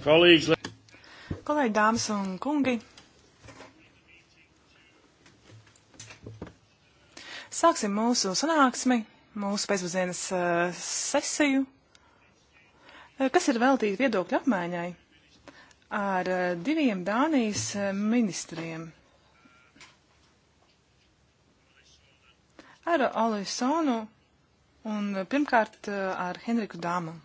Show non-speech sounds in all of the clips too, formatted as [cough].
Kolēģi, dāmas un kungi, sāksim mūsu sanāksmi, mūsu pēcpusdienas uh, sesiju, eh, kas ir veltīta viedokļu apmaiņai ar uh, diviem Dānijas ministriem. Ar Olisonu un pirmkārt ar Henriku Dāmu.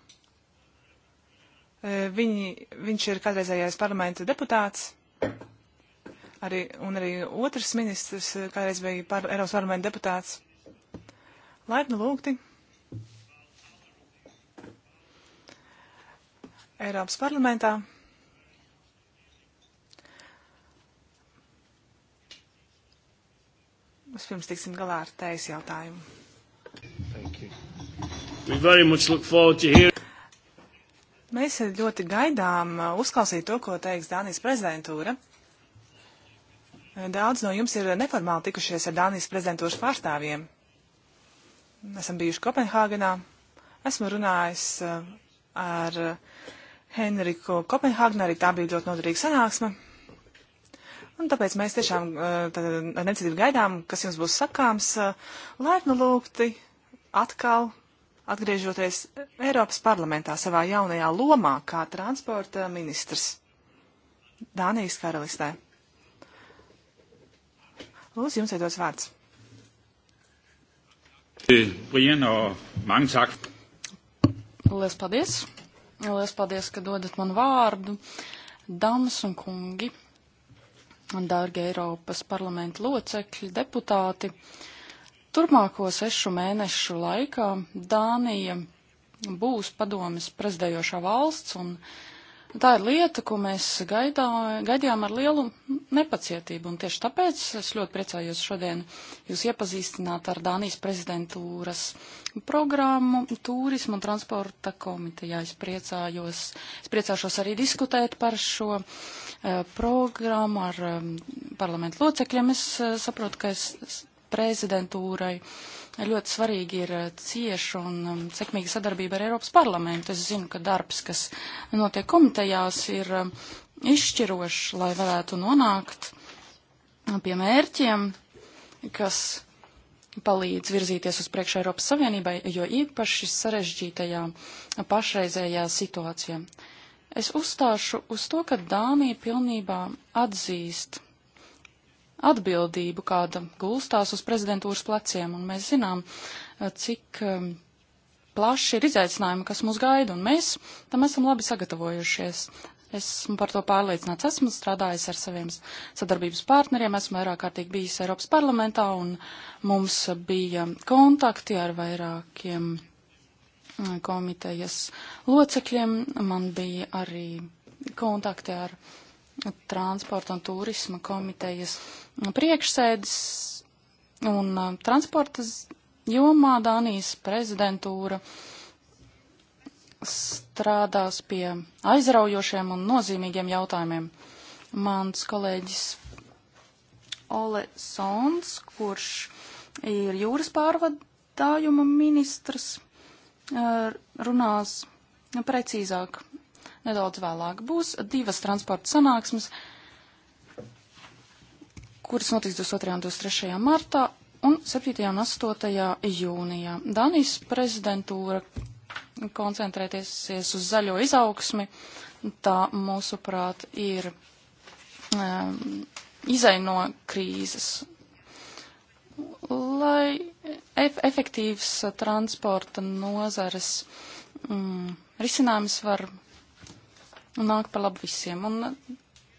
Viņi, viņš ir kādreizējais parlamenta deputāts, arī, un arī otrs ministrs kādreiz bija par, Eiropas parlamenta deputāts. Laipni lūgti! Eiropas parlamentā. Vispirms tiksim galā ar tējas jautājumu. Mēs ļoti gaidām uh, uzklausīt to, ko teiks Dānijas prezidentūra. Daudz no jums ir neformāli tikušies ar Dānijas prezidentūras pārstāvjiem. Esam bijuši Kopenhāgenā. Esmu runājis uh, ar uh, Henriku Kopenhāgenu, arī tā bija ļoti noderīga sanāksme. Un tāpēc mēs tiešām necītību gaidām, kas jums būs sakāms. Laipni lūgti atkal atgriežoties Eiropas parlamentā savā jaunajā lomā kā transporta ministrs Dānijas karalistē. Lūdzu, jums ir dots vārds. Brian, mange tak. Lielas paldies. Lielas paldies, ka dodat man vārdu. Dāmas un kungi, dārgie Eiropas parlamenta locekļi, deputāti. Uh, Turmāko sešu mēnešu laikā Dānija būs padomis prezidējošā valsts, un tā ir lieta, ko mēs gaidā, gaidījām ar lielu nepacietību, un tieši tāpēc es ļoti priecājos šodien jūs iepazīstināt ar Dānijas prezidentūras programmu turismu un transporta komitejā. Es priecājos, es priecāšos arī diskutēt par šo uh, programmu ar um, parlamentu locekļiem. Es uh, saprotu, ka es, es prezidentūrai ļoti svarīgi ir eh, cieša un um, sekmīga sadarbība ar Eiropas parlamentu. Es zinu, ka darbs, kas notiek komitejās, ir um, izšķirošs, lai varētu nonākt um, pie mērķiem, kas palīdz virzīties uz priekšu Eiropas Savienībai, jo īpaši sarežģītajā pašreizējā situācijā. Es uzstāšu uz to, ka Dānija pilnībā atzīst atbildību, kāda gulstās uz prezidentūras pleciem, un mēs zinām, eh, cik ehm, plaši ir izaicinājumi, kas mūs gaida, un mēs tam esam labi sagatavojušies. Esmu par to pārliecināts. Esmu strādājis ar saviem sadarbības partneriem, esmu vairāk kārtīgi bijis Eiropas parlamentā, un mums bija kontakti ar vairākiem eh, komitejas locekļiem. Man bija arī kontakti ar uh, transporta un turisma komitejas priekšsēdis un uh, transporta jomā Dānijas prezidentūra strādās pie aizraujošiem un nozīmīgiem jautājumiem. Mans kolēģis Ole Sons, kurš ir jūras pārvadājuma ministrs, uh, runās precīzāk nedaudz vēlāk. Būs divas transporta sanāksmes, kuras notiks 22. un 23. martā un 7. un 8. jūnijā. Danijas prezidentūra koncentrēties uz zaļo izaugsmi, tā mūsuprāt ir um, izai no krīzes. Lai ef efektīvs transporta nozares mm, risinājums var nāk par labu visiem. Un uh,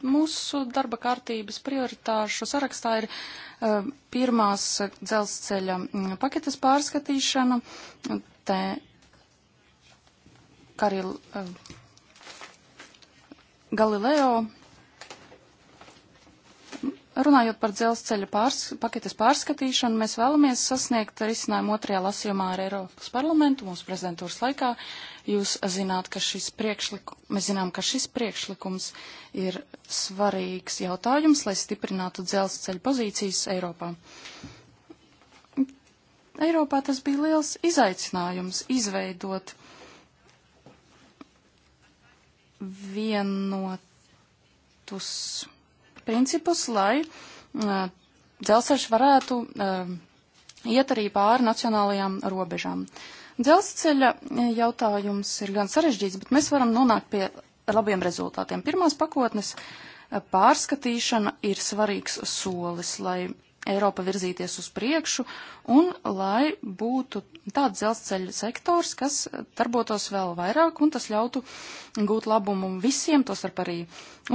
mūsu darba kārtības prioritāšu sarakstā ir uh, pirmās dzelzceļa mm, paketes pārskatīšana, te, kā arī uh, Galileo Runājot par dzelzceļa pārs, paketes pārskatīšanu, mēs vēlamies sasniegt risinājumu otrajā lasījumā ar Eiropas parlamentu mūsu prezidentūras laikā. Jūs zināt, ka šis priekšlikums, mēs zinām, ka šis priekšlikums ir svarīgs jautājums, lai stiprinātu dzelzceļa pozīcijas Eiropā. Eiropā tas bija liels izaicinājums izveidot vienotus principus, lai uh, dzelzceļš varētu uh, iet arī pāri nacionālajām robežām. Dzelzceļa jautājums ir gan sarežģīts, bet mēs varam nonākt pie labiem rezultātiem. Pirmās pakotnes pārskatīšana ir svarīgs solis, lai Eiropa virzīties uz priekšu un lai būtu tāds dzelzceļa sektors, kas darbotos vēl vairāk un tas ļautu gūt labumu visiem, tostarp arī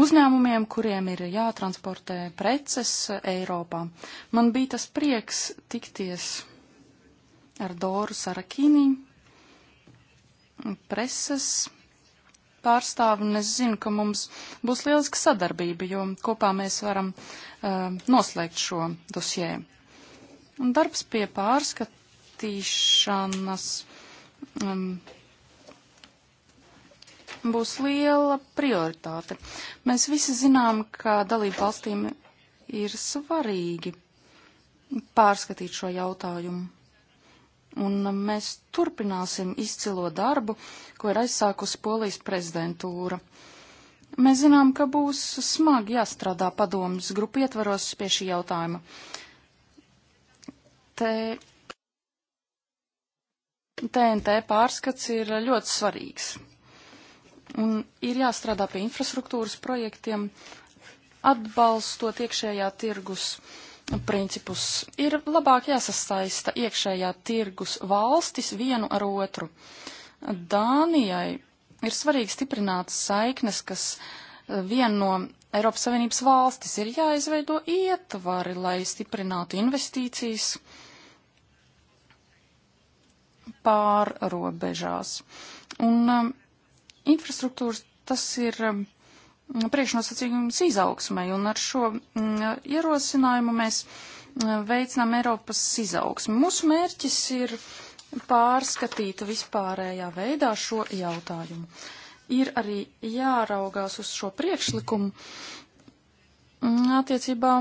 uzņēmumiem, kuriem ir jātransportē preces Eiropā. Man bija tas prieks tikties ar Doru Sarakīnī, preses pārstāvi, un es zinu, ka mums būs lieliska sadarbība, jo kopā mēs varam uh, noslēgt šo dosjē. Un darbs pie pārskatīšanas um, būs liela prioritāte. Mēs visi zinām, ka dalību valstīm ir svarīgi pārskatīt šo jautājumu un um, mēs turpināsim izcilo darbu, ko ir aizsākusi Polijas prezidentūra. Mēs zinām, ka būs smagi jāstrādā padomas grupu ietvaros pie šī jautājuma. Te TNT pārskats ir ļoti svarīgs. Un ir jāstrādā pie infrastruktūras projektiem, atbalstot iekšējā tirgus uh, principus ir labāk jāsasaista iekšējā tirgus valstis vienu ar otru. Dānijai ir svarīgi stiprināt saiknes, kas eh, viena no Eiropas Savienības valstis ir jāizveido ietvari, lai stiprinātu investīcijas pārrobežās. Un um, infrastruktūras tas ir um, Mm, priekšnosacījums izaugsmai, un ar šo mm, ierosinājumu mēs mm, veicinām Eiropas izaugsmi. Mūsu mērķis ir pārskatīt vispārējā veidā šo jautājumu. Ir arī jāraugās uz šo priekšlikumu attiecībā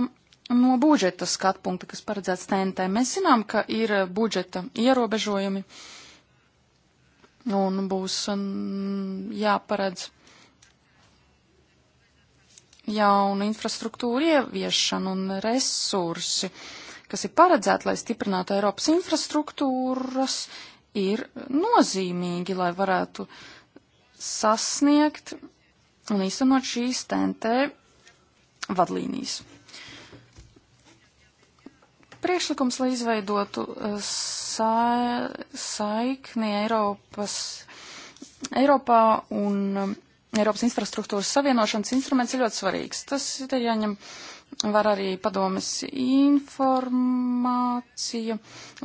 no budžeta skatpunkta, kas paredzēts TNT. Mēs zinām, ka ir budžeta ierobežojumi un būs jāparedz jaunu infrastruktūru ieviešanu un resursi, kas ir paredzēti, lai stiprinātu Eiropas infrastruktūras, ir nozīmīgi, lai varētu sasniegt un īstenot šīs TNT vadlīnijas. Priekšlikums, lai izveidotu uh, sa saikni Eiropas, Eiropā un um, Eiropas infrastruktūras savienošanas instruments ir ļoti svarīgs. Tas te jāņem var arī padomis informācija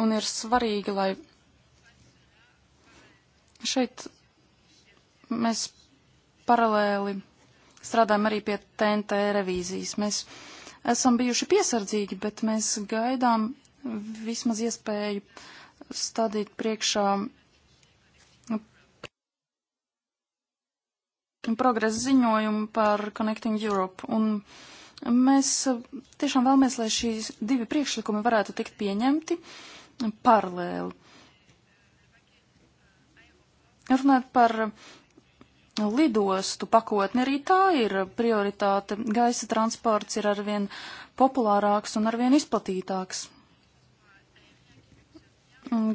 un ir svarīgi, lai šeit mēs paralēli strādājam arī pie TNT revīzijas. Mēs esam bijuši piesardzīgi, bet mēs gaidām vismaz iespēju stādīt priekšā progresa ziņojumu par Connecting Europe. Un mēs tiešām vēlamies, lai šīs divi priekšlikumi varētu tikt pieņemti paralēli. Runāt par lidostu pakotni, arī tā ir prioritāte. Gaisa transports ir arvien populārāks un arvien izplatītāks.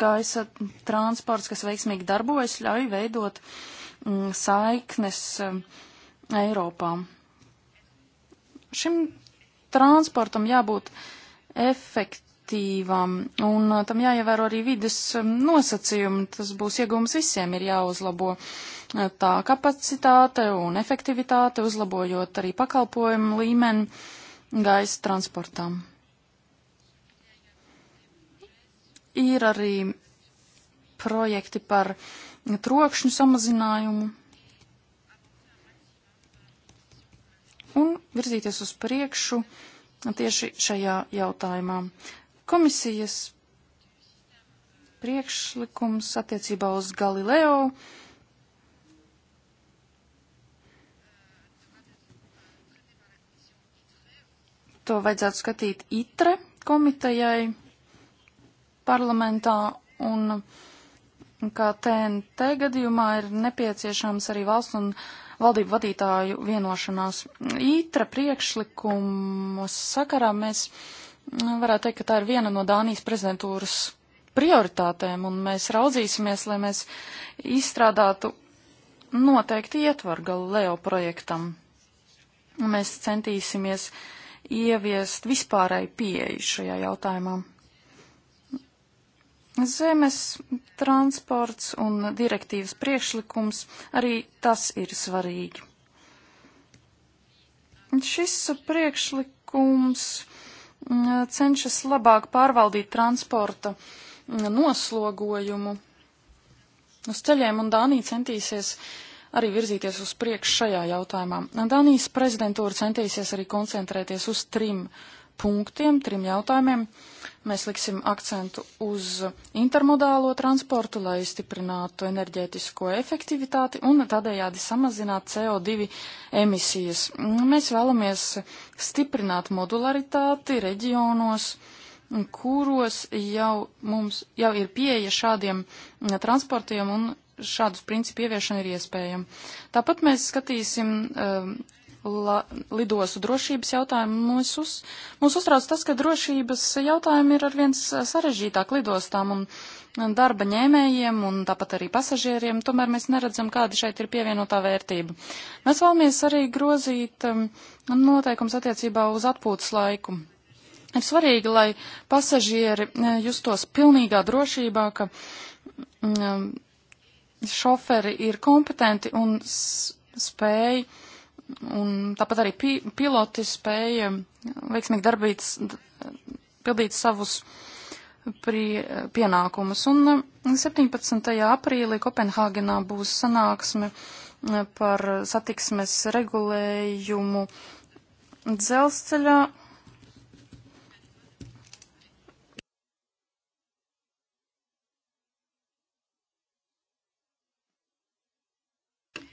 Gaisa transports, kas veiksmīgi darbojas, ļauj veidot uh, Mm, saiknes mm, Eiropā. Šim transportam jābūt efektīvam un tam jāievēro arī vides mm, nosacījumi. Tas būs iegums visiem, ir jāuzlabo tā kapacitāte un efektivitāte, uzlabojot arī pakalpojumu līmeni gaisa transportām. Ir arī projekti par uh, trokšņu samazinājumu un virzīties uz priekšu tieši šajā jautājumā. Komisijas priekšlikums attiecībā uz Galileo. To vajadzētu skatīt ITRE komitejai parlamentā un uh, ka TNT gadījumā ir nepieciešams arī valsts un valdību vadītāju vienošanās. Ītra priekšlikumus sakarā mēs mm, varētu teikt, ka tā ir viena no Dānijas prezidentūras prioritātēm, un mēs raudzīsimies, lai mēs izstrādātu noteikti ietvaru Galileo projektam. Mēs centīsimies ieviest vispārēju pieeju šajā jautājumā. Zemes transports un direktīvas priekšlikums arī tas ir svarīgi. Šis priekšlikums mm, cenšas labāk pārvaldīt transporta mm, noslogojumu uz ceļiem, un Dānija centīsies arī virzīties uz priekšu šajā jautājumā. Dānijas prezidentūra centīsies arī koncentrēties uz trim uh, punktiem, trim jautājumiem. Mēs liksim akcentu uz intermodālo transportu, lai stiprinātu enerģētisko efektivitāti un tādējādi samazināt CO2 emisijas. Mēs vēlamies stiprināt modularitāti reģionos, kuros jau mums jau ir pieeja šādiem transportiem un šādus principu ieviešana ir iespējama. Tāpat mēs skatīsim um, la, lidosu drošības jautājumu. Mūs, uz, mūs uztrauc tas, ka drošības jautājumi ir arviens sarežģītāk lidostām un darba ņēmējiem un tāpat arī pasažieriem. Tomēr mēs neredzam, kāda šeit ir pievienotā vērtība. Mēs vēlamies arī grozīt um, noteikums attiecībā uz atpūtas laiku. Ir svarīgi, lai pasažieri eh, justos pilnīgā drošībā, ka mm, um, šoferi ir kompetenti un spēj uh, Un tāpat arī pi piloti spēja veiksmīgi darbīt, pildīt savus prie, pienākumus. Un 17. Um, aprīlī Kopenhāgenā būs sanāksme um, par satiksmes regulējumu dzelzceļā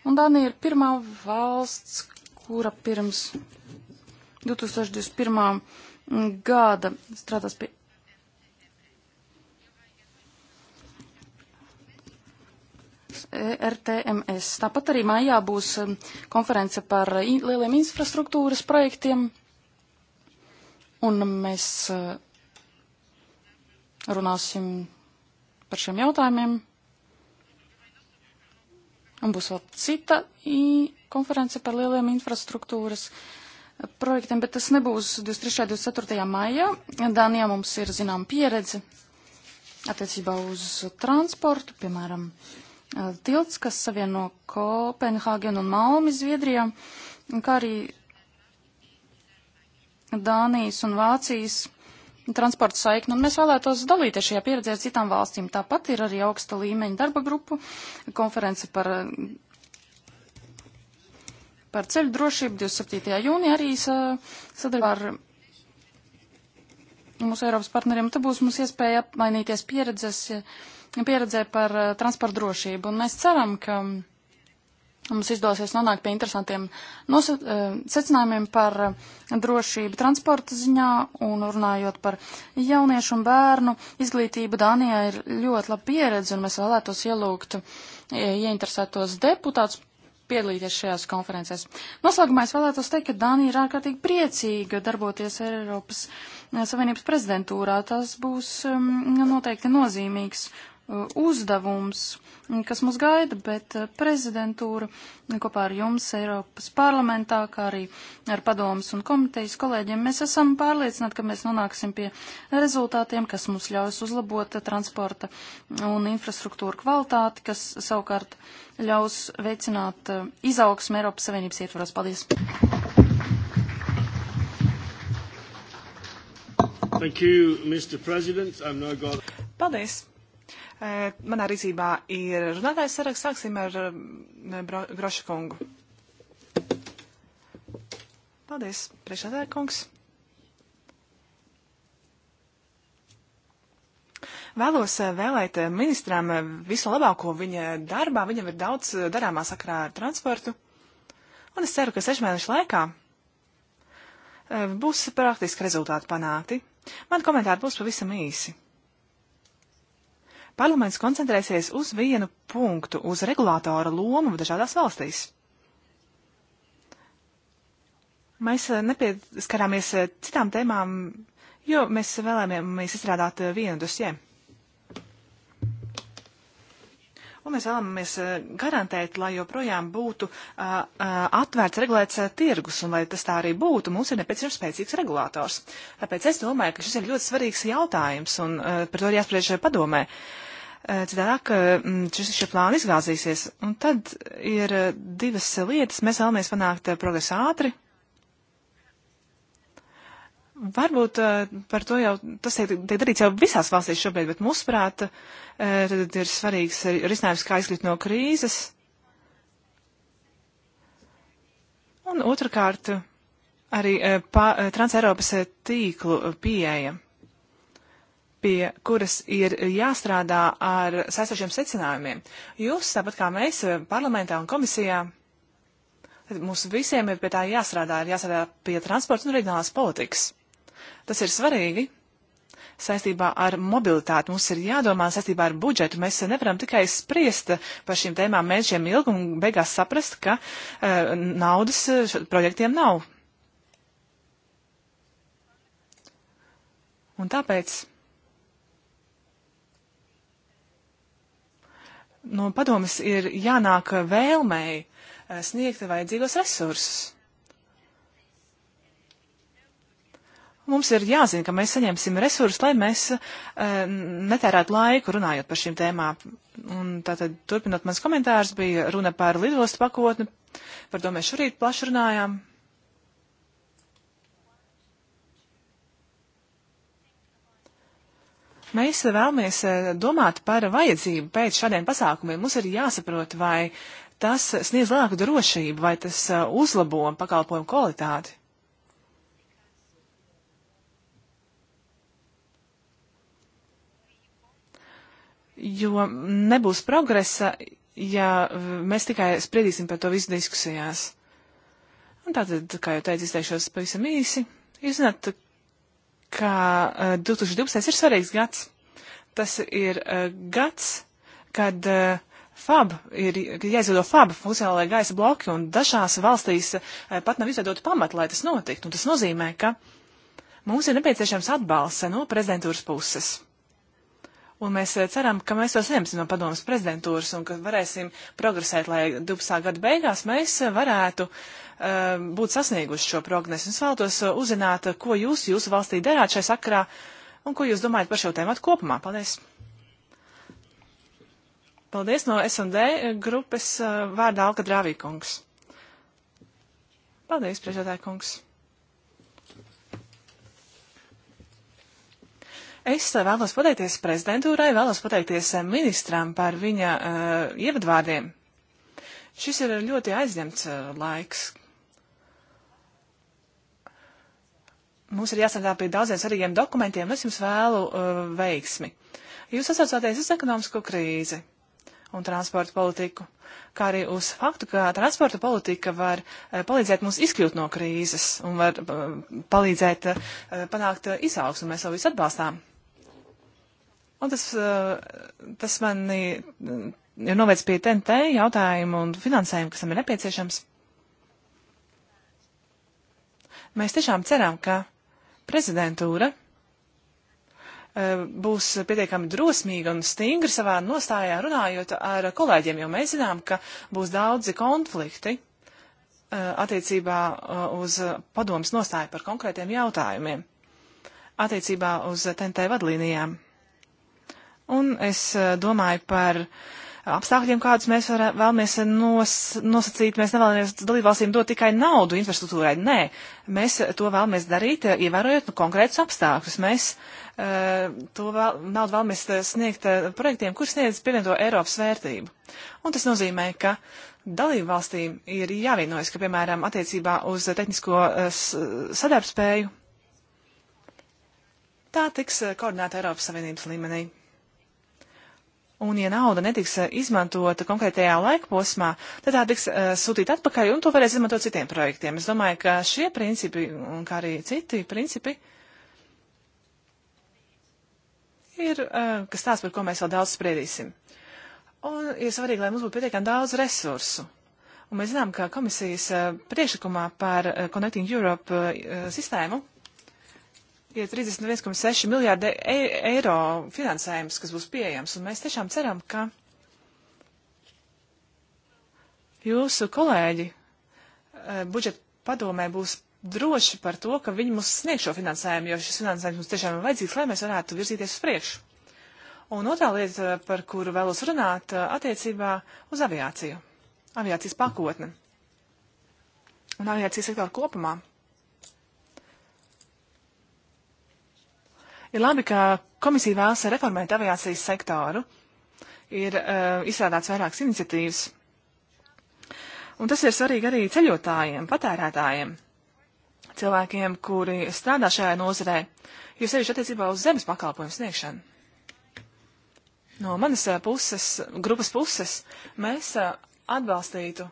Un Dānija ir pirmā valsts, kura pirms 2021. gada strādās pie. RTMS. Tāpat arī maijā būs konference par lieliem infrastruktūras projektiem, un mēs runāsim par šiem jautājumiem. Un būs vēl cita konference par lieliem infrastruktūras projektiem, bet tas nebūs 23. un 24. maijā. Dānijā mums ir zinām pieredze attiecībā uz transportu, piemēram, tilts, kas savieno Kopenhāgenu un Malmi Zviedrijā, kā arī Dānijas un Vācijas transporta saikni, un mēs vēlētos dalīties šajā pieredzē ar citām valstīm. Tāpat ir arī augsta līmeņa darba grupu konference par, par ceļu drošību 27. jūnija arī sadarbībā ar mūsu Eiropas partneriem. Te būs mums iespēja apmainīties pieredzes, pieredzē par eh, transporta drošību, un mēs ceram, ka mums izdosies nonākt pie interesantiem nosa, eh, secinājumiem par eh, drošību transporta ziņā un runājot par jauniešu un bērnu izglītību. Dānijā ir ļoti laba pieredze un mēs vēlētos ielūgt eh, ieinteresētos deputātus piedalīties šajās konferencēs. Noslēgumā es vēlētos teikt, ka Dānija ir ārkārtīgi priecīga darboties ar Eiropas Savienības prezidentūrā. Tas būs um, noteikti nozīmīgs Uh, uzdevums, kas mūs gaida, bet uh, prezidentūra kopā ar jums Eiropas parlamentā, kā arī ar padomus un komitejas kolēģiem, mēs esam pārliecināti, ka mēs nonāksim pie rezultātiem, kas mums ļaus uzlabot transporta un infrastruktūra kvalitāti, kas savukārt ļaus veicināt uh, izaugsmu Eiropas Savienības ietvaros. Paldies! Thank you, Mr. President. I'm now got... Paldies! E, manā rīcībā ir runātājs saraksts. Sāksim ar e, bro, Groša kungu. Paldies, priekšādāja kungs. Vēlos e, vēlēt ministram visu labāko viņa darbā. Viņam ir daudz darāmā sakrā ar transportu. Un es ceru, ka sešu mēnešu laikā būs praktiski rezultāti panākti. Man komentāri būs pavisam īsi. Parlaments koncentrēsies uz vienu punktu, uz regulātora lomu dažādās valstīs. Mēs eh, nepieskarāmies eh, citām tēmām, jo mēs vēlējāmies izstrādāt eh, vienu dosē. Un mēs vēlamies garantēt, lai joprojām būtu uh, atvērts, regulēts uh, tirgus, un lai tas tā arī būtu, mums ir nepieciešams spēcīgs regulators. Tāpēc es domāju, ka šis ir ļoti svarīgs jautājums, un uh, par to ir jāspriež padomē. Uh, citādāk uh, mm, šis, šie plāni izgāzīsies. Un tad ir uh, divas lietas. Mēs vēlamies panākt uh, progresu ātri. Varbūt par to jau tas tiek, tiek darīts jau visās valstīs šobrīd, bet mūsuprāt, tad ir svarīgs risinājums, kā izkļūt no krīzes. Un otrkārt, arī pa, Transeiropas tīklu pieeja pie kuras ir jāstrādā ar saistošiem secinājumiem. Jūs, tāpat kā mēs, parlamentā un komisijā, mums visiem ir pie tā jāstrādā, ir jāstrādā pie transporta un reģionālās politikas. Tas ir svarīgi saistībā ar mobilitāti. Mums ir jādomā saistībā ar budžetu. Mēs nevaram tikai spriest par šīm tēmām mēnešiem ilgi un beigās saprast, ka uh, naudas eh, projektiem nav. Un tāpēc no padomas ir jānāk vēlmei eh, sniegt vajadzīgos resursus. Mums ir jāzina, ka mēs saņemsim resursus, lai mēs uh, netērētu laiku runājot par šīm tēmām. Un tātad, turpinot mans komentārs, bija runa par lidostu pakotni, par to mēs šorīt plaši runājām. Mēs vēlamies eh, domāt par vajadzību pēc šādiem pasākumiem. Mums ir jāsaprot, vai tas sniedz lielāku drošību, vai tas eh, uzlabo pakalpojumu kvalitāti. Jo nebūs progresa, ja eh, mēs tikai spriedīsim par to visu diskusijās. Un tātad, kā jau teicu, izteikšos pavisam īsi. Jūs zināt, ka 2012. Eh, ir svarīgs gads. Tas ir eh, gads, kad eh, FAB ir jāizveido FAB funkcionālajā gaisa bloki, un dažās valstīs pat nav izveidota pamata, lai tas notiktu. Un tas nozīmē, ka mums ir nepieciešams atbalsts no prezidentūras puses. Un mēs eh, ceram, ka mēs to saņemsim no padomas prezidentūras un ka varēsim progresēt, lai 12. gada beigās mēs varētu uh, būt sasnieguši šo progresu. Es vēlētos eh, uzzināt, ko jūs jūsu valstī darāt šai sakarā un ko jūs domājat par šo tēmu kopumā. Paldies! Paldies no S&D grupas uh, vārdā Alka Drāvīkungs. Paldies, priekšētāji kungs! Es eh, vēlos pateikties prezidentūrai, vēlos pateikties eh, ministram par viņa uh, ievadvārdiem. Šis ir ļoti aizņemts uh, laiks. Mums ir jāstrādā pie daudziem svarīgiem dokumentiem. Es jums vēlu uh, veiksmi. Jūs atsaucāties uz ekonomisko krīzi un transporta politiku, kā arī uz faktu, ka transporta politika var palīdzēt mums izkļūt no krīzes un var palīdzēt panākt izaugsmu. Mēs to visu atbalstām. Un tas, eh, tas mani mm, ir novēc pie TNT jautājumu un finansējumu, kas tam ir nepieciešams. Mēs tiešām ceram, ka prezidentūra eh, būs pietiekami drosmīga un stingra savā nostājā runājot ar kolēģiem, jo mēs zinām, ka būs daudzi konflikti eh, attiecībā uz padomas nostāju par konkrētiem jautājumiem, attiecībā uz TNT vadlīnijām. Un es eh, domāju par apstākļiem, kādus mēs var, vēlamies nos, nosacīt. Mēs nevēlamies dalībvalstīm dot tikai naudu infrastruktūrai. Nē, mēs to vēlamies darīt, eh, ievērojot nu, konkrētus apstākļus. Mēs uh, to vēl, naudu vēlamies sniegt uh, projektiem, kur sniedz pievienoto Eiropas vērtību. Un tas nozīmē, ka dalībvalstīm ir jāvienojas, ka, piemēram, attiecībā uz tehnisko uh, sadarbspēju tā tiks koordinēta Eiropas Savienības līmenī. Un, ja nauda netiks eh, izmantota konkrētajā laika posmā, tad tā tiks uh, sūtīta atpakaļ un to varēs izmantot citiem projektiem. Es domāju, ka šie principi, un kā arī citi principi, ir uh, kas tās, par ko mēs vēl daudz spriedīsim. Un ir svarīgi, lai mums būtu pietiekami daudz resursu. Un mēs zinām, ka komisijas uh, priekšlikumā par Connecting Europe sistēmu ir 31,6 miljārdi e eiro finansējums, kas būs pieejams, un mēs tiešām ceram, ka jūsu kolēģi e, budžeta padomē būs droši par to, ka viņi mums sniegs šo finansējumu, jo šis finansējums mums tiešām ir vajadzīgs, lai mēs varētu virzīties uz priekšu. Un otrā lieta, par kuru vēlos runāt, e, attiecībā uz aviāciju. Aviācijas pakotne. Un aviācijas sektoru kopumā. Ir labi, ka komisija vēlas reformēt aviācijas sektoru. Ir uh, izstrādāts vairākas iniciatīvas. Un tas ir svarīgi arī ceļotājiem, patērētājiem, cilvēkiem, kuri strādā šajā nozarē, jo sevišķi attiecībā uz zemes pakalpojumu sniegšanu. No manas eh, puses, grupas puses, mēs eh, atbalstītu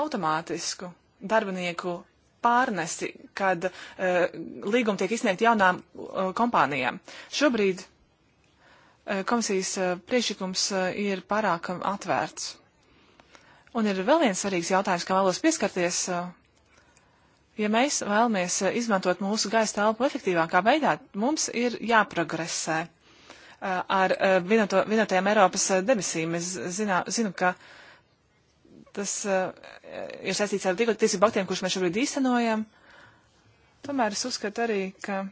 automātisku darbinieku pārnesi, kad uh, līgumi tiek izsniegti jaunām uh, kompānijām. Šobrīd uh, komisijas uh, priekšlikums uh, ir pārāk atvērts. Un ir vēl viens svarīgs jautājums, kam vēlos pieskarties. Uh, Ja mēs vēlamies izmantot mūsu gaisa telpu efektīvākā veidā, mums ir jāprogresē ar vienotajām Eiropas debesīm. Es zinā, zinu, ka uh, tas uh, ir saistīts ar tīkla tiesību aktiem, kurus mēs šobrīd īstenojam. Tomēr es uzskatu arī, ka.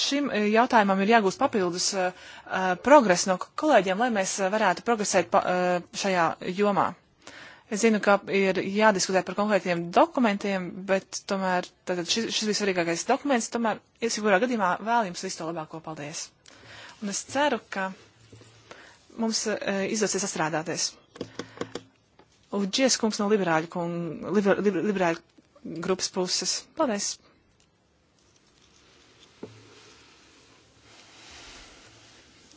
Šim eh, jautājumam ir jāgūst papildus uh, eh, progresu no kolēģiem, lai mēs varētu progresēt pa, uh, šajā jomā. Es zinu, ka ir jādiskutē par konkrētiem dokumentiem, bet tomēr šis, šis bija svarīgākais dokuments. Tomēr, es jau kurā gadījumā vēl jums visu to labāko. Paldies! Un es ceru, ka mums uh, izdosies sastrādāties. Uģies kungs no liberāļu, kung, liber, liber, liberāļu grupas puses. Paldies!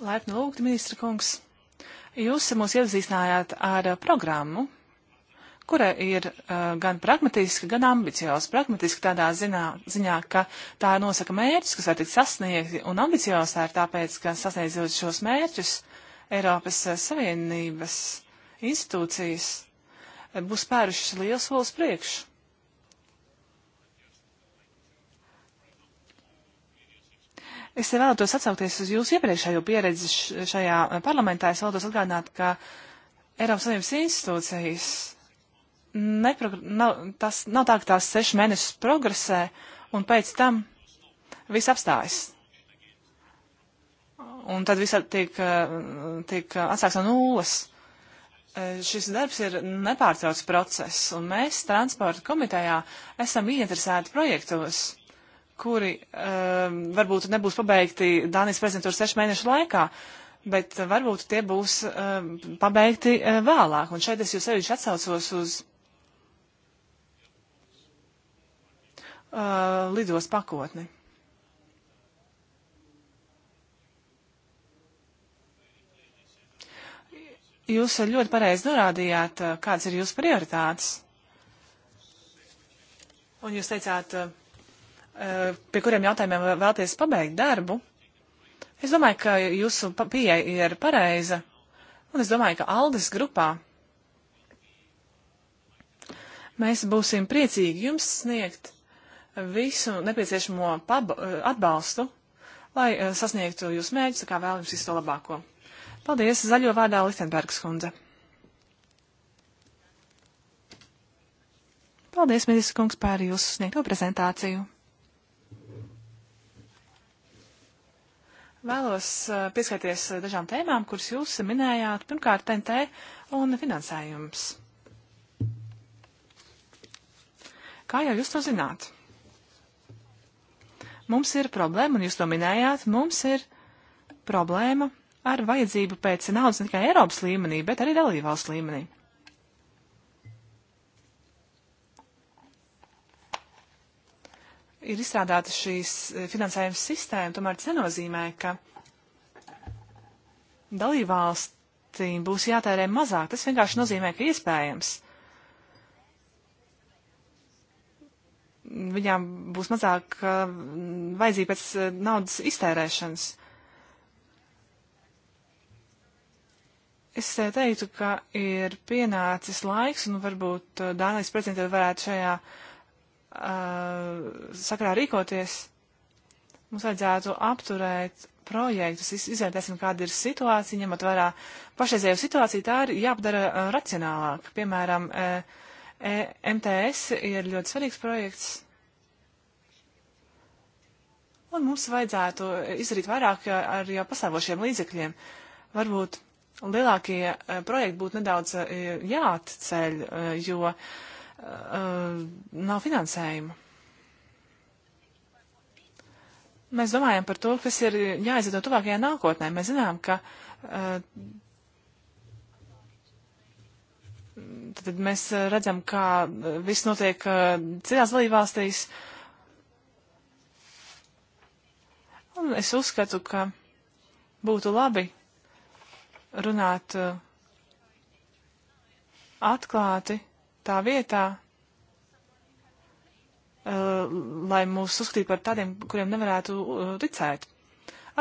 Laipni lūgti, ministra kungs! Jūs mūs iepazīstinājāt ar programmu, kura ir uh, gan pragmatiska, gan ambicioza. Pragmatiska tādā zinā, ziņā, ka tā nosaka mērķus, kas var tikt sasniegti, un ambicioza ir tāpēc, ka sasniedzot šos mērķus, Eiropas uh, Savienības institūcijas uh, būs spērušas liels solis priekšu. Es vēlētos atsaukties uz jūsu iepriekšējo pieredzi šajā uh, parlamentā. Es vēlētos atgādināt, ka Eiropas Savienības institūcijas neprogr... nav, tas nav tā, ka tās sešu mēnešus progresē un pēc tam viss apstājas. Un tad viss tiek, eh, tiek atsāks no nulles. Eh, šis darbs ir nepārtrauc process, un mēs transporta komitejā esam ieinteresēti projektos, kuri um, varbūt nebūs pabeigti Dānijas prezidentūras sešu mēnešu laikā, bet varbūt tie būs um, pabeigti uh, vēlāk. Un šeit es jūs sevišķi atsaucos uz uh, lidos pakotni. Jūs ļoti pareizi norādījāt, uh, kādas ir jūsu prioritātes. Un jūs teicāt, uh, uh, pie kuriem jautājumiem vēlties pabeigt darbu. Es domāju, ka jūsu pieeja ir pareiza. Un es domāju, ka Aldis grupā mēs būsim priecīgi jums sniegt visu nepieciešamo eh, atbalstu, lai eh, sasniegtu jūsu mērķus, kā vēl jums visu to labāko. Paldies, zaļo vārdā Lichtenbergs kundze. Paldies, ministrs kungs, par jūsu sniegto prezentāciju. Vēlos eh, pieskaities dažām tēmām, kuras jūs minējāt. Pirmkārt, TNT un finansējums. Kā jau jūs to zināt? Mums ir problēma, un jūs to minējāt, mums ir problēma ar vajadzību pēc naudas ne tikai Eiropas līmenī, bet arī dalībvalsts līmenī. Ir izstrādāta šīs eh, finansējuma sistēma, tomēr tas nenozīmē, ka dalībvalstīm būs jātērē mazāk. Tas vienkārši nozīmē, ka iespējams viņām būs mazāk uh, vajadzība pēc uh, naudas iztērēšanas. Es uh, teiktu, ka ir pienācis laiks, un varbūt Dānijas prezidentūra varētu šajā uh, sakrā rīkoties. Mums vajadzētu apturēt projektus, izvērtēsim, kāda ir situācija, ņemot vērā pašreizējo situāciju, tā ir jāpadara uh, racionālāk. Piemēram, uh, e MTS ir ļoti svarīgs projekts. Un mums vajadzētu izdarīt vairāk ar jau pastāvošiem līdzekļiem. Varbūt lielākie e, projekti būtu nedaudz e, jāatceļ, e, jo nav finansējuma. Mēs domājam par to, kas ir jāizveido tuvākajā nākotnē. Mēs zinām, ka uh, tad mēs eh, redzam, kā eh, viss notiek eh, citās dalībvalstīs. Un es uzskatu, ka būtu labi runāt atklāti tā vietā, lai mūs uzskatītu par tādiem, kuriem nevarētu ticēt.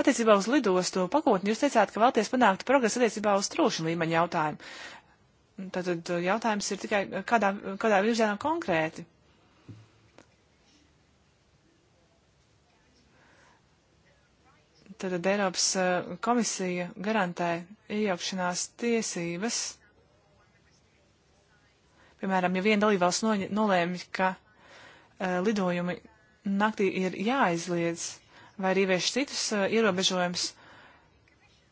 Attiecībā uz lidostu pakotni jūs teicāt, ka vēlties panākt progresu attiecībā uz trūšanu līmeņa jautājumu. Tātad eh, jautājums ir tikai, eh, kādā, kādā virzienā konkrēti. Tātad Eiropas eh, komisija garantē iejaukšanās tiesības. Piemēram, ja viena dalībvalsts nolēma, ka uh, lidojumi naktī ir jāaizliedz vai arī ievieš citus uh, ierobežojumus,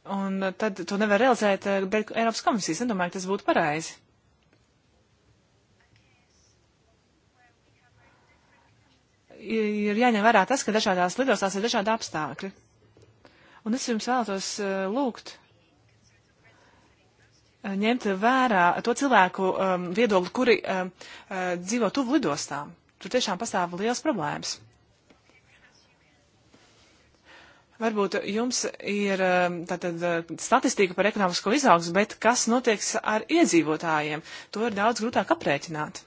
Un eh, tad to nevar realizēt eh, bez Eiropas komisijas. Nedomāju, ka tas būtu pareizi. Ir jāņem vērā tas, ka dažādās lidostās ir dažādi apstākļi. Un es jums vēlētos eh, lūgt ņemt vērā to cilvēku um, viedokli, kuri um, uh, dzīvo tuvu lidostām. Tur tiešām pastāv liels problēmas. Varbūt jums ir um, tātad, uh, statistika par ekonomisko izaugsmu, bet kas notiek ar iedzīvotājiem? To ir daudz grūtāk aprēķināt.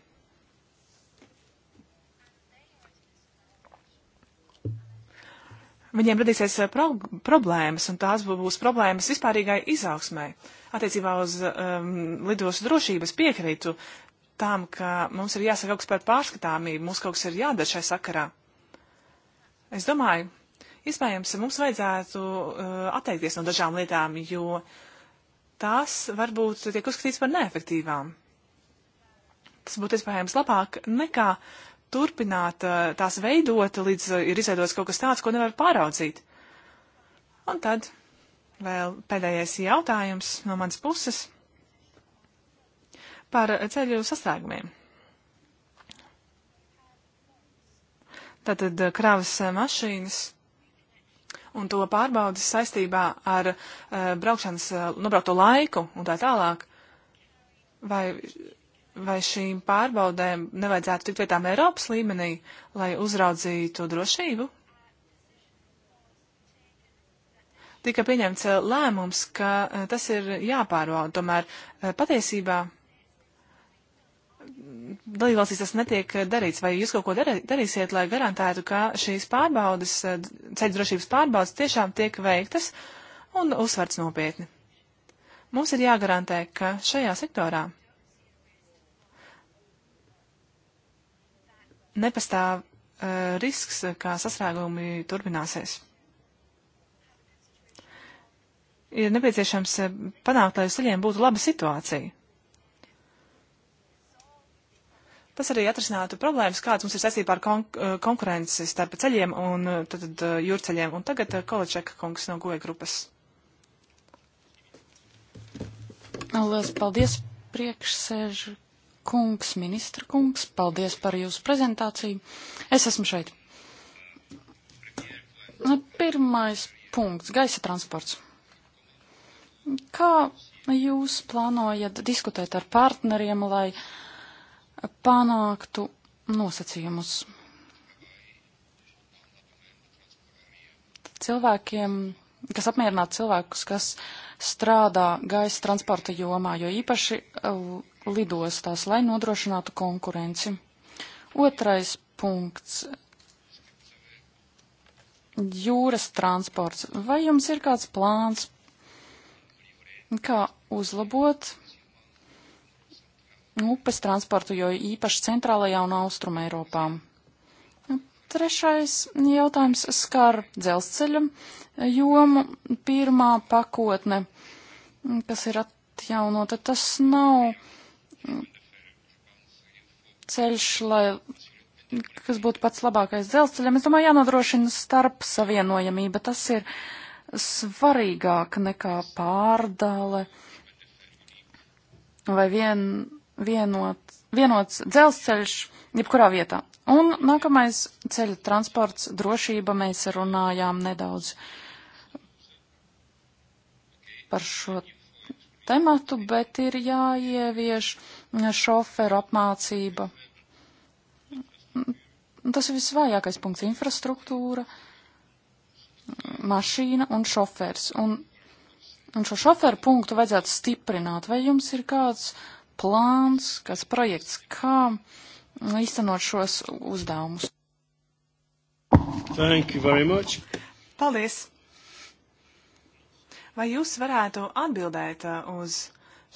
Viņiem radīsies uh, pro problēmas, un tās būs problēmas vispārīgai izaugsmai. Attiecībā uz um, lidostu drošības piekrītu tām, ka mums ir jāsaka kaut kas par pārskatāmību, mums kaut kas ir jādara šai sakarā. Es domāju, Iespējams, mums vajadzētu uh, atteikties no dažām lietām, jo tās varbūt tiek uzskatīts par neefektīvām. Tas būtu iespējams labāk nekā turpināt uh, tās veidot, līdz uh, ir izveidots kaut kas tāds, ko nevar pāraudzīt. Un tad vēl pēdējais jautājums no manas puses par ceļu sastrēgumiem. Tātad uh, kravas uh, mašīnas un to pārbaudas saistībā ar eh, braukšanas eh, nobraukto laiku un tā tālāk. Vai, vai šīm pārbaudēm nevajadzētu tikt vietām Eiropas līmenī, lai uzraudzītu drošību? Tika pieņemts eh, lēmums, ka tas ir jāpārbauda, tomēr patiesībā dalībvalstīs tas netiek eh, darīts. Vai jūs kaut ko darī, darīsiet, lai garantētu, ka šīs pārbaudas, eh, ceļu drošības pārbaudas tiešām tiek veiktas un uzsverts nopietni? Mums ir jāgarantē, ka šajā sektorā nepastāv uh, risks, kā sasrāgumi turpināsies. Ir nepieciešams panākt, lai uz ceļiem būtu laba situācija Tas arī atrisinātu problēmas, kādas mums ir saistībā ar konk eh, konkurenci starp ceļiem un eh, tad, tad eh, jūrceļiem. Un tagad Kolačeka kungs no goja grupas. Lielas paldies, priekšsēžu kungs, ministra kungs. Paldies par jūsu prezentāciju. Es esmu šeit. Nu, pirmais punkts - gaisa transports. Kā jūs plānojat diskutēt ar partneriem, lai panāktu nosacījumus. Cilvēkiem, kas apmierinātu cilvēkus, kas strādā gaisa transporta jomā, jo īpaši uh, lidostās, lai nodrošinātu konkurenci. Otrais punkts jūras transports. Vai jums ir kāds plāns, kā uzlabot upes transportu, jo īpaši centrālajā un austruma Eiropā. Nu, trešais jautājums skar dzelzceļa jomu. Pirmā pakotne, kas ir atjaunota, tas nav ceļš, lai, kas būtu pats labākais dzelzceļam. Es domāju, jānodrošina starp savienojamība. Tas ir svarīgāk nekā pārdale vai vien vienot, vienots dzelzceļš jebkurā vietā. Un nākamais ceļa transports drošība mēs runājām nedaudz par šo tematu, bet ir jāievieš šoferu apmācība. Tas ir visvājākais punkts - infrastruktūra, mašīna un šofers. Un, un šo šoferu punktu vajadzētu stiprināt. Vai jums ir kāds uh, plāns, kāds projekts, kā īstenot šos uzdevumus. Thank you very much. Paldies. Vai jūs varētu atbildēt uh, uz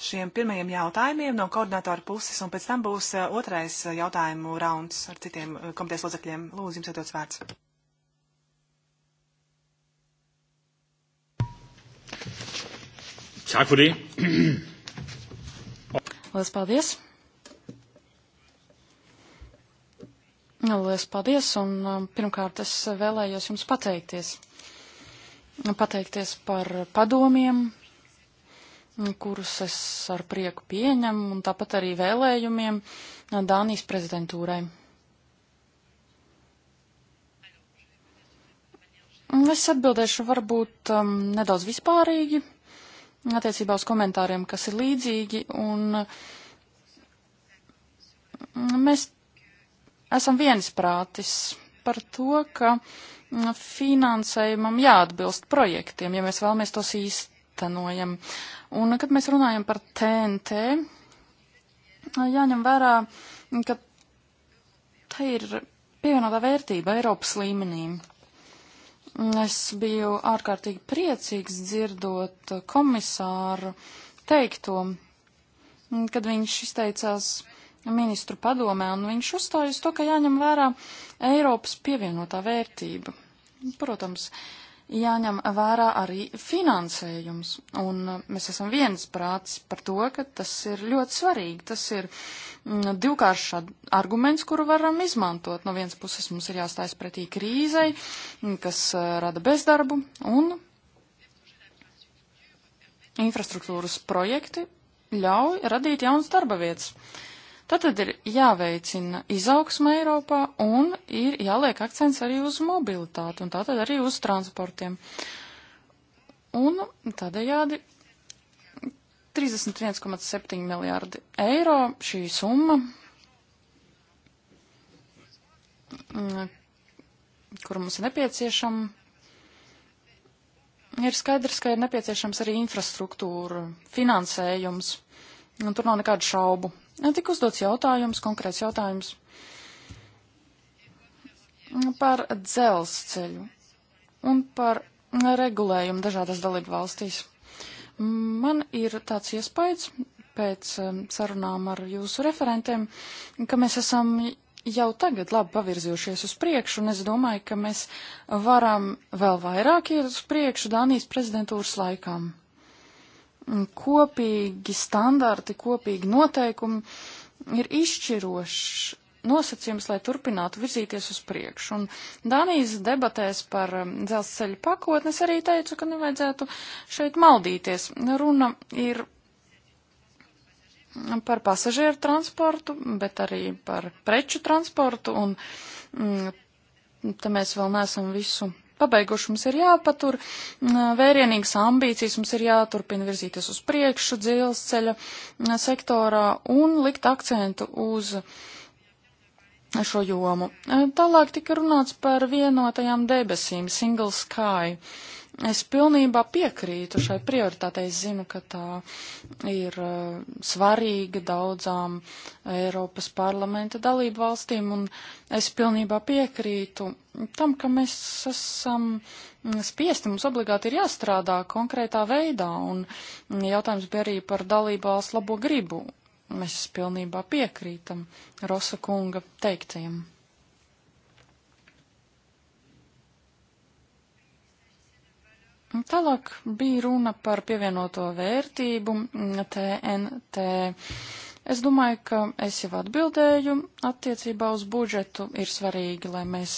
šiem pirmajiem jautājumiem no koordinatora puses, un pēc tam būs uh, otrais uh, jautājumu rauns ar citiem komitejas locekļiem. Lūdzu, jums atdots vārds. Tak for det. [clears throat] Lielas paldies! Lielas paldies! Un um, pirmkārt es vēlējos jums pateikties. Pateikties par padomiem, kurus es ar prieku pieņemu, un tāpat arī vēlējumiem Dānijas prezidentūrai. Es atbildēšu varbūt um, nedaudz vispārīgi attiecībā uz komentāriem, kas ir līdzīgi, un mēs esam viensprātis par to, ka finansējumam jāatbilst projektiem, ja mēs vēlamies tos īstenojam. Un, kad mēs runājam par TNT, jāņem vērā, ka tā ir pievienotā vērtība Eiropas līmenī. Es biju ārkārtīgi priecīgs dzirdot komisāru teikto, kad viņš izteicās ministru padomē, un viņš uzstājas to, ka jāņem vērā Eiropas pievienotā vērtība. Protams, uh, jāņem vērā arī finansējums, un uh, mēs esam viens prāts par to, ka tas ir ļoti svarīgi. Tas ir mm, divkāršs arguments, kuru varam izmantot. No vienas puses mums ir jāstājas pretī krīzei, mm, kas uh, rada bezdarbu, un infrastruktūras projekti ļauj radīt jaunas darba vietas. Uh, Tātad ir jāveicina izaugsma Eiropā un ir jāliek akcents arī uz mobilitāti un tātad arī uz transportiem. Un tādējādi 31,7 miljārdi eiro šī summa, mm, kur mums ir nepieciešama, ir skaidrs, ka ir nepieciešams arī infrastruktūra, finansējums, un tur nav nekādu šaubu. Tik uzdots jautājums, konkrēts jautājums par dzelzceļu un par regulējumu dažādas dalību valstīs. Man ir tāds iespējas pēc um, sarunām ar jūsu referentiem, ka mēs esam jau tagad labi pavirzījušies uz priekšu, un es domāju, ka mēs varam vēl vairāk iet uz priekšu Dānijas prezidentūras laikām kopīgi standarti, kopīgi noteikumi ir izšķirošs nosacījums, lai turpinātu virzīties uz priekšu. Un Danijas debatēs par um, dzelzceļa pakotnes arī teicu, ka nevajadzētu šeit maldīties. Runa ir par pasažieru transportu, bet arī par preču transportu, un mm, te mēs vēl neesam visu pabeiguši. Mums ir jāpatur mm, vērienīgas ambīcijas, mums ir jāturpina virzīties uz priekšu dzelzceļa mm, sektorā un likt akcentu uz šo jomu. Tālāk tika runāts par vienotajām debesīm, single sky. Uh, Es pilnībā piekrītu šai prioritātei. Es zinu, ka tā ir uh, svarīga daudzām Eiropas parlamenta dalību valstīm, un es pilnībā piekrītu tam, ka mēs esam spiesti, mums obligāti ir jāstrādā konkrētā veidā, un jautājums bija arī par dalību valsts labo gribu. Mēs pilnībā piekrītam Rosa kunga teiktajam. Tālāk bija runa par pievienoto vērtību TNT. Mm, es domāju, ka es jau atbildēju attiecībā uz budžetu. Ir svarīgi, lai mēs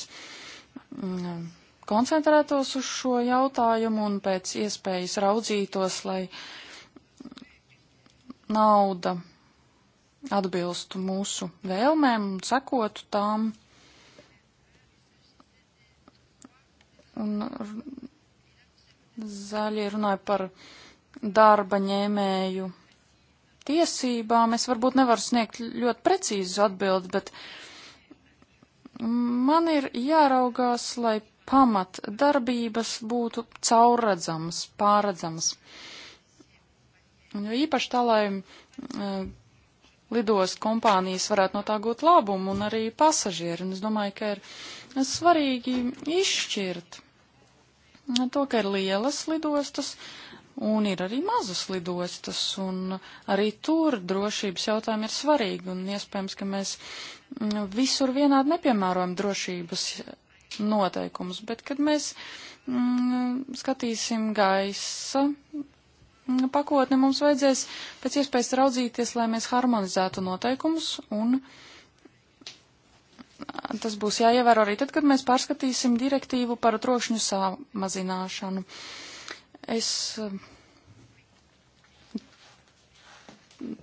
mm, koncentrētos uz šo jautājumu un pēc iespējas raudzītos, lai nauda atbilstu mūsu vēlmēm un sekotu tām. Un Zaļie runāja par darba ņēmēju tiesībām. Es varbūt nevaru sniegt ļoti precīzu atbildi, bet man ir jāraugās, lai pamat darbības būtu caurredzamas, pārredzamas. Un jo īpaši tā, lai uh, lidos kompānijas varētu no tā gūt labumu un arī pasažieri. Un es domāju, ka ir svarīgi izšķirt to, ka ir lielas lidostas un ir arī mazas lidostas, un arī tur drošības jautājumi ir svarīgi, un iespējams, ka mēs mm, visur vienādi nepiemērojam drošības noteikumus, bet kad mēs mm, skatīsim gaisa mm, pakotni, mums vajadzēs pēc iespējas raudzīties, lai mēs harmonizētu noteikumus un mm, tas būs jāievēro arī tad, kad mēs pārskatīsim direktīvu par trokšņu samazināšanu. Es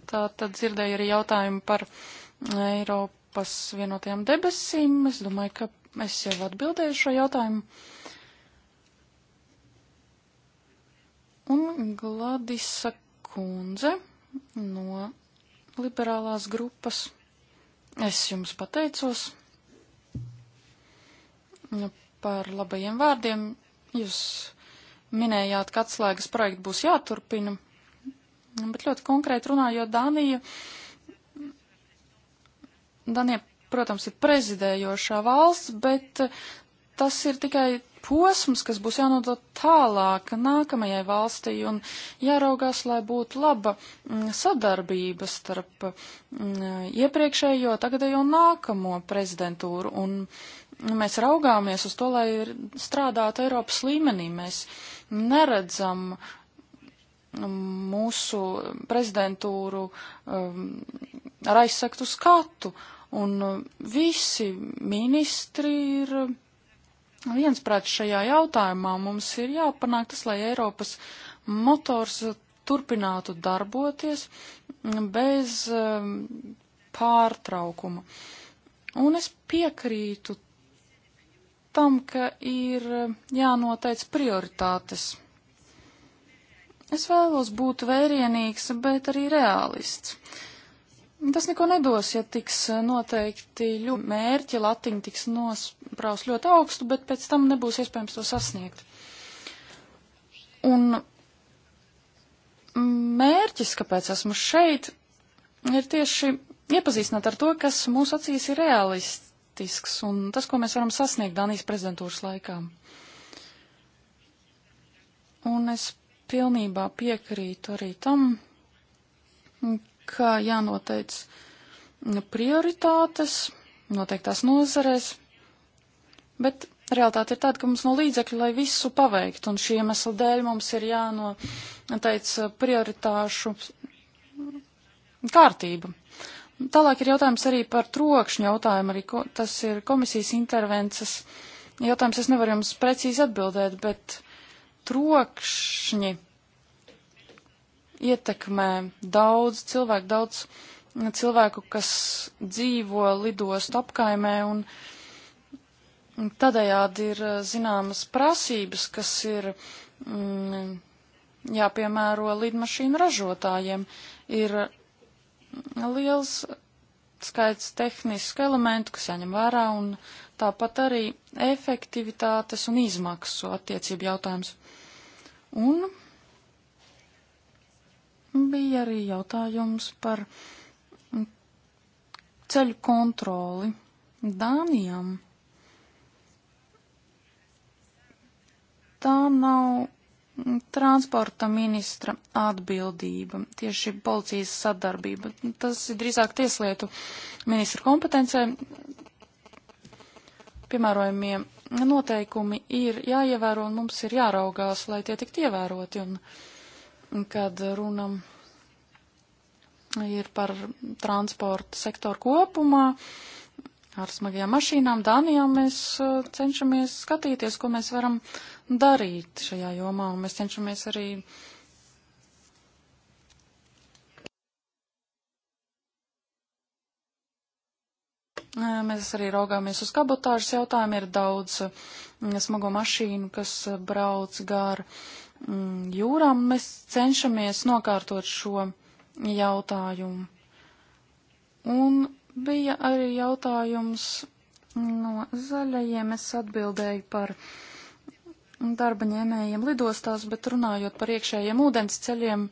tā tad dzirdēju arī jautājumu par Eiropas vienotajām debesīm. Es domāju, ka es jau atbildēju šo jautājumu. Un Gladisa kundze no liberālās grupas. Es jums pateicos. Nu, par labajiem vārdiem. Jūs minējāt, ka atslēgas projekti būs jāturpina, bet ļoti konkrēti runājot Dāniju. Dānija, protams, ir prezidējošā valsts, bet tas ir tikai posms, kas būs jānodot tālāk nākamajai valstī un jāraugās, lai būtu laba mm, sadarbība starp mm, iepriekšējo, tagadējo un nākamo prezidentūru. Un mēs raugāmies uz to, lai strādātu Eiropas līmenī. Mēs neredzam mūsu prezidentūru um, ar aizsaktu skatu, un um, visi ministri ir um, viensprāt šajā jautājumā. Mums ir jāpanāk tas, lai Eiropas motors turpinātu darboties um, bez um, pārtraukuma. Un es piekrītu tam, ka ir eh, jānoteic prioritātes. Es vēlos būt vērienīgs, bet arī realists. Tas neko nedos, ja tiks eh, noteikti ļoti mērķi, latiņi tiks nospraus ļoti augstu, bet pēc tam nebūs iespējams to sasniegt. Un mērķis, kāpēc esmu šeit, ir tieši iepazīstināt ar to, kas mūsu acīs ir realists būtisks un tas, ko mēs varam sasniegt Danijas prezidentūras laikā. Un es pilnībā piekrītu arī tam, ka jānoteic prioritātes noteiktās nozarēs, bet realitāte ir tāda, ka mums nav no līdzekļu, lai visu paveikt, un šī iemesla dēļ mums ir jānoteic prioritāšu kārtība. Tālāk ir jautājums arī par trokšņu jautājumu, arī ko, tas ir komisijas intervences jautājums, es nevaru jums precīzi atbildēt, bet trokšņi ietekmē daudz cilvēku, daudz cilvēku, kas dzīvo lidostu apkaimē un tādējādi ir eh, zināmas prasības, kas ir. Mm, jāpiemēro lidmašīnu ražotājiem, ir liels skaits tehnisku elementu, kas jāņem vērā, un tāpat arī efektivitātes un izmaksu attiecību jautājums. Un bija arī jautājums par ceļu kontroli Dānijam. Tā nav Mm, transporta ministra atbildība, tieši policijas sadarbība. Tas ir drīzāk tieslietu ministra kompetencē. Piemērojumie noteikumi ir jāievēro un mums ir jāraugās, lai tie tiktu ievēroti. Un kad runam ir par transporta sektoru kopumā, uh, ar smagajām mašīnām. Dānijā mēs cenšamies skatīties, ko mēs varam darīt šajā jomā, un mēs cenšamies arī Mēs arī raugāmies uz kabotāžas jautājumu. Ir daudz smago mašīnu, kas brauc gar jūrām. Mēs cenšamies nokārtot šo jautājumu. Un Bija arī jautājums no zaļajiem. Es atbildēju par darba ņēmējiem lidostās, bet runājot par iekšējiem ūdens ceļiem,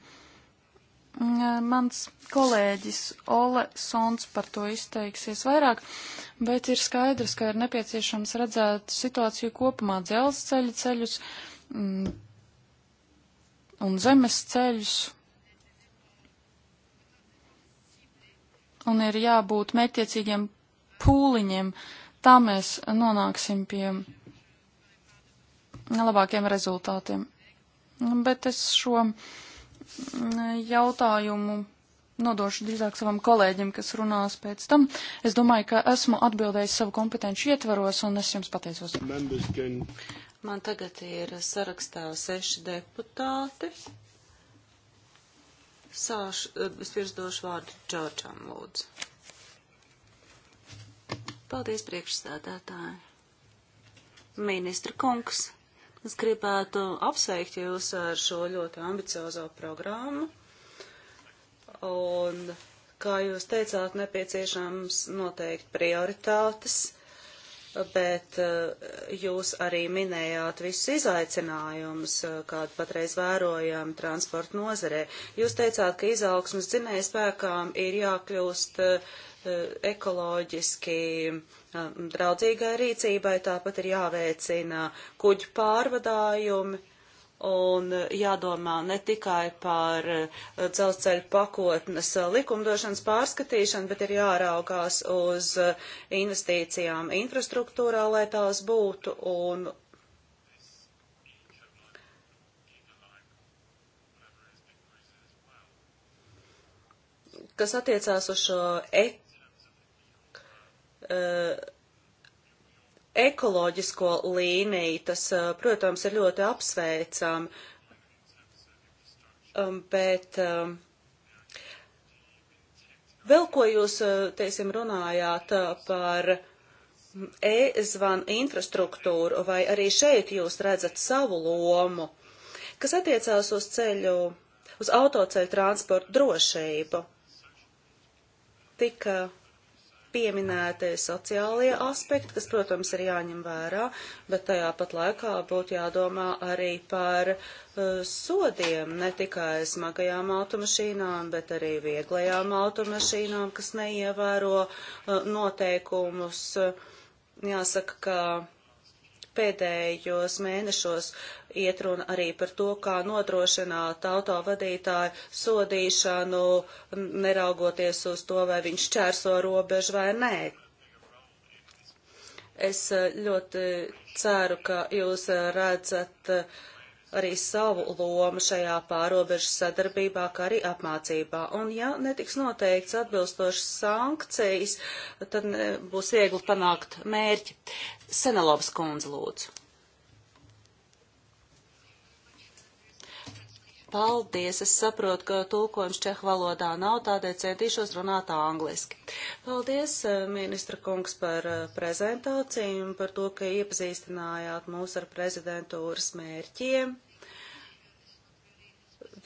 mans kolēģis Ole Sons par to izteiksies vairāk, bet ir skaidrs, ka ir nepieciešams redzēt situāciju kopumā dzelzceļa ceļus mm, un zemes ceļus un ir jābūt mērķiecīgiem pūliņiem. Tā mēs nonāksim pie labākiem rezultātiem. Bet es šo mm, jautājumu nodošu drīzāk savam kolēģim, kas runās pēc tam. Es domāju, ka esmu atbildējis savu kompetenci ietvaros, un es jums pateicos. Man tagad ir sarakstā seši deputāti. Sāšu, eh, vispirms došu vārdu Džordžam, lūdzu. Paldies, priekšstādātāji. Ministra kungs, es gribētu apsveikt jūs ar šo ļoti ambiciozo programmu. Un, kā jūs teicāt, nepieciešams noteikti prioritātes bet eh, jūs arī minējāt visus izaicinājumus, eh, kādu patreiz vērojam transporta nozarē. Jūs teicāt, ka izaugsmas dzinējspēkām ir jākļūst eh, ekoloģiski draudzīgai rīcībai, tāpat ir jāveicina kuģu pārvadājumi un jādomā ne tikai par eh, dzelzceļa pakotnes eh, likumdošanas pārskatīšanu, bet ir jāraugās uz eh, investīcijām infrastruktūrā, lai tās būtu, un kas attiecās uz šo e, uh, ekoloģisko līniju, tas, eh, protams, ir ļoti apsveicam, um, bet um, vēl ko jūs, eh, teiksim, runājāt eh, par e-zvanu infrastruktūru, vai arī šeit jūs redzat savu lomu, kas attiecās uz ceļu, uz autoceļu transportu drošību? Tika pieminēti sociālie aspekti, kas, protams, ir jāņem vērā, bet tajā pat laikā būtu jādomā arī par uh, sodiem ne tikai smagajām automašīnām, bet arī vieglajām automašīnām, kas neievēro uh, noteikumus. Jāsaka, ka Pēdējos mēnešos iet runa arī par to, kā nodrošināt autovadītāju sodīšanu, neraugoties uz to, vai viņš čērso robežu vai nē. Es eh, ļoti ceru, ka jūs eh, redzat uh, arī savu lomu šajā pārobežu sadarbībā, kā arī apmācībā. Un ja netiks noteikts atbilstošas sankcijas, tad e, būs viegli panākt mērķi. Senelovs kundze lūdzu. Paldies! Es saprotu, ka tulkojums čehu valodā nav, tādēļ centīšos runāt angliski. Paldies, eh, ministra kungs, par eh, prezentāciju un par to, ka iepazīstinājāt mūs ar prezidentūras mērķiem.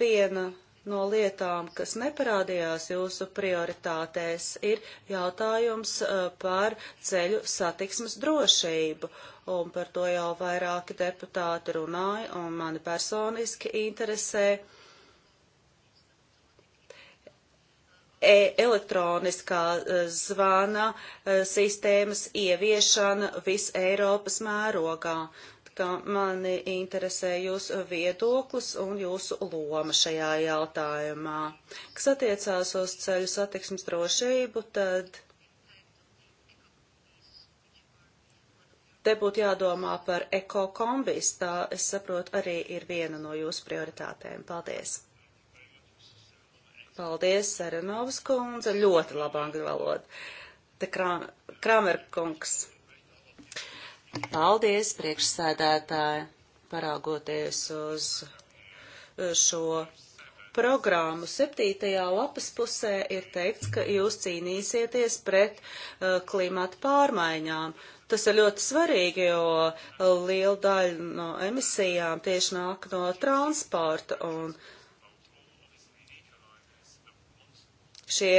Viena no lietām, kas neparādījās jūsu prioritātēs, ir jautājums eh, par ceļu satiksmes drošību un par to jau vairāki deputāti runāja, un mani personiski interesē e, elektroniskā e, zvana e, sistēmas ieviešana vis Eiropas mērogā. Kā mani interesē jūsu viedoklis un jūsu loma šajā jautājumā. Kas attiecās uz ceļu satiksmes drošību, tad Te būtu jādomā par ekokombis, tā es saprotu arī ir viena no jūsu prioritātēm. Paldies! Paldies, Serenovas kundze, ļoti laba angļu valoda. Te Kram, Kramer kungs. Paldies, priekšsēdētāji, paraugoties uz šo programmu. Septītajā lapas pusē ir teikts, ka jūs cīnīsieties pret uh, klimata pārmaiņām. Uh, Tas ir ļoti svarīgi, jo liela daļa no emisijām tieši nāk no transporta un šie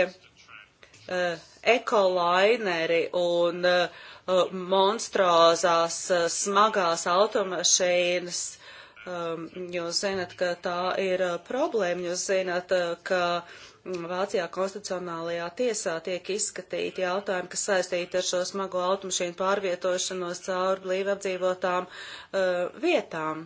uh, ekolaineri un uh, e, monstrozās uh, e, smagās automašīnas. Um, jūs zinat, ka tā ir uh, problēma, jūs zinat, uh, ka uh, Vācijā konstitucionālajā tiesā tiek izskatīti jautājumi, kas saistīti ar šo smago automašīnu pārvietošanos cauri blīvi apdzīvotām uh, vietām,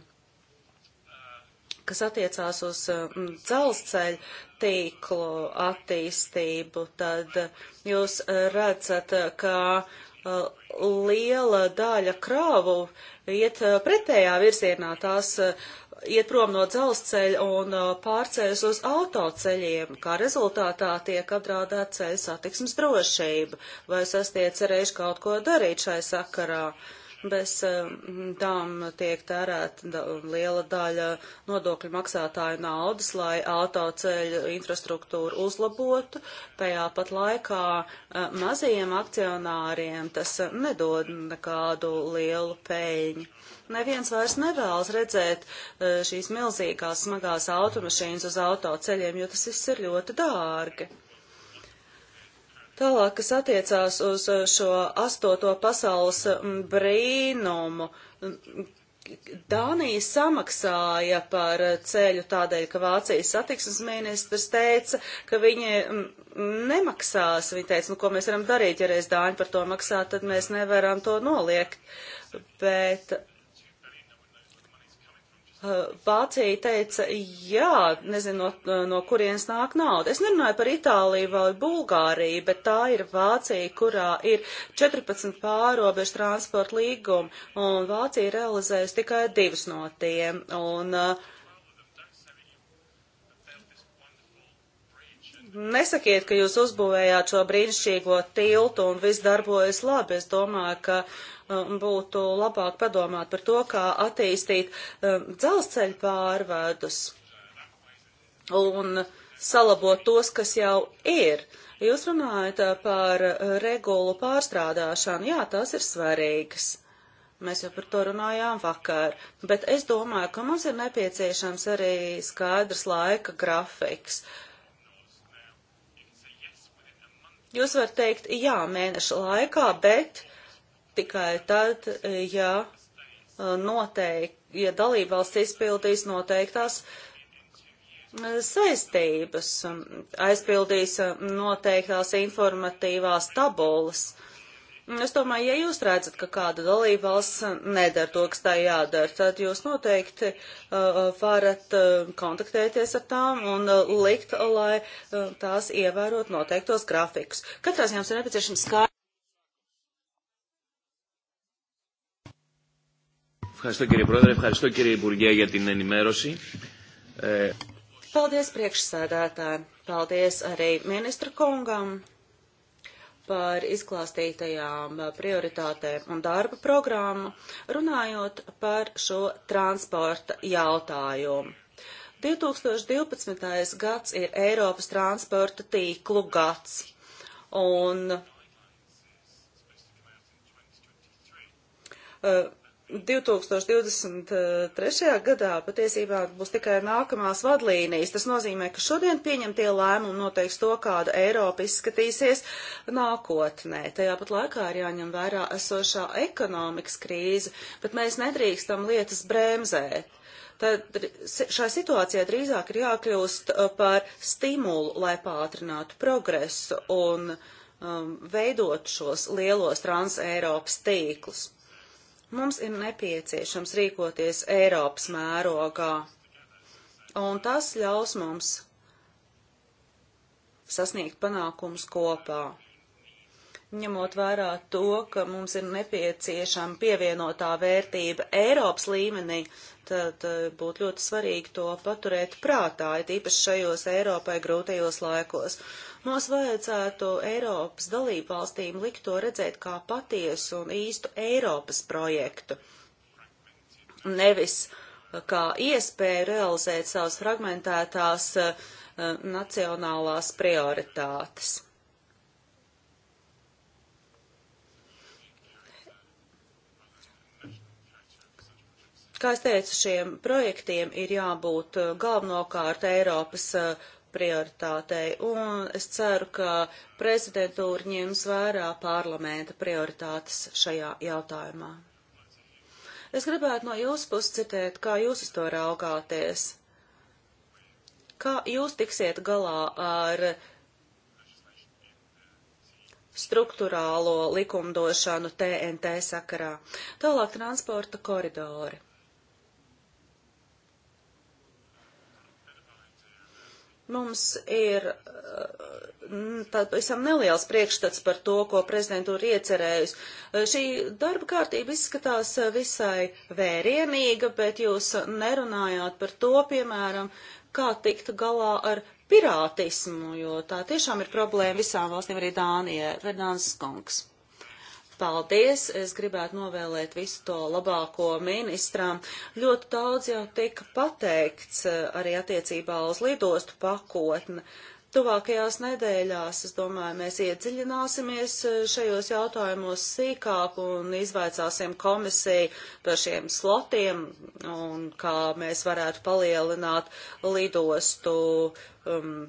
kas attiecās uz uh, dzelzceļu tīklu attīstību, tad uh, jūs uh, redzat, uh, ka uh, liela daļa krāvu iet pretējā virzienā. Tās iet prom no dzelzceļa un uh, pārceļas uz autoceļiem, kā rezultātā tiek apdraudēta ceļa satiksmes drošība. Vai es esmu iecerējuši kaut ko darīt šai sakarā? Uh, bez eh, tām tiek tērēta liela daļa nodokļu maksātāju naudas, lai autoceļu infrastruktūru uzlabotu. Tajā pat laikā eh, mazajiem akcionāriem tas nedod nekādu lielu peļņu. Neviens vairs nevēlas redzēt eh, šīs milzīgās smagās automašīnas uz autoceļiem, jo tas viss ir ļoti dārgi. Tālāk, kas attiecās uz eh, šo astoto pasaules mm, brīnumu, mm, Dānija samaksāja par eh, ceļu tādēļ, ka Vācijas satiksmes ministrs teica, ka viņi mm, nemaksās. Viņi teica, nu ko mēs varam darīt, ja reiz Dāņi par to maksā, tad mēs nevaram to noliegt. Bet Eh, Vācija teica, jā, nezinu, no, no kurienes nāk nauda. Es nerunāju par Itāliju vai Bulgāriju, bet tā ir Vācija, kurā ir 14 pārobežu transporta līgumi, un Vācija realizēs tikai divus no tiem. Un, uh, nesakiet, ka jūs uzbūvējāt šo brīnišķīgo tiltu un viss darbojas labi. Es domāju, ka um, būtu labāk padomāt par to, kā attīstīt um, dzelzceļa pārvedus un salabot tos, kas jau ir. Jūs runājat uh, par uh, regulu pārstrādāšanu. Jā, tās ir svarīgas. Mēs jau par to runājām vakar, bet es domāju, ka mums ir nepieciešams arī skaidrs laika grafiks. Uh, Jūs varat teikt, jā, mēneša laikā, bet tikai tad, ja e, noteikti, ja dalībvalsts izpildīs noteiktās e, saistības, e, aizpildīs noteiktās informatīvās tabulas. Uh, Mm, es domāju, ja jūs redzat, ka kāda dalībvalsts nedara to, kas tā jādara, tad jūs noteikti uh, uh, varat uh, kontaktēties ar tām un uh, likt, lai uh, tās ievērot noteiktos grafikus. Katrā ziņā jums ir nepieciešams skaidrs. Ευχαριστώ κύριε Πρόεδρε, ευχαριστώ κύριε Υπουργέ για την ενημέρωση. Ε... Paldies priekšsēdētāji, paldies arī ministra kungam par izklāstītajām eh, prioritātēm un darba programmu, runājot par šo transporta jautājumu. 2012. gads ir Eiropas transporta tīklu gads, un uh, 2023. gadā patiesībā būs tikai nākamās vadlīnijas. Tas nozīmē, ka šodien pieņemtie lēmumi noteiks to, kāda Eiropa izskatīsies nākotnē. Tajā pat laikā ir jāņem vērā esošā ekonomikas krīze, bet mēs nedrīkstam lietas bremzēt. Tad šai situācijai drīzāk ir jākļūst uh, par stimulu, lai pātrinātu progresu un um, veidot šos lielos transeiropas tīklus. Mums ir nepieciešams rīkoties Eiropas mērogā, un tas ļaus mums sasniegt panākumus kopā. Ņemot vērā to, ka mums ir nepieciešama pievienotā vērtība Eiropas līmenī, tad eh, būtu ļoti svarīgi to paturēt prātā, it īpaši šajos Eiropai grūtajos laikos. Uh, Mums vajadzētu Eiropas dalību valstīm likt to redzēt kā patiesu un īstu Eiropas projektu, nevis uh, kā iespēju realizēt savas fragmentētās uh, uh, nacionālās prioritātes. Kā es teicu, šiem projektiem ir jābūt uh, galvenokārt Eiropas prioritātei, un es ceru, ka prezidentūra ņems vērā parlamenta prioritātes šajā jautājumā. Es gribētu no jūsu puses citēt, kā jūs uz to raugāties. Kā jūs tiksiet galā ar struktūrālo likumdošanu TNT sakarā? Tālāk transporta koridori. Mums ir uh, pavisam neliels priekšstats par to, ko prezidentūra iecerējusi. Uh, šī darba kārtība izskatās uh, visai vērienīga, bet jūs nerunājāt par to, piemēram, kā tikt galā ar pirātismu, jo tā tiešām ir problēma visām valstīm, arī Dānijai. Fernandes Kongs. Paldies! Es gribētu novēlēt visu to labāko ministram. Ļoti daudz jau tika pateikts eh, arī attiecībā uz lidostu pakotni. Tuvākajās nedēļās, es domāju, mēs iedziļināsimies eh, šajos jautājumos sīkāk un izvaicāsim komisiju par šiem slotiem un kā mēs varētu palielināt lidostu um,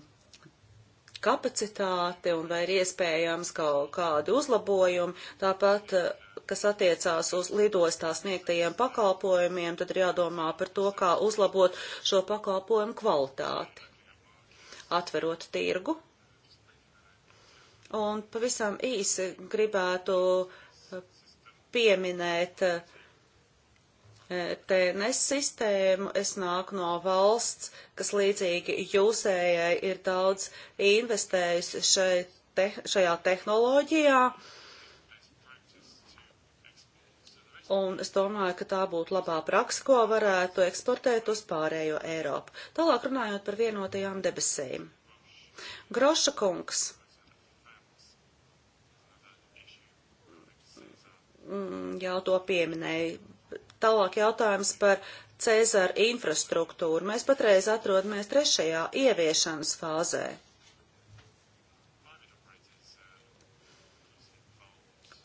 kapacitāte un vai ir iespējams kaut kādi uzlabojumi. Tāpat, eh, kas attiecās uz lidostā sniegtajiem pakalpojumiem, tad ir jādomā par to, kā uzlabot šo pakalpojumu kvalitāti. Atverot tirgu. Un pavisam īsi gribētu eh, pieminēt uh, TNS sistēmu. Es nāku no valsts, kas līdzīgi jūsējai ir daudz investējusi šai, te, šajā tehnoloģijā. Un es domāju, ka tā būtu labā praksa, ko varētu eksportēt uz pārējo Eiropu. Tālāk runājot par vienotajām debesīm. Groša kungs. Mm, jau to pieminēja. Tālāk jautājums par Cēzara infrastruktūru. Mēs patreiz atrodamies trešajā ieviešanas fāzē.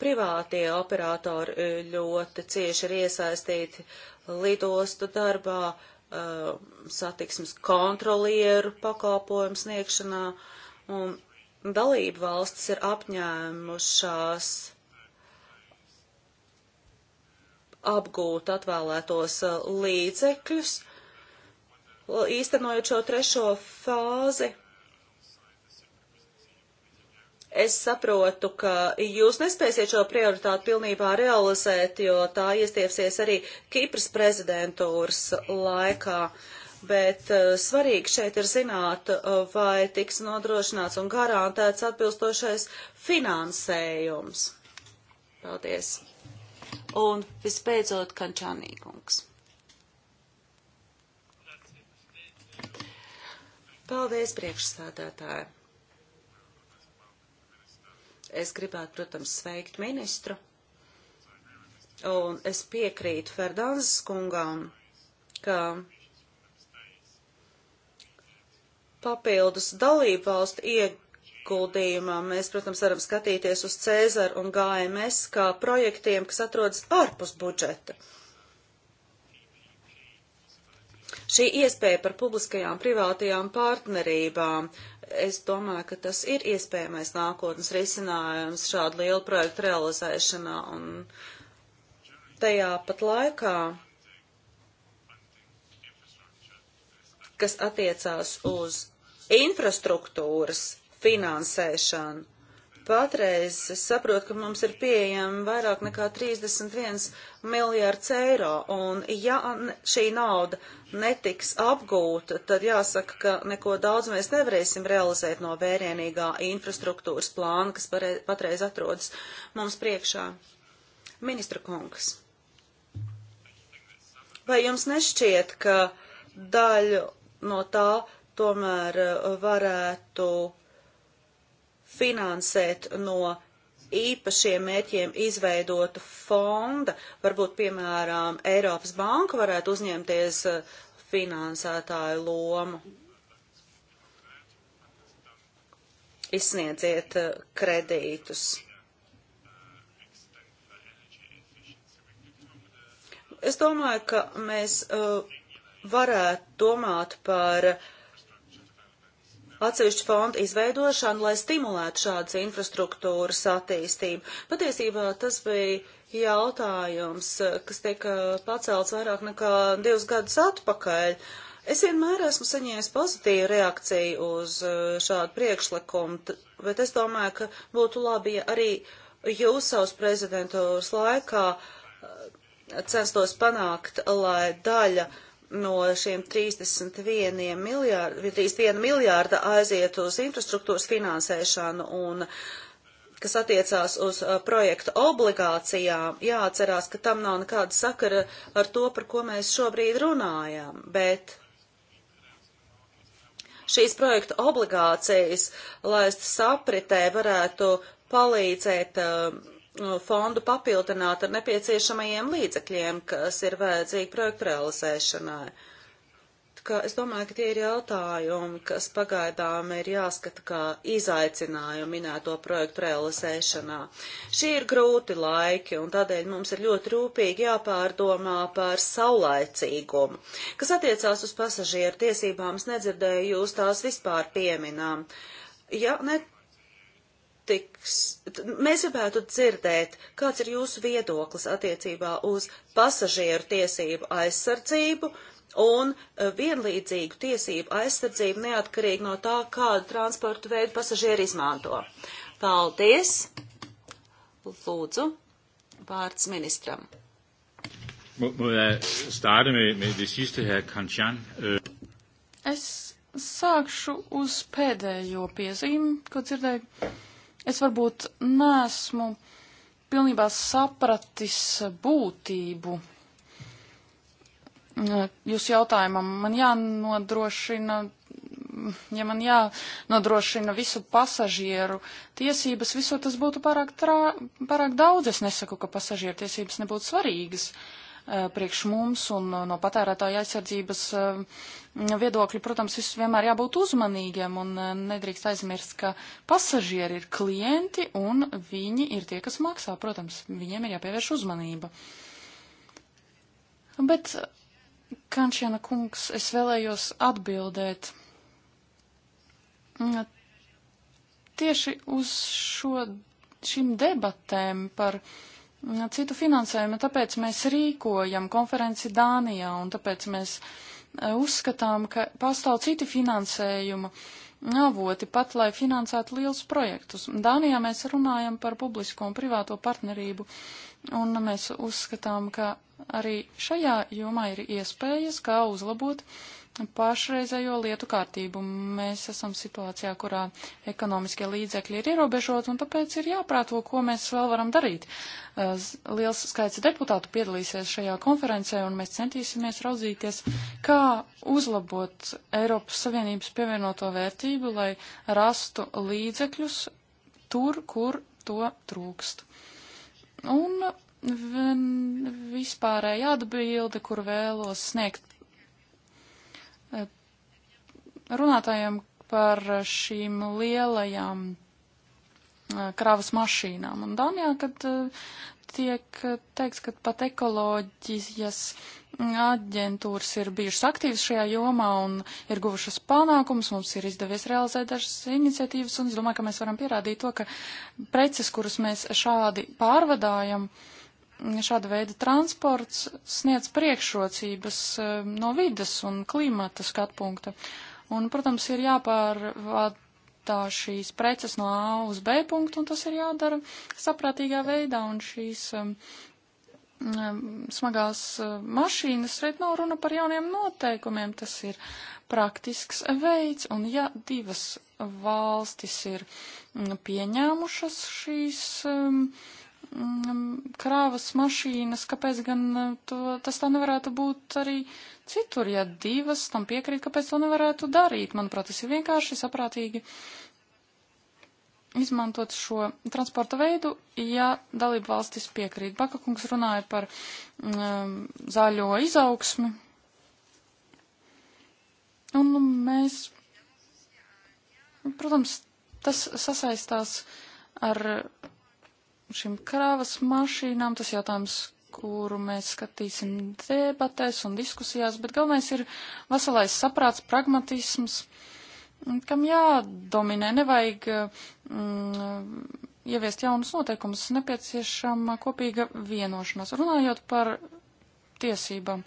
Privātie operatori e, ļoti cieši ir iesaistīti lidostu darbā, e, satiksmes kontrolieru pakalpojumu sniegšanā, un dalību valstis ir apņēmušās apgūt atvēlētos uh, līdzekļus, īstenojot šo trešo fāzi. Es saprotu, ka jūs nespēsiet šo prioritāti pilnībā realizēt, jo tā iestiepsies arī Kipras prezidentūras laikā. Bet uh, svarīgi šeit ir zināt, uh, vai tiks nodrošināts un garantēts atbilstošais finansējums. Paldies! Un visbeidzot, Kančānīkungs. Paldies, priekšsādātāji! Es gribētu, protams, sveikt ministru, un es piekrītu Ferdānas kungām, ka papildus dalību valstu iegūst ieguldījumam mēs, protams, varam skatīties uz Cēzaru un GMS kā projektiem, kas atrodas ārpus budžeta. Šī iespēja par publiskajām privātajām partnerībām, es domāju, ka tas ir iespējamais nākotnes risinājums šādu lielu projektu realizēšanā. Un tajā pat laikā kas attiecās uz infrastruktūras finansēšanu. Patreiz es saprotu, ka mums ir pieejami vairāk nekā 31 miljārds eiro, un ja šī nauda netiks apgūta, tad jāsaka, ka neko daudz mēs nevarēsim realizēt no vērienīgā infrastruktūras plāna, kas patreiz atrodas mums priekšā. Ministra kungs, vai jums nešķiet, ka daļu no tā tomēr varētu finansēt no īpašiem mērķiem izveidotu fonda, varbūt, piemēram, Eiropas Banka varētu uzņemties eh, finansētāju lomu. Izsniedziet eh, kredītus. Es domāju, ka mēs eh, varētu domāt par uh, atsevišķu fondu izveidošanu, lai stimulētu šādas infrastruktūras attīstību. Patiesībā tas bija jautājums, kas tika pacelts vairāk nekā divus gadus atpakaļ. Es vienmēr esmu saņēmis pozitīvu reakciju uz eh, šādu priekšlikumu, bet es domāju, ka būtu labi, ja arī jūs savus prezidentūras laikā eh, censtos panākt, lai daļa uh, no šiem 31 miljārda, 31 miljārda aiziet uz infrastruktūras finansēšanu un kas attiecās uz projektu obligācijām, jāatcerās, ka tam nav nekāda sakara ar to, par ko mēs šobrīd runājam, bet šīs projekta obligācijas laist sapritē varētu palīdzēt uh, Uh, fondu papildināt ar nepieciešamajiem līdzekļiem, kas ir vajadzīgi projektu realizēšanai. Kā es domāju, ka tie ir jautājumi, kas pagaidām ir jāskata kā izaicinājumu minēto projektu realizēšanā. Šie ir grūti laiki, un tādēļ mums ir ļoti rūpīgi jāpārdomā par saulaicīgumu. Kas attiecās uz pasažieru tiesībām, es nedzirdēju jūs tās vispār pieminām. Ja, ne, notiks, mēs gribētu dzirdēt, kāds ir jūsu viedoklis attiecībā uz pasažieru tiesību aizsardzību un eh, vienlīdzīgu tiesību aizsardzību neatkarīgi no tā, kādu transportu veidu pasažieri izmanto. Paldies! Lūdzu, vārds ministram. Øh. Es sākšu uz pēdējo piezīmi, ko dzirdēju Es varbūt nesmu pilnībā sapratis būtību eh, jūsu jautājumam. Man jānodrošina, ja man jānodrošina visu pasažieru tiesības, visu tas būtu pārāk, trā, pārāk daudz. Es nesaku, ka pasažieru tiesības nebūtu svarīgas. Uh, Eh, priekš mums un no patērētāja aizsardzības eh, viedokļa, protams, visus vienmēr jābūt uzmanīgiem un eh, nedrīkst aizmirst, ka pasažieri ir klienti un viņi ir tie, kas maksā. Protams, viņiem ir jāpievērš uzmanība. Bet, Kančiana kungs, es vēlējos atbildēt mm, tieši uz šo, šīm debatēm par uh, Mm, citu finansējumu, tāpēc mēs rīkojam konferenci Dānijā, un tāpēc mēs e, uzskatām, ka pastāv citi finansējuma avoti, pat lai finansētu lielus projektus. Dānijā mēs runājam par publisko un privāto partnerību, un mēs uzskatām, ka arī šajā jomā ir iespējas, kā uzlabot pašreizējo lietu kārtību. Mēs esam situācijā, kurā ekonomiskie līdzekļi ir ierobežoti, un tāpēc ir jāprāto, ko mēs vēl varam darīt. Liels skaits deputātu piedalīsies šajā konferencē, un mēs centīsimies raudzīties, kā uzlabot Eiropas Savienības pievienoto vērtību, lai rastu līdzekļus tur, kur to trūkst. Un vispārēja atbilde, kur vēlos sniegt runātājiem par šīm lielajām eh, kravas mašīnām. Un Danijā, kad eh, tiek teiks, ka pat ekoloģijas aģentūras ir bijušas aktīvas šajā jomā un ir guvušas panākumus, mums ir izdevies realizēt dažas iniciatīvas, un es domāju, ka mēs varam pierādīt to, ka preces, kurus mēs šādi pārvadājam, šāda veida transports sniedz priekšrocības eh, no vidas un klimata skatpunkta. punkta. Un, protams, ir jāpārvada šīs preces no A uz B punktu, un tas ir jādara saprātīgā veidā, un šīs um, um smagās uh, mašīnas šeit nav runa par jauniem noteikumiem, tas ir praktisks veids, un ja divas valstis ir mm, pieņēmušas šīs um, Mm, krāvas mašīnas, kāpēc gan e, to, tas tā nevarētu būt arī citur, ja divas tam piekrīt, kāpēc to nevarētu darīt. Manuprāt, tas ir vienkārši saprātīgi izmantot šo transporta veidu, ja dalību valstis piekrīt. Bakakungs runāja par um, zaļo izaugsmi. Un mēs, protams, tas sasaistās ar šīm krāvas mašīnām. Tas jautājums, kuru mēs skatīsim debatēs un diskusijās, bet galvenais ir veselais saprāts, pragmatisms, kam jādominē, nevajag mm, ieviest jaunus noteikumus, nepieciešama kopīga vienošanās. Runājot par tiesībām.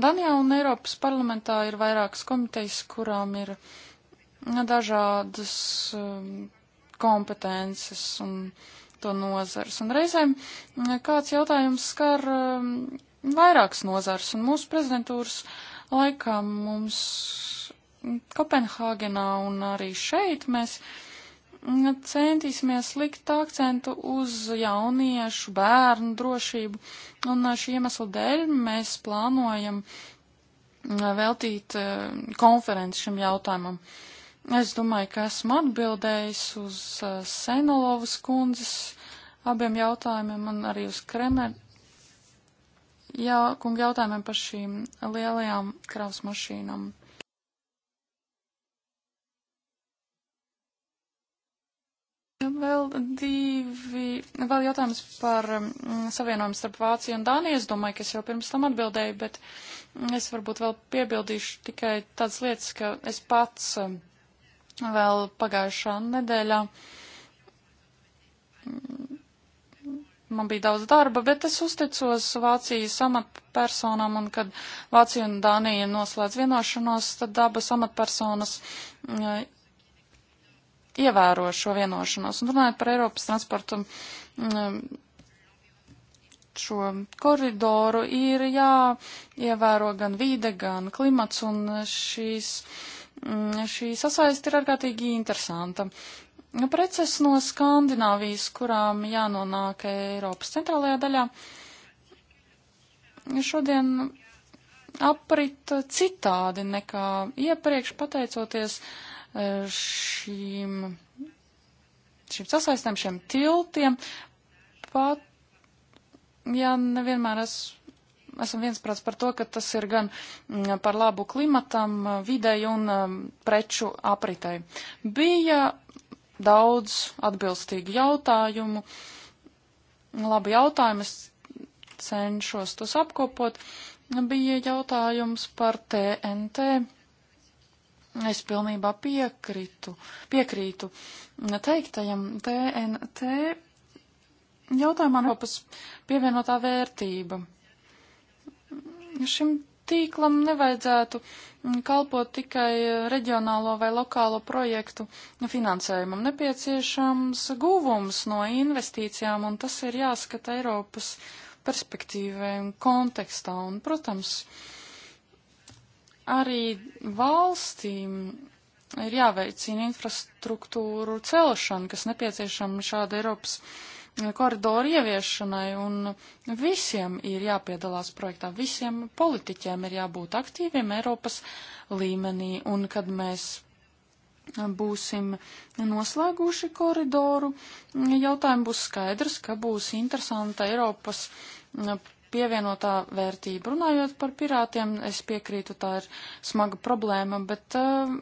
Danijā un Eiropas parlamentā ir vairākas komitejas, kurām ir dažādas mm, kompetences un uh, to nozars. Un reizēm mm, kāds jautājums skar mm, vairākas nozars, un mūsu prezidentūras laikā mums Kopenhāgenā un arī šeit mēs mm, centīsimies likt akcentu uz jauniešu, bērnu drošību, un šī iemesla dēļ mēs plānojam veltīt konferenci šim jautājumam. Uh, Es domāju, ka esmu atbildējis uz uh, Senelovas kundzes abiem jautājumiem un arī uz Kremer jā, kunga jautājumiem par šīm lielajām kravas mašīnām. Vēl divi, vēl jautājums par mm, savienojumu starp Vāciju un Dāniju. Es domāju, ka es jau pirms tam atbildēju, bet es varbūt vēl piebildīšu tikai tādas lietas, ka es pats. Mm, vēl pagājušā nedēļā. Man bija daudz darba, bet es uzticos Vācijas amatpersonām, un kad Vācija un Dānija noslēdz vienošanos, tad abas amatpersonas e, ievēro šo vienošanos. Un runājot par Eiropas transportu šo koridoru, ir jāievēro gan vīde, gan klimats, un šīs Mm, šī sasaiste ir ārkārtīgi interesanta. Preces no Skandināvijas, kurām jānonāk Eiropas centrālajā daļā, šodien aprit citādi nekā iepriekš pateicoties e, šīm, šīm sasaistēm, šiem tiltiem, pat, ja nevienmēr esmu esam viensprāts par to, ka tas ir gan mm, par labu klimatam, videi un mm, preču apritei. Bija daudz atbilstīgu jautājumu, labi jautājumi, es cenšos tos apkopot. Bija jautājums par TNT. Es pilnībā piekritu, piekrītu teiktajam TNT jautājumā Eiropas pievienotā vērtība šim tīklam nevajadzētu kalpot tikai reģionālo vai lokālo projektu finansējumam. Nepieciešams guvums no investīcijām, un tas ir jāskata Eiropas perspektīvē un kontekstā. Un, protams, arī valstīm ir jāveicina infrastruktūru celšana, kas nepieciešama šāda Eiropas perspektīva koridoru ieviešanai, un visiem ir jāpiedalās projektā, visiem politiķiem ir jābūt aktīviem Eiropas līmenī, un kad mēs būsim noslēguši koridoru, jautājumi būs skaidrs, ka būs interesanta Eiropas pievienotā vērtība. Runājot par pirātiem, es piekrītu, tā ir smaga problēma, bet eh,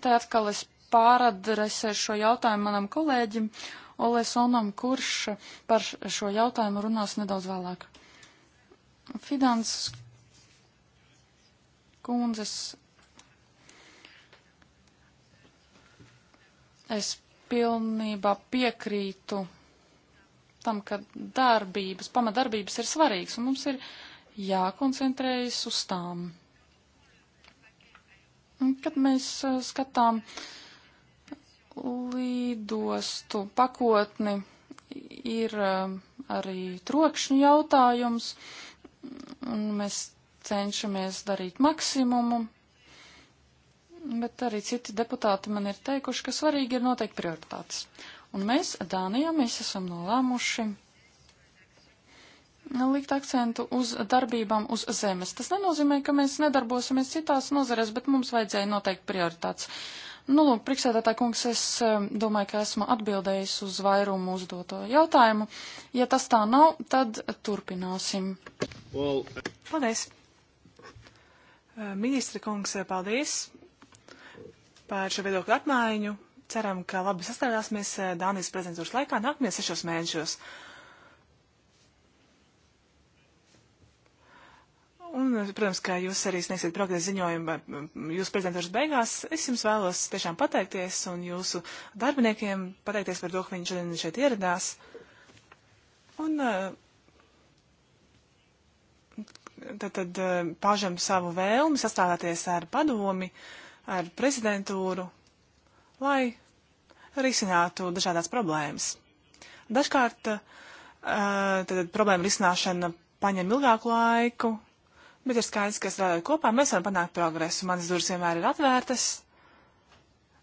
te atkal es pāradresēšu šo jautājumu manam kolēģim Olesonam, kurš par šo jautājumu runās nedaudz vēlāk. Fidans kundzes. Es pilnībā piekrītu tam, ka darbības, pamatdarbības ir svarīgas, un mums ir jākoncentrējas uz tām. Un, kad mēs uh, skatām uh, lidostu pakotni ir um, arī trokšņu jautājums, un mēs cenšamies darīt maksimumu, bet arī citi deputāti man ir teikuši, ka svarīgi ir noteikti prioritātes. Un mēs, Dānijā, mēs esam nolēmuši likt akcentu uz darbībām uz zemes. Tas nenozīmē, ka mēs nedarbosimies citās nozarēs, bet mums vajadzēja noteikt prioritātes. Nu, lūk, priekšsēdētāji kungs, es eh, domāju, ka esmu atbildējis uz vairumu uzdoto jautājumu. Ja tas tā nav, tad turpināsim. Well. Paldies. Eh, ministra kungs, eh, paldies par šo viedokļu apmaiņu. Ceram, ka labi sastrādāsimies Dānijas prezidentūras laikā nākamajos sešos mēnešos. Un, protams, kā jūs arī sniegsiet progresa ziņojumu jūsu prezentūras beigās, es jums vēlos tiešām pateikties un jūsu darbiniekiem pateikties par to, ka viņi šodien šeit ieradās. Un eh, tad, tad eh, paužam savu vēlmi sastāvēties ar padomi, ar prezidentūru, lai risinātu dažādās problēmas. Dažkārt eh, tad, problēma risināšana paņem ilgāku laiku, Bet ir skaidrs, ka strādājot kopā, mēs varam panākt progresu. Manas durvis vienmēr ir atvērtas.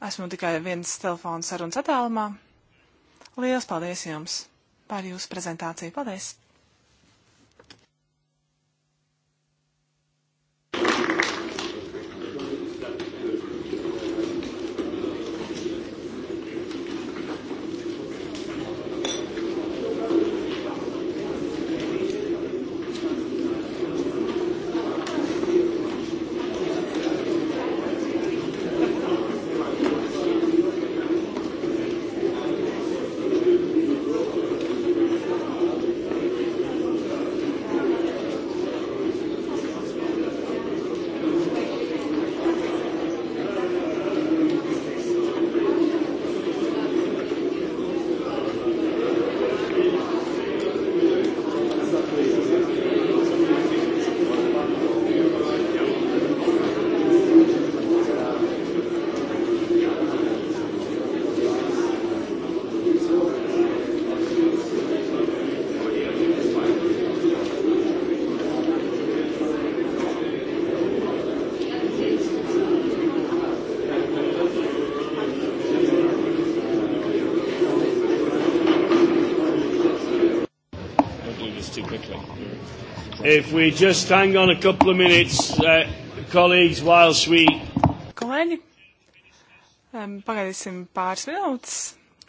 Esmu tikai viens telefons sarunas attālumā. Lielas paldies jums par jūsu prezentāciju. Paldies! if we just hang on a couple of minutes, uh, colleagues, whilst we. Kolēģi, um, pagaidīsim pāris minūtes,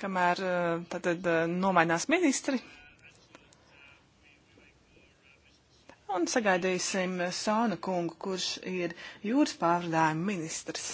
kamēr uh, tātad uh, nomainās ministri. Un sagaidīsim Sāna kungu, kurš ir jūras pārvadājuma ministrs.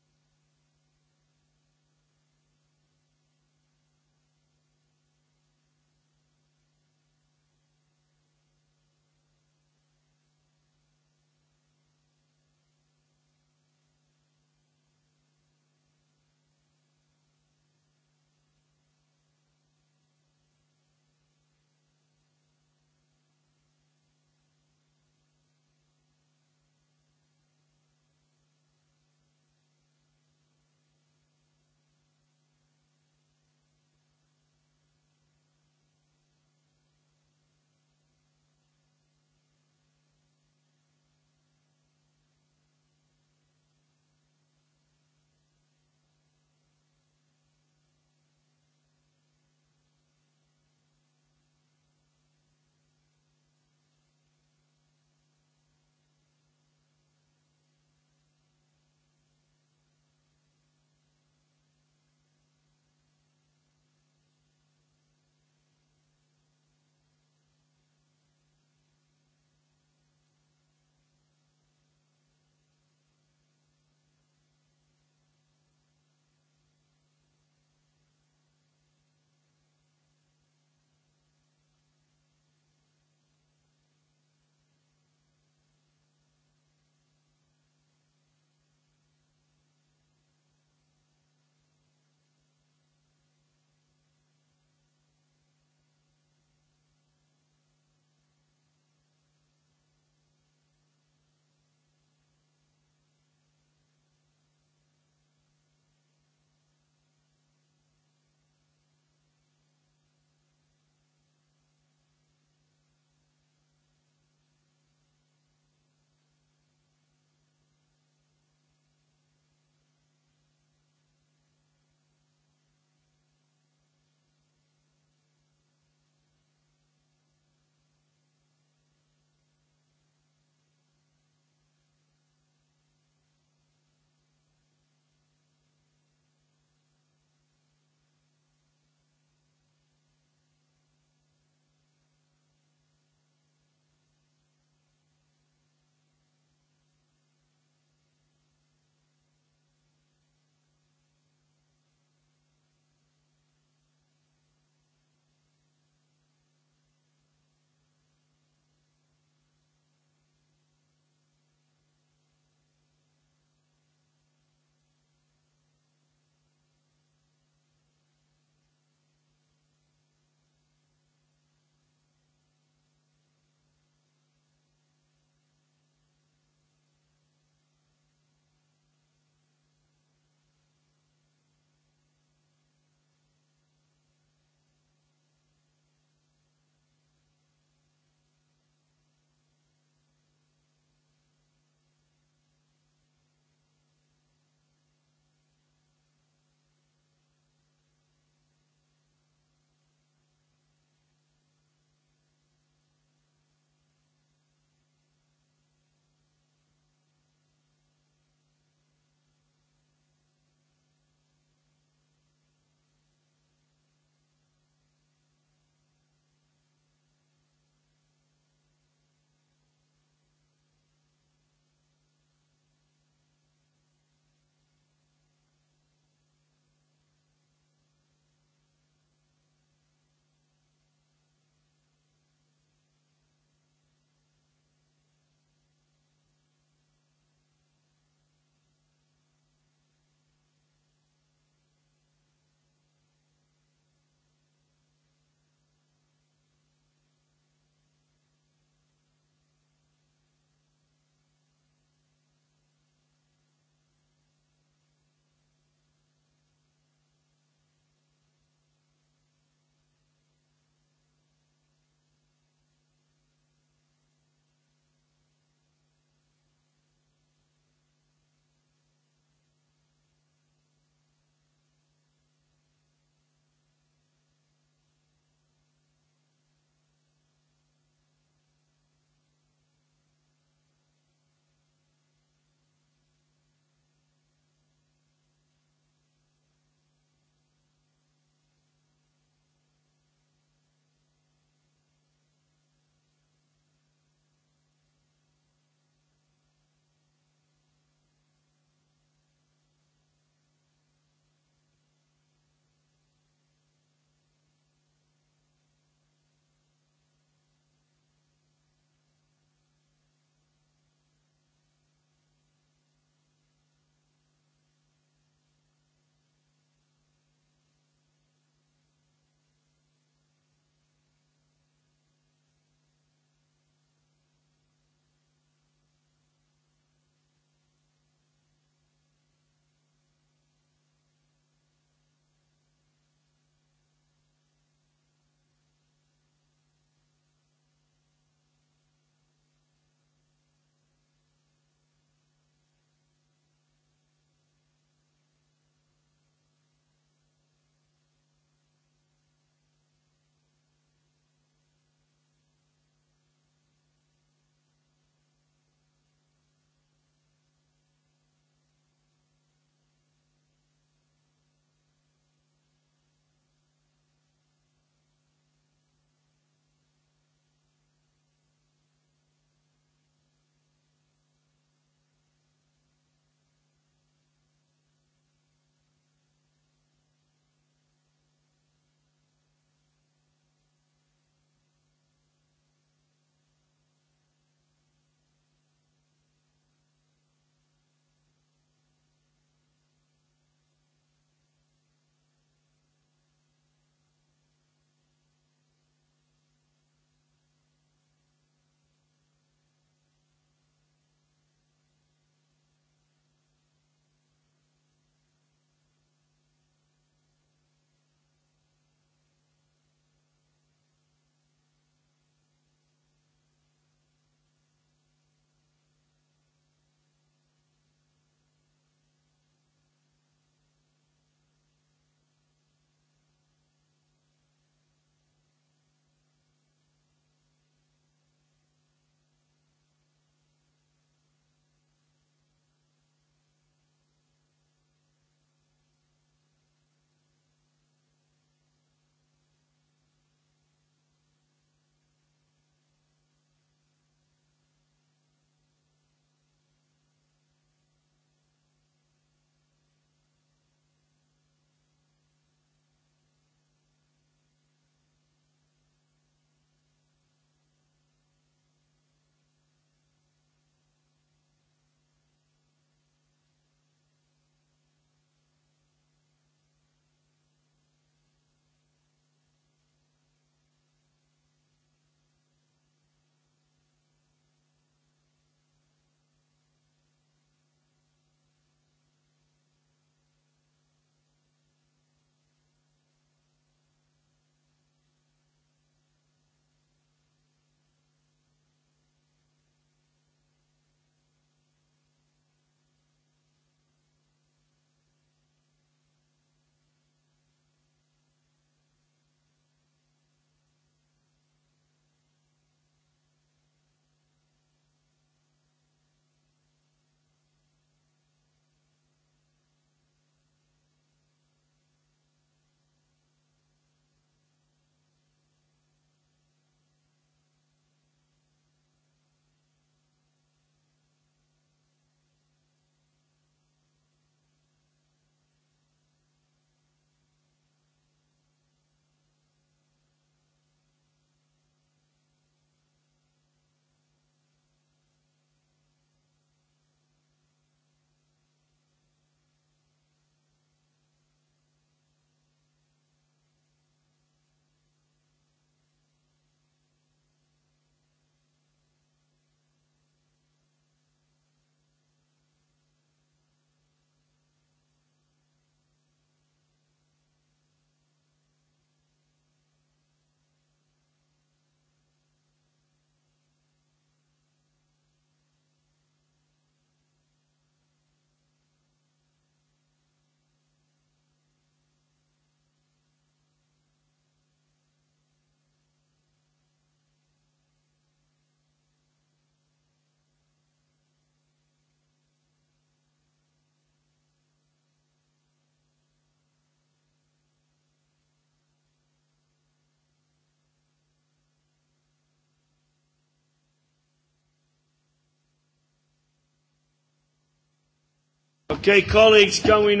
Okay, colleagues, going...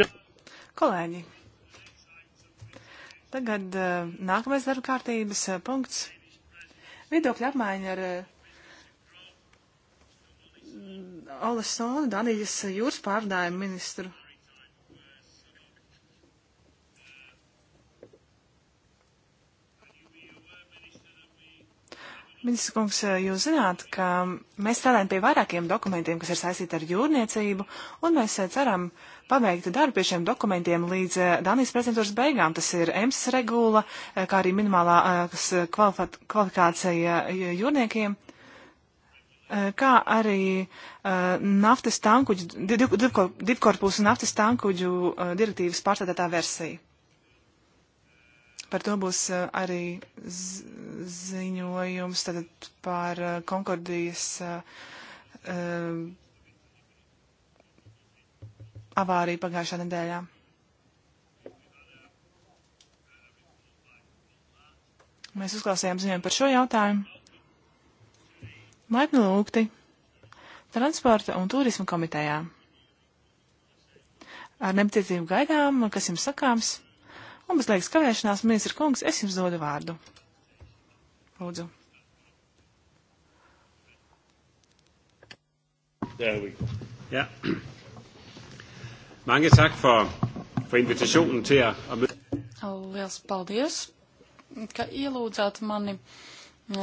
Kolēģi, tagad uh, nākamais darba kārtības uh, punkts. Viedokļa apmaiņa ar uh, eh, Olas Sonu, Danijas jūras pārdājumu ministru. Ministrs kungs, jūs zināt, ka mēs strādājam pie vairākiem dokumentiem, kas ir saistīti ar jūrniecību, un mēs ceram pabeigt darbu pie šiem dokumentiem līdz Danijas prezidentūras beigām. Tas ir EMS regula, kā arī minimālā kvalifikācija jūrniekiem kā arī uh, naftas tankuģu, divkorpusu naftas tankuģu uh, direktīvas pārstādātā versija. Par to būs eh, arī ziņojums tātad par eh, Konkordijas eh, avāriju pagājušā nedēļā. Mēs uzklausījām ziņojumu par šo jautājumu. Laipni lūgti transporta un turisma komitejā. Ar nepacietību gaidām, kas jums sakāms. Un nu, bez liekas kavēšanās, ministra kungs, es jums dodu vārdu. Lūdzu. Ja. Mange tak for, for invitationen til at... Liels paldies, ka ielūdzāt mani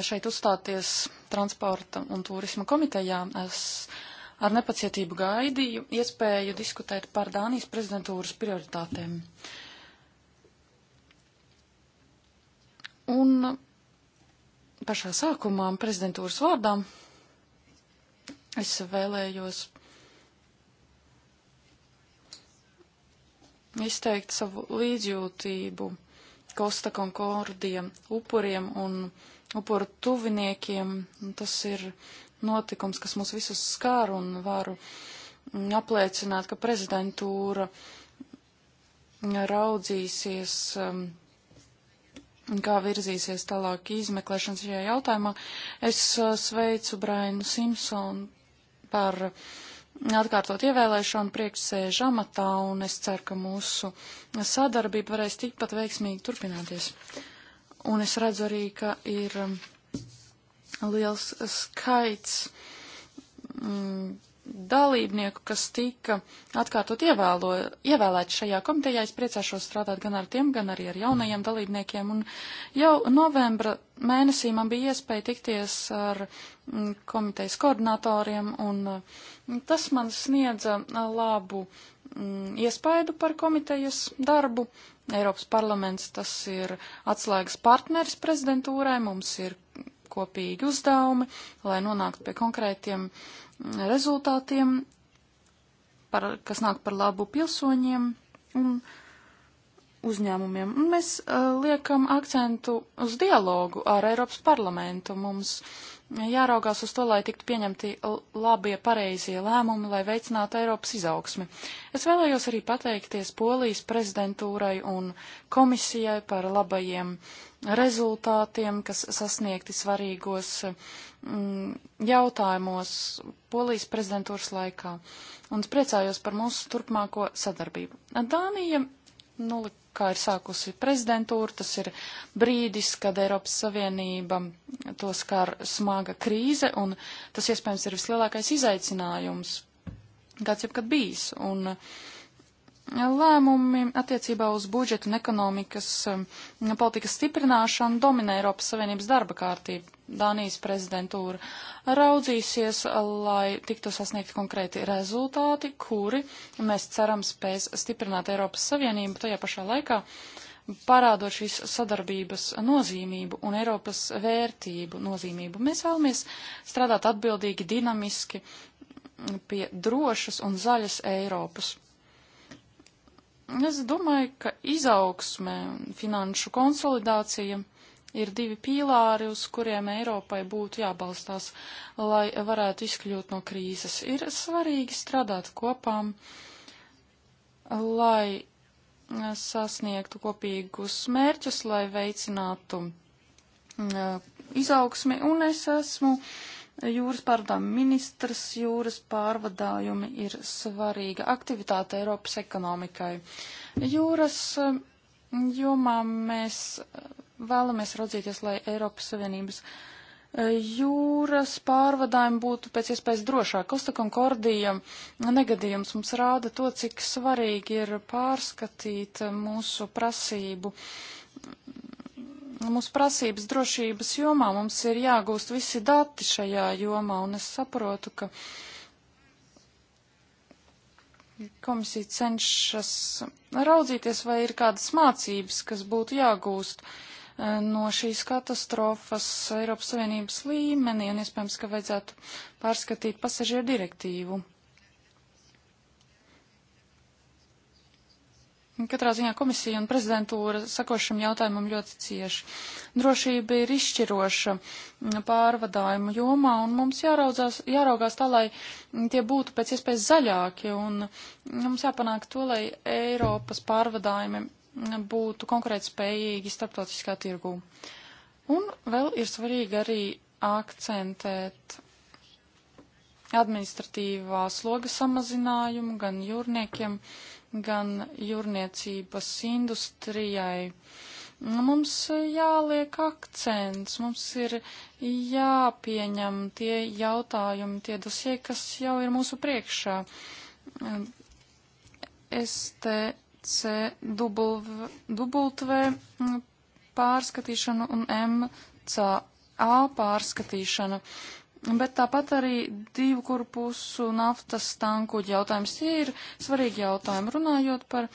šeit uzstāties transporta un turisma komitejā. Es ar nepacietību gaidīju iespēju diskutēt par Dānijas prezidentūras prioritātēm. Uh, Un pašā sākumā prezidentūras vārdām es vēlējos izteikt savu līdzjūtību Kosta Konkordiem, upuriem un upuru tuviniekiem. Tas ir notikums, kas mūs visus skār un varu apliecināt, ka prezidentūra raudzīsies um, kā virzīsies tālāk izmeklēšanas šajā jautājumā. Es uh, sveicu Brainu Simpsonu par atkārtot ievēlēšanu priekšsēžu amatā, un es ceru, ka mūsu sadarbība varēs tikpat veiksmīgi turpināties. Un es redzu arī, ka ir um, liels skaits. Mm, dalībnieku, kas tika atkārtot ievēlo, ievēlēt šajā komitejā. Es priecāšos strādāt gan ar tiem, gan arī ar jaunajiem dalībniekiem. Un jau novembra mēnesī man bija iespēja tikties ar mm, komitejas koordinatoriem, un mm, tas man sniedza mm, labu iespaidu par komitejas darbu. Eiropas parlaments tas ir atslēgas partneris prezidentūrai, mums ir kopīgi uzdevumi, lai nonāktu pie konkrētiem uh, rezultātiem, par, kas nāk par labu pilsoņiem un uzņēmumiem. Un mēs uh, liekam akcentu uz dialogu ar Eiropas parlamentu. Mums uh, jāraugās uz to, lai tiktu pieņemti labie pareizie lēmumi, lai veicinātu Eiropas izaugsmi. Es vēlējos arī pateikties Polijas prezidentūrai un komisijai par labajiem rezultātiem, kas sasniegti svarīgos mm, jautājumos Polijas prezidentūras laikā. Un es priecājos par mūsu turpmāko sadarbību. Dānija 0 kā ir sākusi prezidentūra, tas ir brīdis, kad Eiropas Savienība to skar smaga krīze, un tas iespējams ir vislielākais izaicinājums, kāds jebkad bijis. Un eh, lēmumi attiecībā uz budžetu un ekonomikas eh, politikas stiprināšanu dominē Eiropas Savienības darba kārtību. Dānijas prezidentūra raudzīsies, lai tiktu sasniegti konkrēti rezultāti, kuri, mēs ceram, spēs stiprināt Eiropas Savienību tajā pašā laikā, parādot šīs sadarbības nozīmību un Eiropas vērtību nozīmību. Mēs vēlamies strādāt atbildīgi, dinamiski pie drošas un zaļas Eiropas. Es domāju, ka izaugsme, finanšu konsolidācija ir divi pīlāri, uz kuriem Eiropai būtu jābalstās, lai varētu izkļūt no krīzes. Ir svarīgi strādāt kopām, lai sasniegtu kopīgus mērķus, lai veicinātu mm, izaugsmi, un es esmu jūras pārvadājuma ministrs, jūras pārvadājumi ir svarīga aktivitāte Eiropas ekonomikai. Jūras mm, jomā mēs vēlamies raudzīties, lai Eiropas Savienības e, jūras pārvadājumi būtu pēc iespējas drošāk. Kostakam Kordija negadījums mums rāda to, cik svarīgi ir pārskatīt mūsu prasību mūsu prasības drošības jomā mums ir jāgūst visi dati šajā jomā, un es saprotu, ka komisija cenšas raudzīties, vai ir kādas mācības, kas būtu jāgūst. Uh, Eh, no šīs katastrofas Eiropas Savienības līmenī un iespējams, ka vajadzētu pārskatīt pasažieru direktīvu. Katrā ziņā komisija un prezidentūra sako šim jautājumam ļoti cieši. Drošība ir izšķiroša pārvadājumu jomā, un mums jāraudzās, jāraugās tā, lai tie būtu pēc iespējas zaļāki, un mums jāpanāk to, lai Eiropas pārvadājumi būtu konkurētspējīgi starptautiskā tirgū. Un vēl ir svarīgi arī akcentēt administratīvā sloga samazinājumu gan jūrniekiem, gan jūrniecības industrijai. Mums jāliek akcents, mums ir jāpieņem tie jautājumi, tie dosie, kas jau ir mūsu priekšā. Es te CW mm, pārskatīšanu un MCA pārskatīšanu. Bet tāpat arī divu kurpusu naftas tankuģi jautājums tie ir svarīgi jautājumi. Runājot par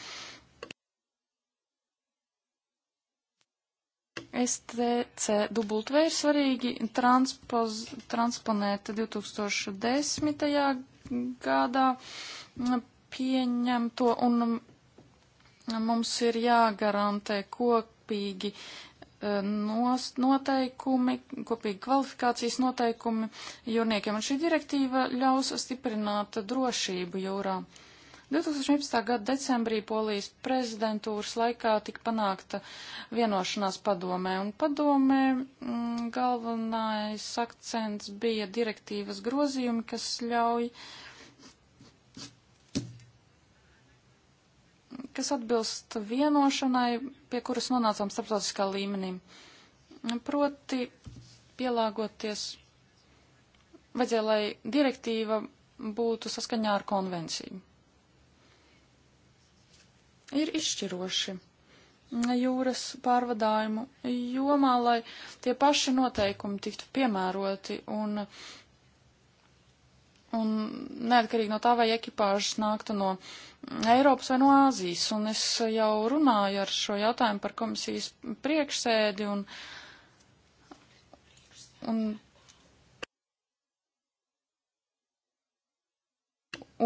STCW ir svarīgi transpoz, transponēt 2010. gadā mm, pieņemto un mums ir jāgarantē kopīgi e, nos, noteikumi, kopīgi kvalifikācijas noteikumi jūrniekiem, un šī direktīva ļaus stiprināt drošību jūrā. 2011. gada decembrī Polijas prezidentūras laikā tika panākta vienošanās padomē, un padomē m, mm, galvenais akcents bija direktīvas grozījumi, kas ļauj uh, kas atbilst vienošanai, pie kuras nonācām starptautiskā līmenī. Proti, pielāgoties, vajadzēja, lai direktīva būtu saskaņā ar konvenciju. Ir izšķiroši jūras pārvadājumu jomā, lai tie paši noteikumi tiktu piemēroti un uh, Un neatkarīgi no tā, vai ekipāžas nāktu no Eiropas vai no Āzijas. Un es jau runāju ar šo jautājumu par komisijas priekšsēdi un. un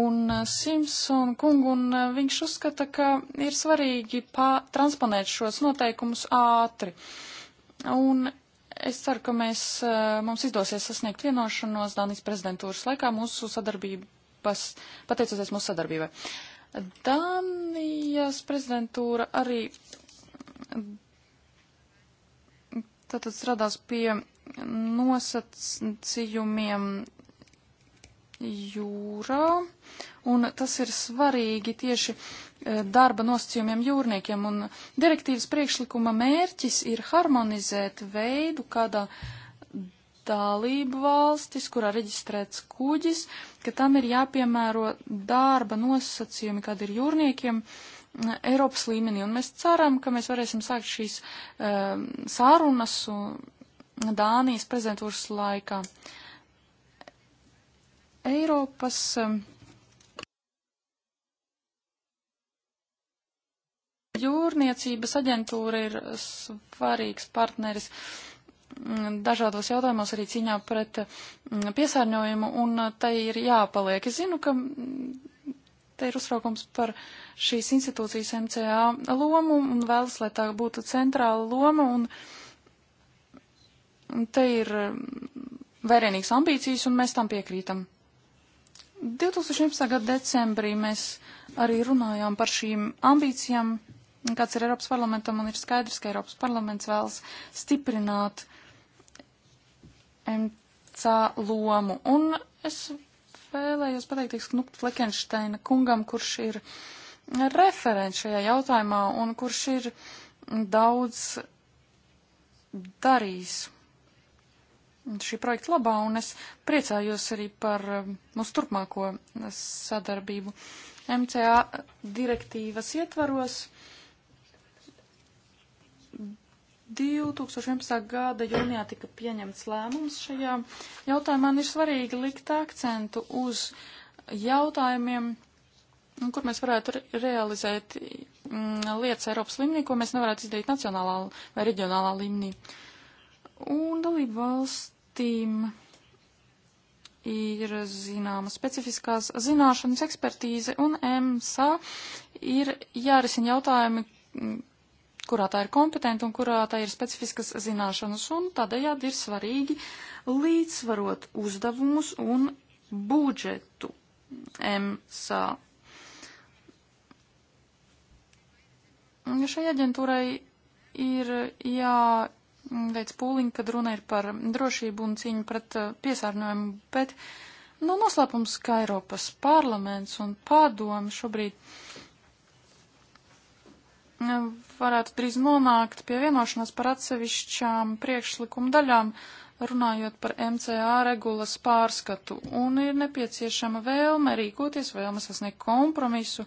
Un uh, Simpson kungu, un uh, viņš uzskata, ka ir svarīgi transponēt šos noteikumus ātri. Un Es ceru, ka mēs, e, mums izdosies sasniegt vienošanos Dānijas prezidentūras laikā mūsu sadarbības, pateicoties mūsu sadarbībai. Dānijas prezidentūra arī tātad strādās pie nosacījumiem jūrā, un tas ir svarīgi tieši Eh, darba nosacījumiem jūrniekiem, un direktīvas priekšlikuma mērķis ir harmonizēt veidu, kādā dalību valstis, kurā reģistrēts kuģis, ka tam ir jāpiemēro darba nosacījumi, kāda ir jūrniekiem eh, Eiropas līmenī, un mēs ceram, ka mēs varēsim sākt šīs um, eh, sārunas Dānijas prezidentūras laikā. Eiropas um, Jūrniecības aģentūra ir svarīgs partneris mm, dažādos jautājumos arī cīņā pret mm, piesārņojumu, un uh, tai ir jāpaliek. Es zinu, ka mm, te ir uztraukums par šīs institūcijas MCA lomu, un vēlas, lai tā būtu centrāla loma, un te ir vērienīgas ambīcijas, un mēs tam piekrītam. 2011. gada decembrī mēs arī runājām par šīm ambīcijām kāds ir Eiropas parlamentam, un ir skaidrs, ka Eiropas parlaments vēlas stiprināt MC lomu. Un es vēlējos pateikties Knut Fleckensteina kungam, kurš ir referents šajā jautājumā un kurš ir daudz darījis šī projekta labā, un es priecājos arī par mūsu turpmāko sadarbību. MCA direktīvas ietvaros 2011. gada jūnijā tika pieņemts lēmums šajā jautājumā, un ir svarīgi likt akcentu uz jautājumiem, kur mēs varētu re realizēt mm, lietas Eiropas līmenī, ko mēs nevarētu izdarīt nacionālā vai reģionālā līmenī. Un dalību valstīm ir zināma specifiskās zināšanas ekspertīze, un MSA ir jārisina jautājumi, mm, kurā tā ir kompetenta un kurā tā ir specifiskas zināšanas, un tādējādi ir svarīgi līdzsvarot uzdevumus un budžetu MSA. Šai aģentūrai ir jāveic pūliņi, kad runa ir par drošību un cīņu pret uh, piesārņojumu, bet nav nu, no noslēpums, ka Eiropas parlaments un padomi šobrīd varētu drīz nonākt pie vienošanās par atsevišķām priekšlikuma daļām, runājot par MCA regulas pārskatu, un ir nepieciešama vēlme rīkoties, vēlme sasniegt kompromisu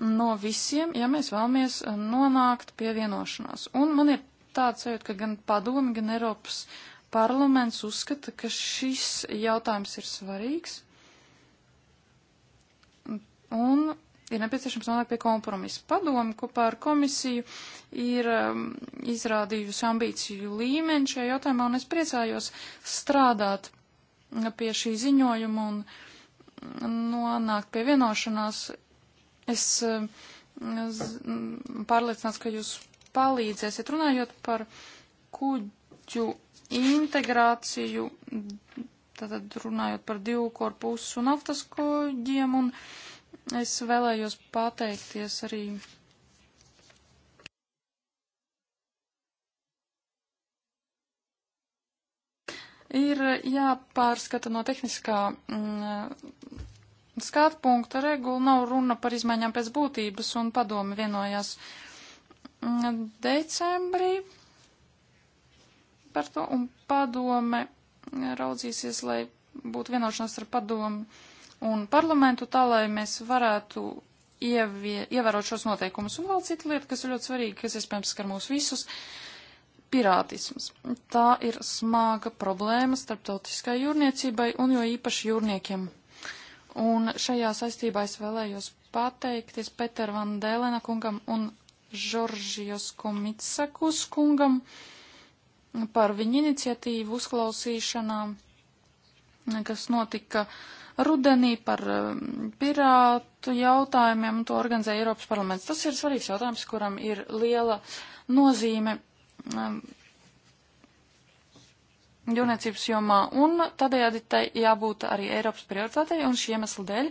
no visiem, ja mēs vēlamies nonākt pie vienošanās. Un man ir tāds sajūta, ka gan padomi, gan Eiropas parlaments uzskata, ka šis jautājums ir svarīgs. Un ir nepieciešams nonākt pie kompromisa. Padomi kopā ar komisiju ir um, izrādījusi ambīciju līmeni šajā jautājumā, un es priecājos strādāt pie šī ziņojuma un nonākt pie vienošanās. Es, es um, pārliecināts, ka jūs palīdzēsiet runājot par kuģu integrāciju, tātad runājot par divu korpusu naftas kuģiem un. Uh, Es vēlējos pateikties arī ir jāpārskata no tehniskā mm, skatu punkta regula. Nav runa par izmaiņām pēc būtības, un padomi vienojās mm, decembrī par to, un padome raudzīsies, lai būtu vienošanās ar padomu un parlamentu tā, lai mēs varētu ievie, ievērot šos noteikumus. Un vēl cita lieta, kas ir ļoti svarīga, kas iespējams skar mūs visus - pirātisms. Tā ir smaga problēma starptautiskai jūrniecībai un jo īpaši jūrniekiem. Un šajā saistībā es vēlējos pateikties Peter Van Dēlena kungam un Žoržijos Komitsakus kungam par viņu iniciatīvu uzklausīšanām kas notika rudenī par um, pirātu jautājumiem, un to organizēja Eiropas parlaments. Tas ir svarīgs jautājums, kuram ir liela nozīme um, jūrniecības jomā, un tādējādi tai jābūt arī Eiropas prioritātei, un šī iemesla dēļ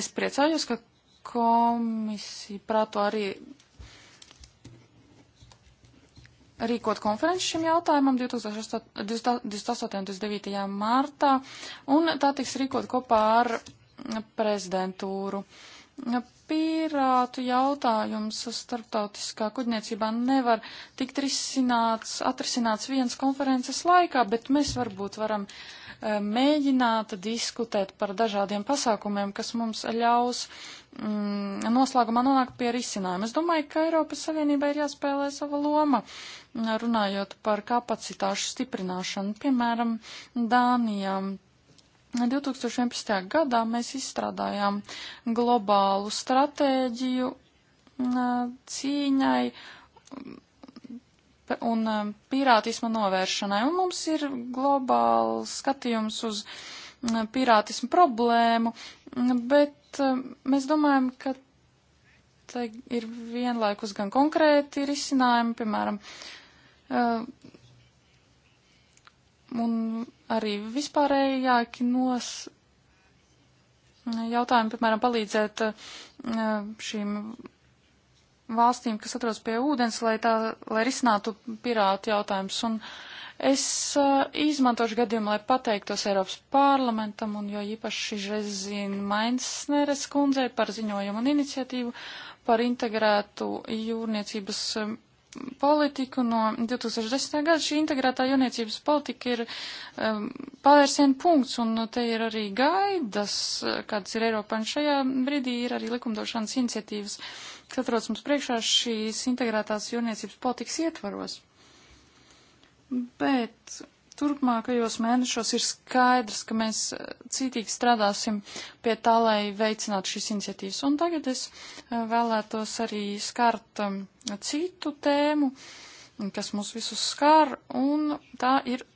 es priecājos, ka komisija prāto arī rīkot konferenci šim jautājumam 28. un 29. martā, un tā tiks rīkot kopā ar prezidentūru. Pirātu jautājums starptautiskā kuģniecībā nevar tikt risināts, atrisināts viens konferences laikā, bet mēs varbūt varam uh, mēģināt diskutēt par dažādiem pasākumiem, kas mums ļaus mm, noslēgumā nonākt pie risinājuma. Es domāju, ka Eiropas Savienībai ir jāspēlē sava loma, runājot par kapacitāšu stiprināšanu, piemēram, Dānijām. 2011. gadā mēs izstrādājām globālu stratēģiju mm, cīņai un eh, pirātisma novēršanai. Un mums ir globāls skatījums uz mm, pirātismu problēmu, mm, bet eh, mēs domājam, ka te ir vienlaikus gan konkrēti risinājumi, piemēram, eh, un arī vispārējāki nos mm, jautājumi, piemēram, palīdzēt šīm valstīm, kas atrodas pie ūdens, lai, tā, lai risinātu pirātu jautājumus. Un es uh, izmantošu gadījumu, lai pateiktos Eiropas parlamentam un jo īpaši Žezina Mainsneres kundzei par ziņojumu un iniciatīvu par integrētu jūrniecības eh, politiku no 2010. gada. Šī integrētā jūrniecības politika ir um, eh, pavērsienu punkts, un te ir arī gaidas, kādas ir Eiropā, un šajā brīdī ir arī likumdošanas iniciatīvas. Uh, kas atrodas mums priekšā šīs integrētās jūrniecības politikas ietvaros. Bet turpmākajos mēnešos ir skaidrs, ka mēs eh, cītīgi strādāsim pie tā, lai veicinātu šīs iniciatīvas. Un tagad es eh, vēlētos arī skart um, citu tēmu, kas mūs visus skar, un tā ir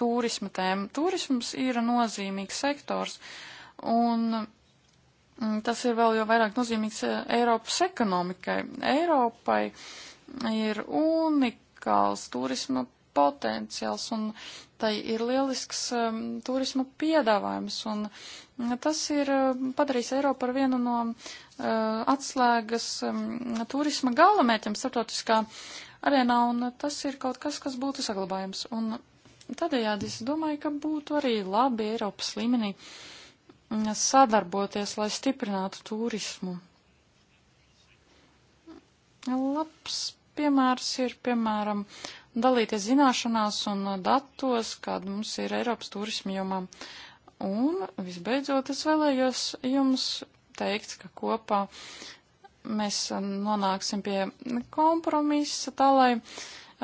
turisma tēma. Turisms ir nozīmīgs sektors, un Mm, tas ir vēl jau vairāk nozīmīgs eh, Eiropas ekonomikai. Eiropai ir unikāls turisma potenciāls un tai ir lielisks um, turisma piedāvājums. Un mm, tas ir ehm, padarījis Eiropu par vienu no uh, atslēgas um, turisma galamērķiem starptautiskā arēnā, un tas ir kaut kas, kas būtu saglabājams. Un tādējādi es domāju, ka būtu arī labi Eiropas līmenī uh, sadarboties, lai stiprinātu turismu. Labs piemērs ir, piemēram, dalīties zināšanās un datos, kāda mums ir Eiropas turismu jomā. Un visbeidzot, es vēlējos jums teikt, ka kopā mēs nonāksim pie kompromisa tā, lai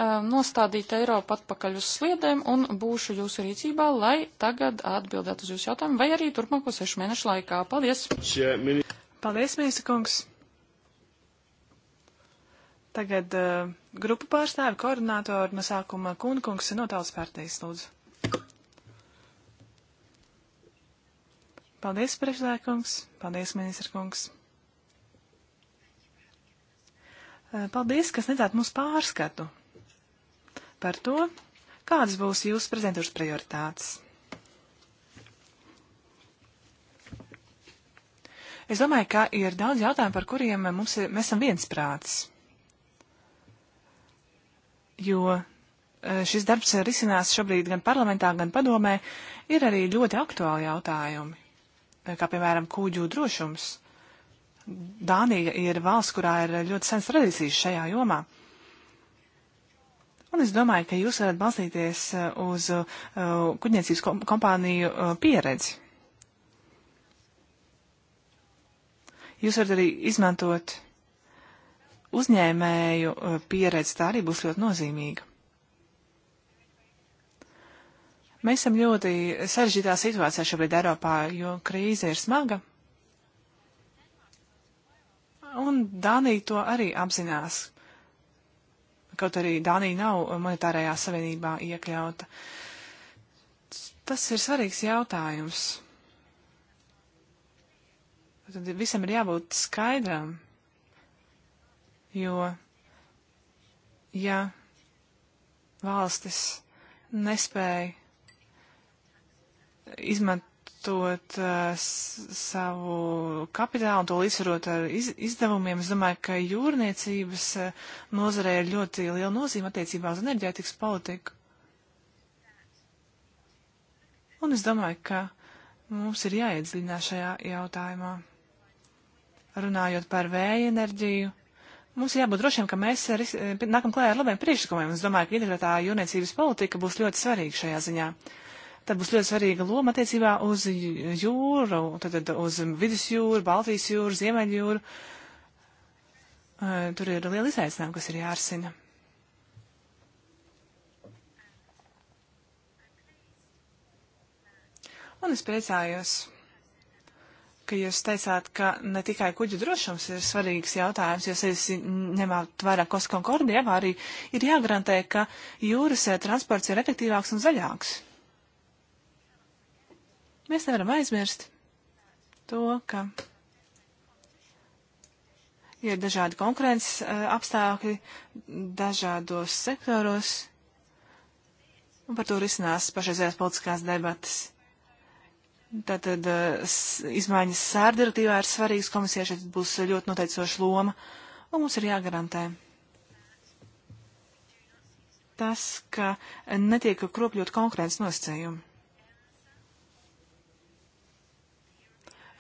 Ehm, nostādīt Eiropu atpakaļ uz sliedēm un būšu jūsu rīcībā, lai tagad atbildētu uz jūsu jautājumu vai arī turpmāko sešu mēnešu laikā. Paldies! Paldies, Mīsa kungs! Tagad uh, grupu pārstāvi koordinātori no sākuma Kunkungs no Tautas partijas lūdzu. Paldies, priekšlēkungs. Paldies, ministra kungs. Eh, paldies, kas nedāt mums pārskatu par to, kādas būs jūsu prezentūras prioritātes. Es domāju, ka ir daudz jautājumu, par kuriem mums ir, mēs esam viensprāts. Jo e, šis darbs risinās šobrīd gan parlamentā, gan padomē, ir arī ļoti aktuāli jautājumi, e, kā piemēram kūģu drošums. Dānija ir valsts, kurā ir ļoti sens tradīcijas šajā jomā. Un es domāju, ka jūs varat balstīties uh, uz uh, kuģniecības kom kompāniju uh, pieredzi. Jūs varat arī izmantot uzņēmēju uh, pieredzi, tā arī būs ļoti nozīmīga. Mēs esam ļoti sarežģītā situācijā šobrīd Eiropā, jo krīze ir smaga. Un Dānija to arī apzinās kaut arī Dānija nav monetārajā savienībā iekļauta. Tas ir svarīgs jautājums. Tad visam ir jābūt skaidram, jo, ja valstis nespēja izmant, izmantot uh, savu kapitālu un to līdzsvarot ar iz, izdevumiem. Es domāju, ka jūrniecības uh, nozarē ir ļoti liela nozīme attiecībā uz enerģētikas politiku. Un es domāju, ka mums ir jāiedziļinā šajā jautājumā. Runājot par vēja enerģiju, mums ir jābūt drošiem, ka mēs nākam klājā ar labiem priekšlikumiem. Es domāju, ka integrētā jūrniecības politika būs ļoti svarīga šajā ziņā. Uh, tad būs ļoti svarīga loma attiecībā uz jūru, tad uz vidusjūru, Baltijas jūru, Ziemeļjūru. Eh, tur ir liela izaicinājuma, kas ir jārisina. Un es priecājos, ka jūs teicāt, ka ne tikai kuģu drošums ir svarīgs jautājums, jo es nemāt vairāk Koskon Kordievā arī ir jāgarantē, ka jūras eh, transports ir efektīvāks un zaļāks. Mēs nevaram aizmirst to, ka ir dažādi konkurences eh, apstākļi dažādos sektoros, un par to risinās pašreizējās politiskās debatas. Tātad eh, izmaiņas sērdirektīvā ir svarīgas, komisija šeit būs ļoti noteicoša loma, un mums ir jāgarantē tas, ka netiek kropļot konkurences nosacījumi.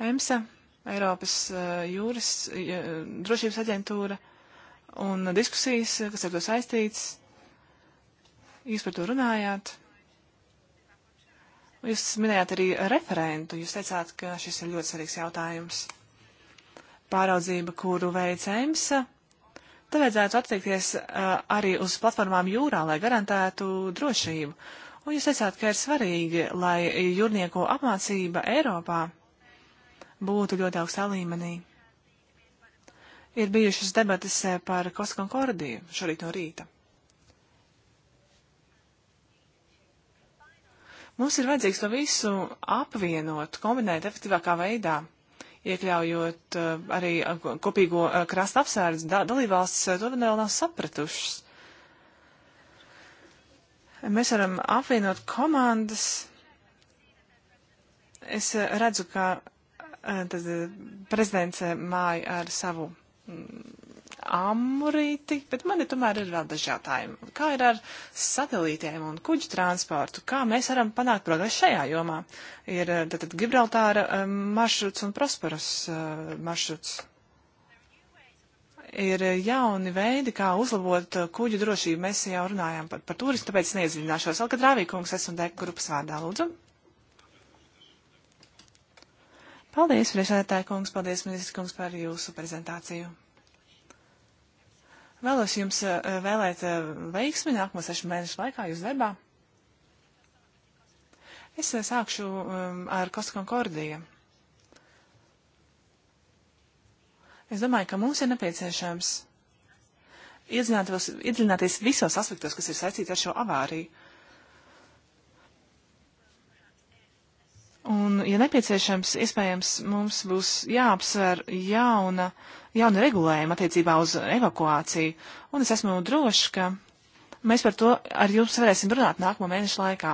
EMSA, Eiropas eh, jūras eh, drošības aģentūra un diskusijas, eh, kas ar to saistīts. Jūs par to runājāt. Jūs minējāt arī referentu. Jūs teicāt, ka šis ir ļoti svarīgs jautājums. Pāraudzība, kuru veic EMSA, Te vajadzētu attiekties uh, arī uz platformām jūrā, lai garantētu drošību. Un jūs teicāt, ka ir svarīgi, lai jūrnieku apmācība Eiropā būtu ļoti augstā līmenī. Ir bijušas debatas eh, par Koskonkordiju šorīt no rīta. Mums ir vajadzīgs to visu apvienot, kombinēt efektīvākā veidā, iekļaujot eh, arī eh, kopīgo krasta apsērdes dalībvalstis, to vēl nav sapratušas. Mēs varam apvienot komandas. Es redzu, ka Eh, tad eh, prezidents māja ar savu mm, amurīti, bet man tomēr ir vēl daži jautājumi. Kā ir ar satelītiem un kuģu transportu? Kā mēs varam panākt progresu šajā jomā? Ir eh, tad, tad Gibraltāra maršruts un Prosperos maršruts ir jauni veidi, kā uzlabot kuģu drošību. Mēs jau runājām par, par turismu, tāpēc neiedziļināšos. Alkadrāvī kungs, es un Dēka grupas vārdā, lūdzu. Paldies, priekšsēdētāja kungs, paldies, ministrs kungs, par jūsu prezentāciju. Vēlos jums eh, vēlēt eh, veiksmi nākamo sešu mēnešu laikā jūs darbā. Es eh, sākšu um, ar Costa Concordia. Es domāju, ka mums ir nepieciešams iedziļināties visos aspektos, kas ir saistīti ar šo avāriju. Un, ja nepieciešams, iespējams, mums būs jāapsver jauna, jauna regulējuma attiecībā uz evakuāciju. Un es esmu drošs, ka mēs par to ar jums varēsim runāt nākamo mēnešu laikā.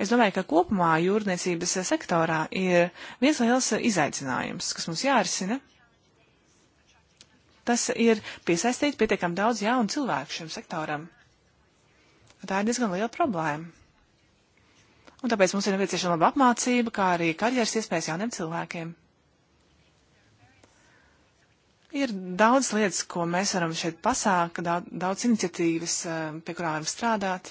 Es domāju, ka kopumā jūrniecības sektorā ir viens liels izaicinājums, kas mums jārisina. Tas ir piesaistīt pietiekam daudz jaunu cilvēku šim sektoram. Tā ir diezgan liela problēma un tāpēc mums ir nepieciešama laba apmācība, kā arī karjeras iespējas jauniem cilvēkiem. Ir daudz lietas, ko mēs varam šeit pasākt, daudz, daudz iniciatīvas, eh, pie kurām varam strādāt.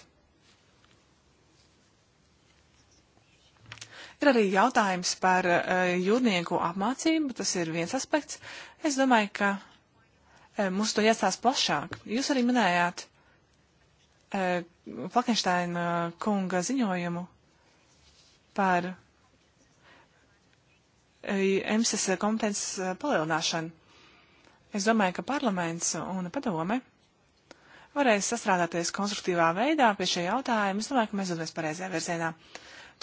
Ir arī jautājums par eh, jūrnieku apmācību, tas ir viens aspekts. Es domāju, ka eh, mums to jāstāsta plašāk. Jūs arī minējāt Falkensteina kunga ziņojumu par MSS kompetences palielināšanu. Es domāju, ka parlaments un padome varēs sastrādāties konstruktīvā veidā pie šī jautājuma. Es domāju, ka mēs dodamies pareizajā virzienā.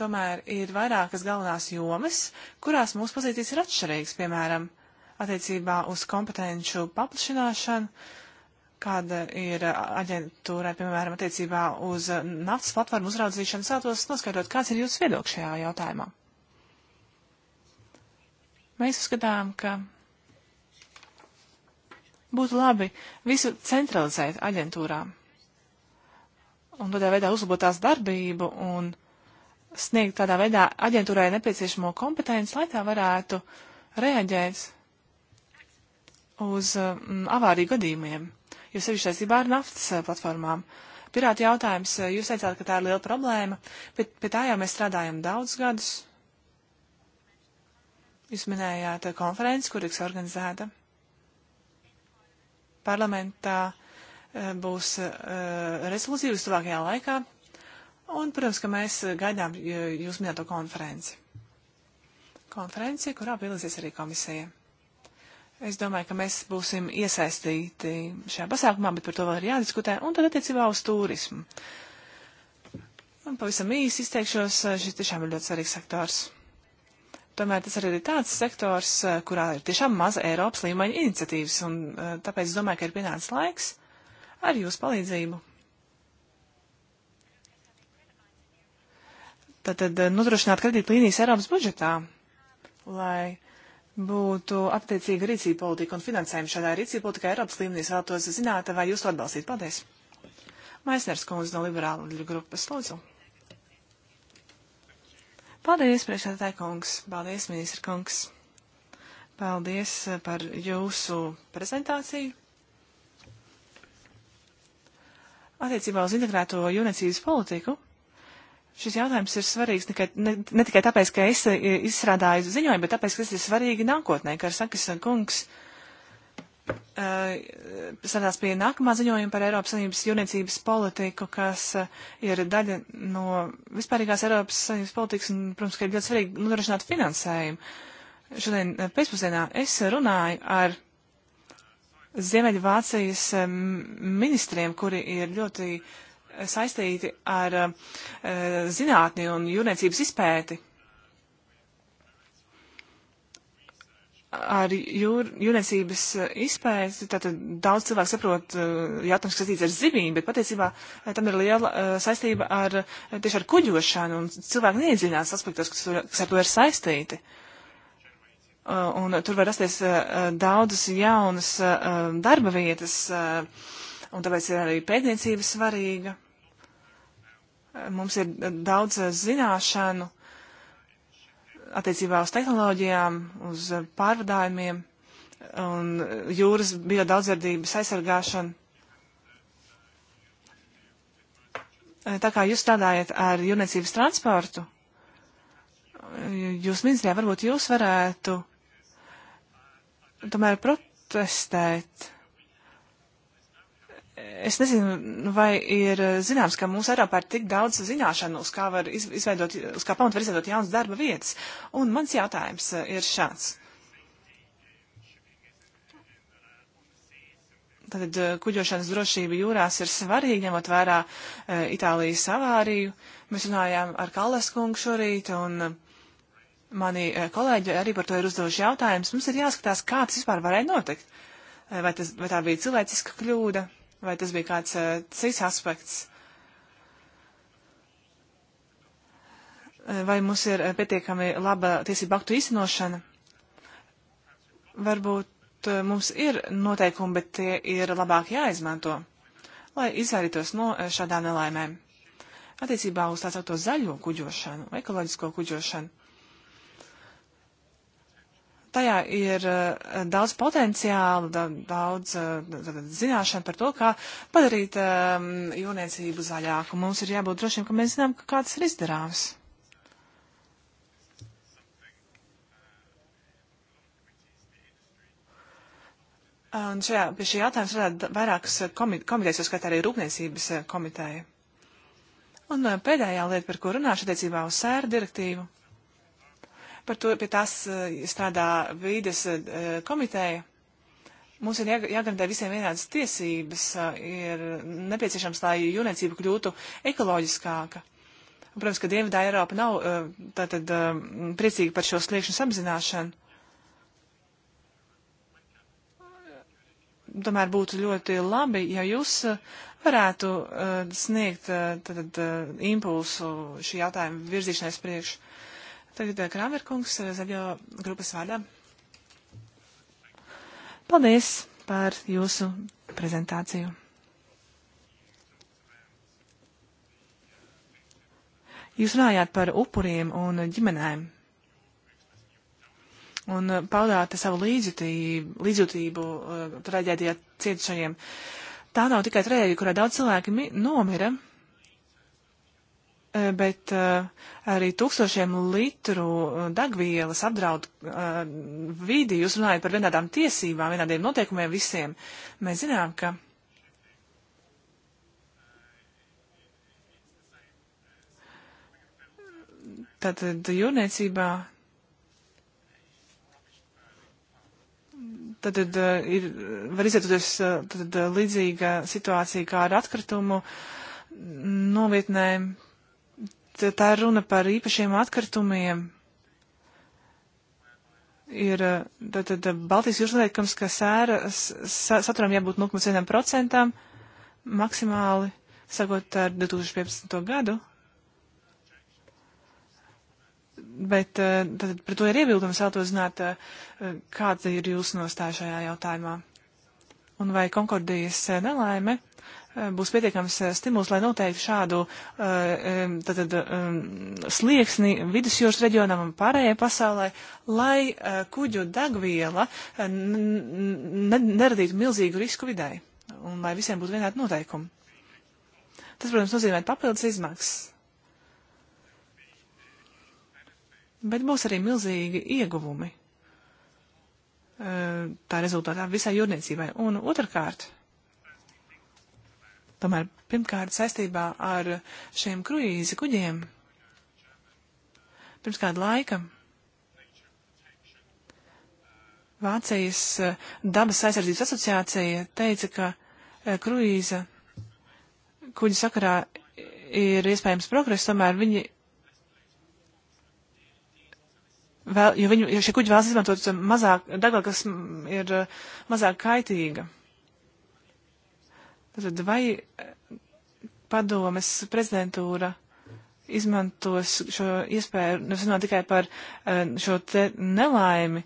Tomēr ir vairākas galvenās jomas, kurās mūsu pozīcijas ir atšķirīgas, piemēram, attiecībā uz kompetenču paplašināšanu kāda ir aģentūrai, piemēram, attiecībā uz naftas platformu uzraudzīšanu, sātos noskaidrot, kāds ir jūsu viedoklis šajā jautājumā. Mēs uzskatām, ka būtu labi visu centralizēt aģentūrā un tādā veidā uzlabot tās darbību un sniegt tādā veidā aģentūrai nepieciešamo kompetenci, lai tā varētu reaģēt uz um, avāriju gadījumiem jo sevišķi saistībā ar naftas eh, platformām. Pirāta jautājums, eh, jūs teicāt, ka tā ir liela problēma, bet pie tā jau mēs strādājam daudz gadus. Jūs minējāt eh, konferenci, kur tiks organizēta. Parlamentā būs rezolūcija uz tuvākajā laikā, un, protams, ka mēs gaidām jūs minēto konferenci konferenci, kurā piedalīsies arī komisija. Es domāju, ka mēs būsim iesaistīti šajā pasākumā, bet par to vēl ir jādiskutē. Un tad attiecībā uz turismu. Un pavisam īsi izteikšos, šis tiešām ir ļoti svarīgs sektors. Tomēr tas arī ir tāds sektors, kurā ir tiešām maza Eiropas līmeņa iniciatīvas, un eh, tāpēc es domāju, ka ir pienācis laiks ar jūsu palīdzību tātad eh, nodrošināt kredītlīnijas Eiropas budžetā, lai būtu attiecīga rīcība politika un finansējuma šādā rīcība politikā Eiropas līmenī. Es vēlētos zināt, vai jūs to atbalstīt. Paldies! Maisners kundze no liberālu grupas lūdzu. Paldies, priekšsēdētāji kungs. Paldies, ministra kungs. Paldies eh, par jūsu prezentāciju. Attiecībā uz integrēto jūnicības politiku Šis jautājums ir svarīgs ne, ne, ne tikai tāpēc, ka es eh, izstrādāju ziņojumu, bet tāpēc, ka tas ir svarīgi nākotnē, kā sakas kungs eh, sanāca pie nākamā ziņojuma par Eiropas Savienības jūrniecības politiku, kas eh, ir daļa no vispārīgās Eiropas Savienības politikas, un, protams, ka ir ļoti svarīgi nodrošināt finansējumu. Šodien pēcpusdienā es runāju ar Ziemeļvācijas ministriem, kuri ir ļoti saistīti ar uh, zinātni un jūrniecības izpēti. Ar jūr, jūrniecības izpēti, tātad daudz cilvēku saprot uh, jautājums, kas saistīts ar zivīm, bet patiesībā eh, tam ir liela uh, saistība ar tieši ar kuģošanu un cilvēku neiedziļinās aspektos, kas, kas ar to ir saistīti. Un tur var rasties daudzas jaunas darba vietas, un tāpēc ir arī pētniecība svarīga. Mums ir daudz zināšanu attiecībā uz tehnoloģijām, uz pārvadājumiem un jūras biodaudzverdības aizsargāšanu. Tā kā jūs strādājat ar jūrniecības transportu, jūs ministrijā varbūt jūs varētu tomēr protestēt Es nezinu, vai ir eh, zināms, ka mūsu Eiropā ir tik daudz zināšanu, uz kā, var izveidot, uz kā pamat var izveidot jaunas darba vietas. Un mans jautājums eh, ir šāds. Tātad eh, kuģošanas drošība jūrās ir svarīga, ņemot vērā Itālijas avāriju. Mēs runājām ar Kallas kungu šorīt, un mani kolēģi arī par to ir uzdevuši jautājumus. Mums ir jāskatās, kā tas vispār varēja notikt. Vai, tas, vai tā bija cilvēciska kļūda, vai tas bija kāds uh, cits aspekts? Vai mums ir eh, pietiekami laba tiesība aktu īstenošana? Varbūt uh, mums ir noteikumi, bet tie ir labāk jāizmanto, lai izvairītos no šādām nelaimēm. Attiecībā uz tā saucamo zaļo kuģošanu, ekoloģisko kuģošanu tajā ir eh, daudz potenciāla, daudz eh, zināšana par to, kā padarīt ehm, jūrniecību zaļāku. Mums ir jābūt drošiem, ka mēs zinām, ka kāds ir izdarāms. Un šajā, pie šī jautājuma strādā vairākas eh, komitejas, uzskatā arī rūpniecības komiteja. Un pēdējā lieta, par ko runāšu, attiecībā uz sēru direktīvu. Par to pie tās eh, strādā vīdes eh, komiteja. Mums ir jāgarantē visiem vienādas tiesības, eh, ir nepieciešams, lai jūrniecība kļūtu ekoloģiskāka. Protams, ka Dienvidā Eiropa nav tātad priecīga par šo sliekšņu apzināšanu. tomēr būtu ļoti labi, ja jūs varētu uh, sniegt uh, tad, uh, impulsu šī jautājuma virzīšanais priekš. Tagad eh, Kramerkungs eh, zaļo grupas vārdā. Paldies par jūsu prezentāciju. Jūs runājāt par upuriem un ģimenēm un eh, paudāt savu līdzjūtību, līdzjūtību traģēdijā cietušajiem. Tā nav tikai traģēdija, kurā daudz cilvēki nomira, Eh, bet eh, arī tūkstošiem litru eh, degvielas apdraud vidi. Jūs runājat par vienādām tiesībām, vienādiem noteikumiem visiem. Mēs zinām, ka. Tātad jūrniecībā. Tad ir, var izvietoties līdzīga situācija kā ar atkritumu novietnēm, tā ir runa par īpašiem atkritumiem. Ir tātad eh, eh, Baltijas jūras noteikums, ka sēra sa, saturam jābūt 0,1% maksimāli, sakot ar 2015. gadu. Bet tātad eh, par to ir iebildums, vēlētos zināt, kāda ir jūsu nostāja šajā jautājumā. Un vai Konkordijas nelaime būs pietiekams eh, stimuls, lai noteikti šādu eh, tātad, slieksni vidusjūras reģionam un pārējai pasaulē, lai eh, kuģu degviela neradītu milzīgu risku videi un lai visiem būtu vienādi noteikumi. Tas, protams, nozīmē papildus izmaksas. Bet būs arī milzīgi ieguvumi tā rezultātā visai jūrniecībai. Un otrkārt, Tomēr pirmkārt saistībā ar šiem kruīzi kuģiem pirms kāda laika Vācijas eh, dabas aizsardzības asociācija teica, ka eh, kruīza kuģi sakarā ir iespējams progress, tomēr viņi vēl, jo, viņu, jo šie kuģi vēlas izmantot mazāk degvielu, kas ir eh, mazāk kaitīga. Tad vai eh, padomes prezidentūra izmantos šo iespēju, nu, runā tikai par eh, šo te nelaimi,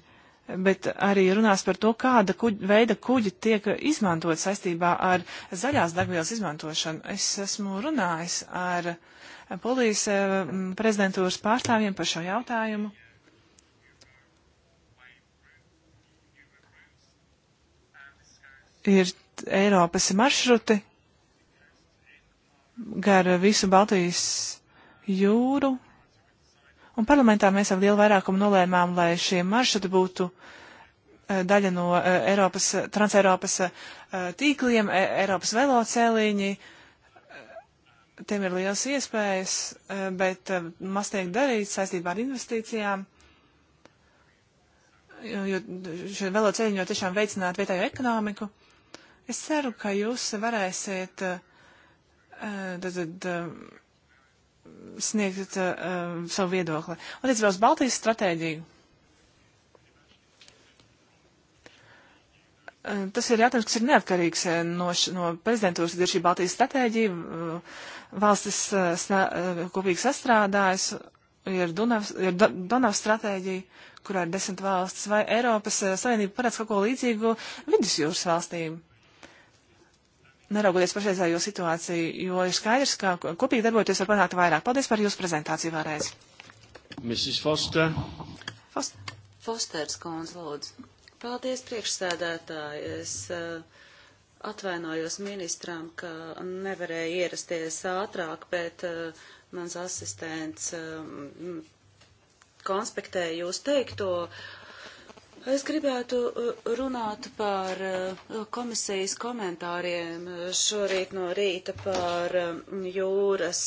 bet arī runās par to, kāda kuģi, veida kuģi tiek izmantot saistībā ar zaļās degvielas izmantošanu. Es esmu runājis ar polijas eh, prezidentūras pārstāvjiem par šo jautājumu. Ir Eiropas maršruti gar visu Baltijas jūru. Un parlamentā mēs ar lielu vairākumu nolēmām, lai šie maršruti būtu eh, daļa no eh, Eiropas, Transeiropas eh, tīkliem, e, Eiropas velocēlīņi. Tiem ir liels iespējas, bet maz tiek darīts saistībā ar investīcijām jo, jo šie veloceļi jau tiešām veicinātu vietējo ekonomiku. Es ceru, ka jūs varēsiet eh, eh, tad, eh, sniegt uh, savu viedokli. Un tad vēl uz Baltijas stratēģiju. Tas ir jautājums, kas ir neatkarīgs no, no prezidentūras, ir šī Baltijas stratēģija, valstis snā, kopīgi sastrādājas, ir, Dunavs, ir Donavs stratēģija, kurā ir desmit valstis, vai Eiropas Savienība parāds kaut ko līdzīgu vidusjūras valstīm neraugoties pašreizējo situāciju, jo ir skaidrs, ka kopīgi darboties var panākt vairāk. Paldies par jūsu prezentāciju vēlreiz. Mrs. Foster. Fost Fosters kundze, lūdzu. Paldies, priekšsēdētāji. Es uh, atvainojos ministram, ka nevarēju ierasties ātrāk, bet uh, mans asistents um, konspektēja jūs teikto Es gribētu uh, runāt par uh, komisijas komentāriem uh, šorīt no rīta par um, jūras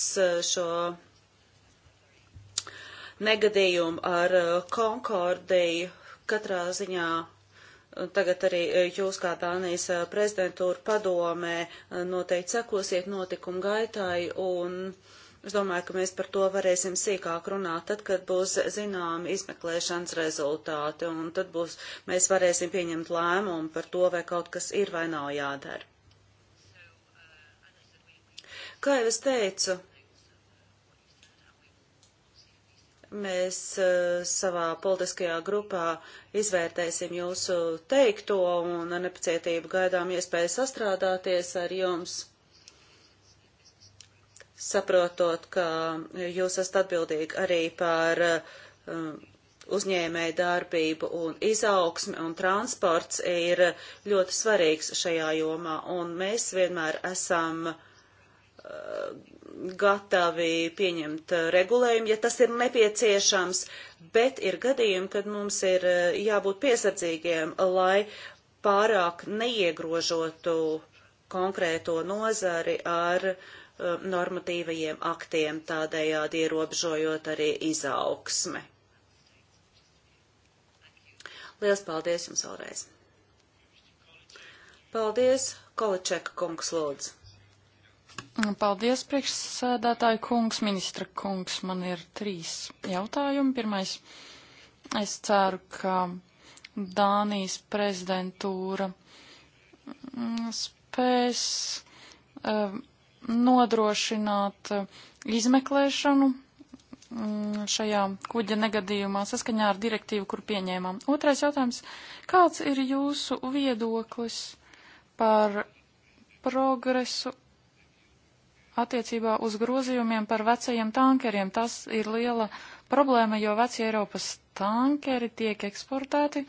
šo negadījumu ar Konkordiju. Katrā ziņā tagad arī jūs kā Dānijas prezidentūra padomē noteikti sekosiet notikumu gaitai un uh, Es domāju, ka mēs par to varēsim sīkāk runāt, tad, kad būs zināmi izmeklēšanas rezultāti, un tad būs, mēs varēsim pieņemt lēmumu par to, vai kaut kas ir vai nav jādara. Kā jau es teicu, mēs uh, savā politiskajā grupā izvērtēsim jūsu teikto un ar nepacietību gaidām iespēju sastrādāties ar jums saprotot, ka jūs esat atbildīgi arī par uh, uzņēmēju darbību un izaugsmi un transports ir ļoti svarīgs šajā jomā, un mēs vienmēr esam uh, gatavi pieņemt regulējumu, ja tas ir nepieciešams, bet ir gadījumi, kad mums ir uh, jābūt piesardzīgiem, lai pārāk neiegrožotu konkrēto nozari ar uh, Um, normatīvajiem aktiem, tādējādi ierobežojot arī izaugsmi. Lielas paldies jums vēlreiz! Paldies, Količeka kungs lūdzu! Paldies, priekšsēdētāju kungs, ministra kungs. Man ir trīs jautājumi. Pirmais, es ceru, ka Dānijas prezidentūra mm, spēs um, nodrošināt eh, izmeklēšanu mm, šajā kuģa negadījumā saskaņā ar direktīvu, kur pieņēmām. Otrais jautājums. Kāds ir jūsu viedoklis par progresu attiecībā uz grozījumiem par vecajiem tankeriem. Tas ir liela problēma, jo veci Eiropas tankeri tiek eksportēti,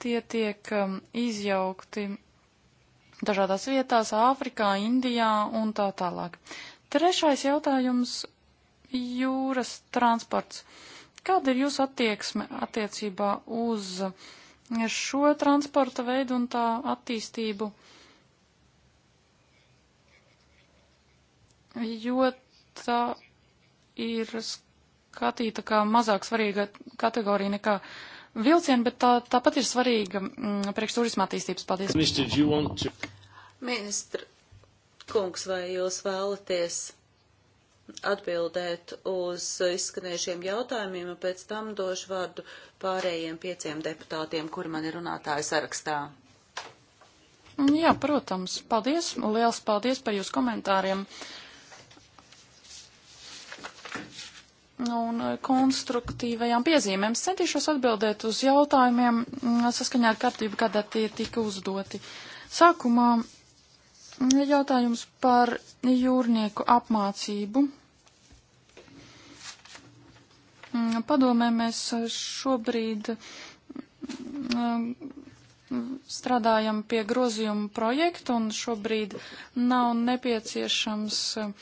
tie tiek um, izjaukti dažādās vietās, Āfrikā, Indijā un tā tālāk. Trešais jautājums - jūras transports. Kāda ir jūsu attieksme attiecībā uz šo transporta veidu un tā attīstību? Jo tā ir skatīta kā mazāk svarīga kategorija nekā uh, vilcienu, bet tā, tāpat ir svarīga mm, priekš turisma attīstības. Paldies. Ministra, Ministra kungs, vai jūs vēlaties atbildēt uz izskanējušiem jautājumiem, un pēc tam došu vārdu pārējiem pieciem deputātiem, kuri man ir runātāju sarakstā. Jā, protams. Paldies. Liels paldies par jūsu komentāriem. Uh, un eh, konstruktīvajām piezīmēm. Es centīšos atbildēt uz jautājumiem mm, saskaņā ar kārtību, kādā tie tika uzdoti. Sākumā mm, jautājums par jūrnieku apmācību. Mm, padomē mēs šobrīd strādājam pie grozījuma projekta un šobrīd nav nepieciešams uh,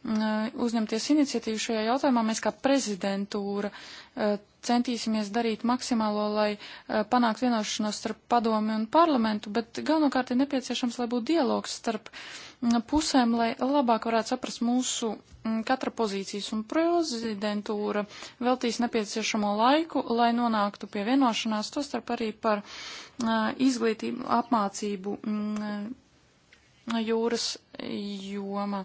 Uh, uzņemties iniciatīvu šajā jautājumā. Mēs kā prezidentūra uh, centīsimies darīt maksimālo, lai uh, panāktu vienošanos starp padomi un parlamentu, bet galvenokārt ir nepieciešams, lai būtu dialogs starp mm, pusēm, lai labāk varētu saprast mūsu mm, katra pozīcijas un prezidentūra veltīs nepieciešamo laiku, lai nonāktu pie vienošanās, tostarp arī par mm, izglītību, apmācību jūras joma.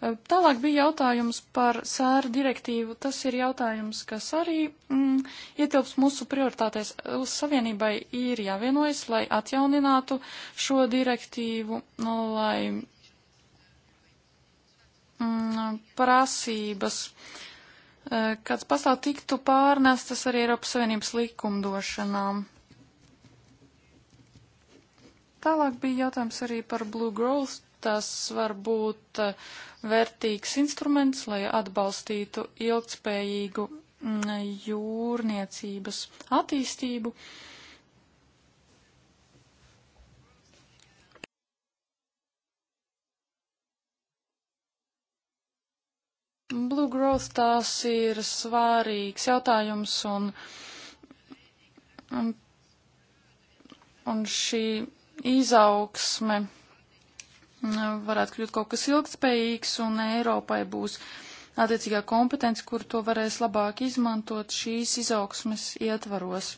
Tālāk bija jautājums par sēru direktīvu. Tas ir jautājums, kas arī mm, ietilps mūsu prioritātēs. Savienībai ir jāvienojas, lai atjauninātu šo direktīvu, lai mm, prasības, eh, kāds pastāv tiktu pārnestas arī Eiropas Savienības likumdošanām. Tālāk bija jautājums arī par Blue Growth. Tas var būt eh, vērtīgs instruments, lai atbalstītu ilgspējīgu mm, jūrniecības attīstību. Blue Growth tās ir svārīgs jautājums un, un, un šī izaugsme varētu kļūt kaut kas ilgspējīgs un Eiropai būs attiecīgā kompetence, kur to varēs labāk izmantot šīs izaugsmes ietvaros.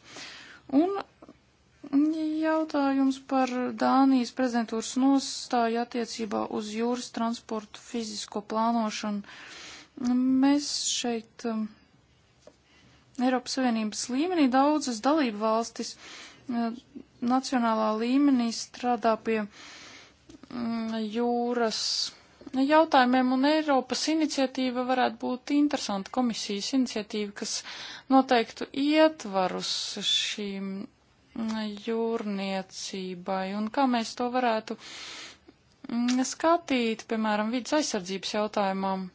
Un jautājums par Dānijas prezidentūras nostāju attiecībā uz jūras transportu fizisko plānošanu. Mēs šeit um, Eiropas Savienības līmenī daudzas dalību valstis uh, nacionālā līmenī strādā pie mm, jūras jautājumiem, un Eiropas iniciatīva varētu būt interesanta komisijas iniciatīva, kas noteiktu ietvarus šīm mm, jūrniecībai, un kā mēs to varētu mm, skatīt, piemēram, vidas aizsardzības jautājumam.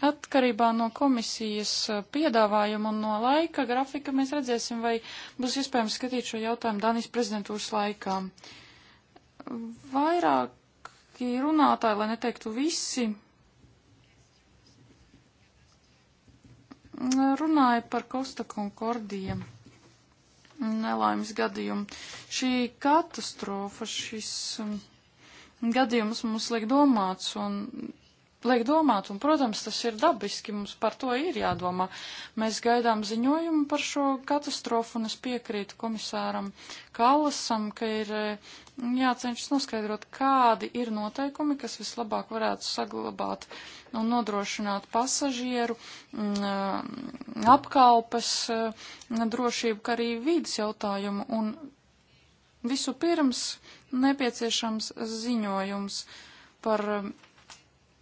Atkarībā no komisijas eh, piedāvājuma un no laika grafika mēs redzēsim, vai būs iespējams skatīt šo jautājumu Danijas prezidentūras laikā. Vairāki runātāji, lai neteiktu visi, runāja par Kosta Konkordija nelaimes gadījumu. Šī katastrofa, šis mm, gadījums mums liek domāts, un liek domāt, un, protams, tas ir dabiski, mums par to ir jādomā. Mēs gaidām ziņojumu par šo katastrofu, un es piekrītu komisāram Kallasam, ka ir mm, jācenšas noskaidrot, kādi ir noteikumi, kas vislabāk varētu saglabāt un nodrošināt pasažieru mm, mm, apkalpes drošību, kā arī vīdes jautājumu, un visu pirms nepieciešams ziņojums par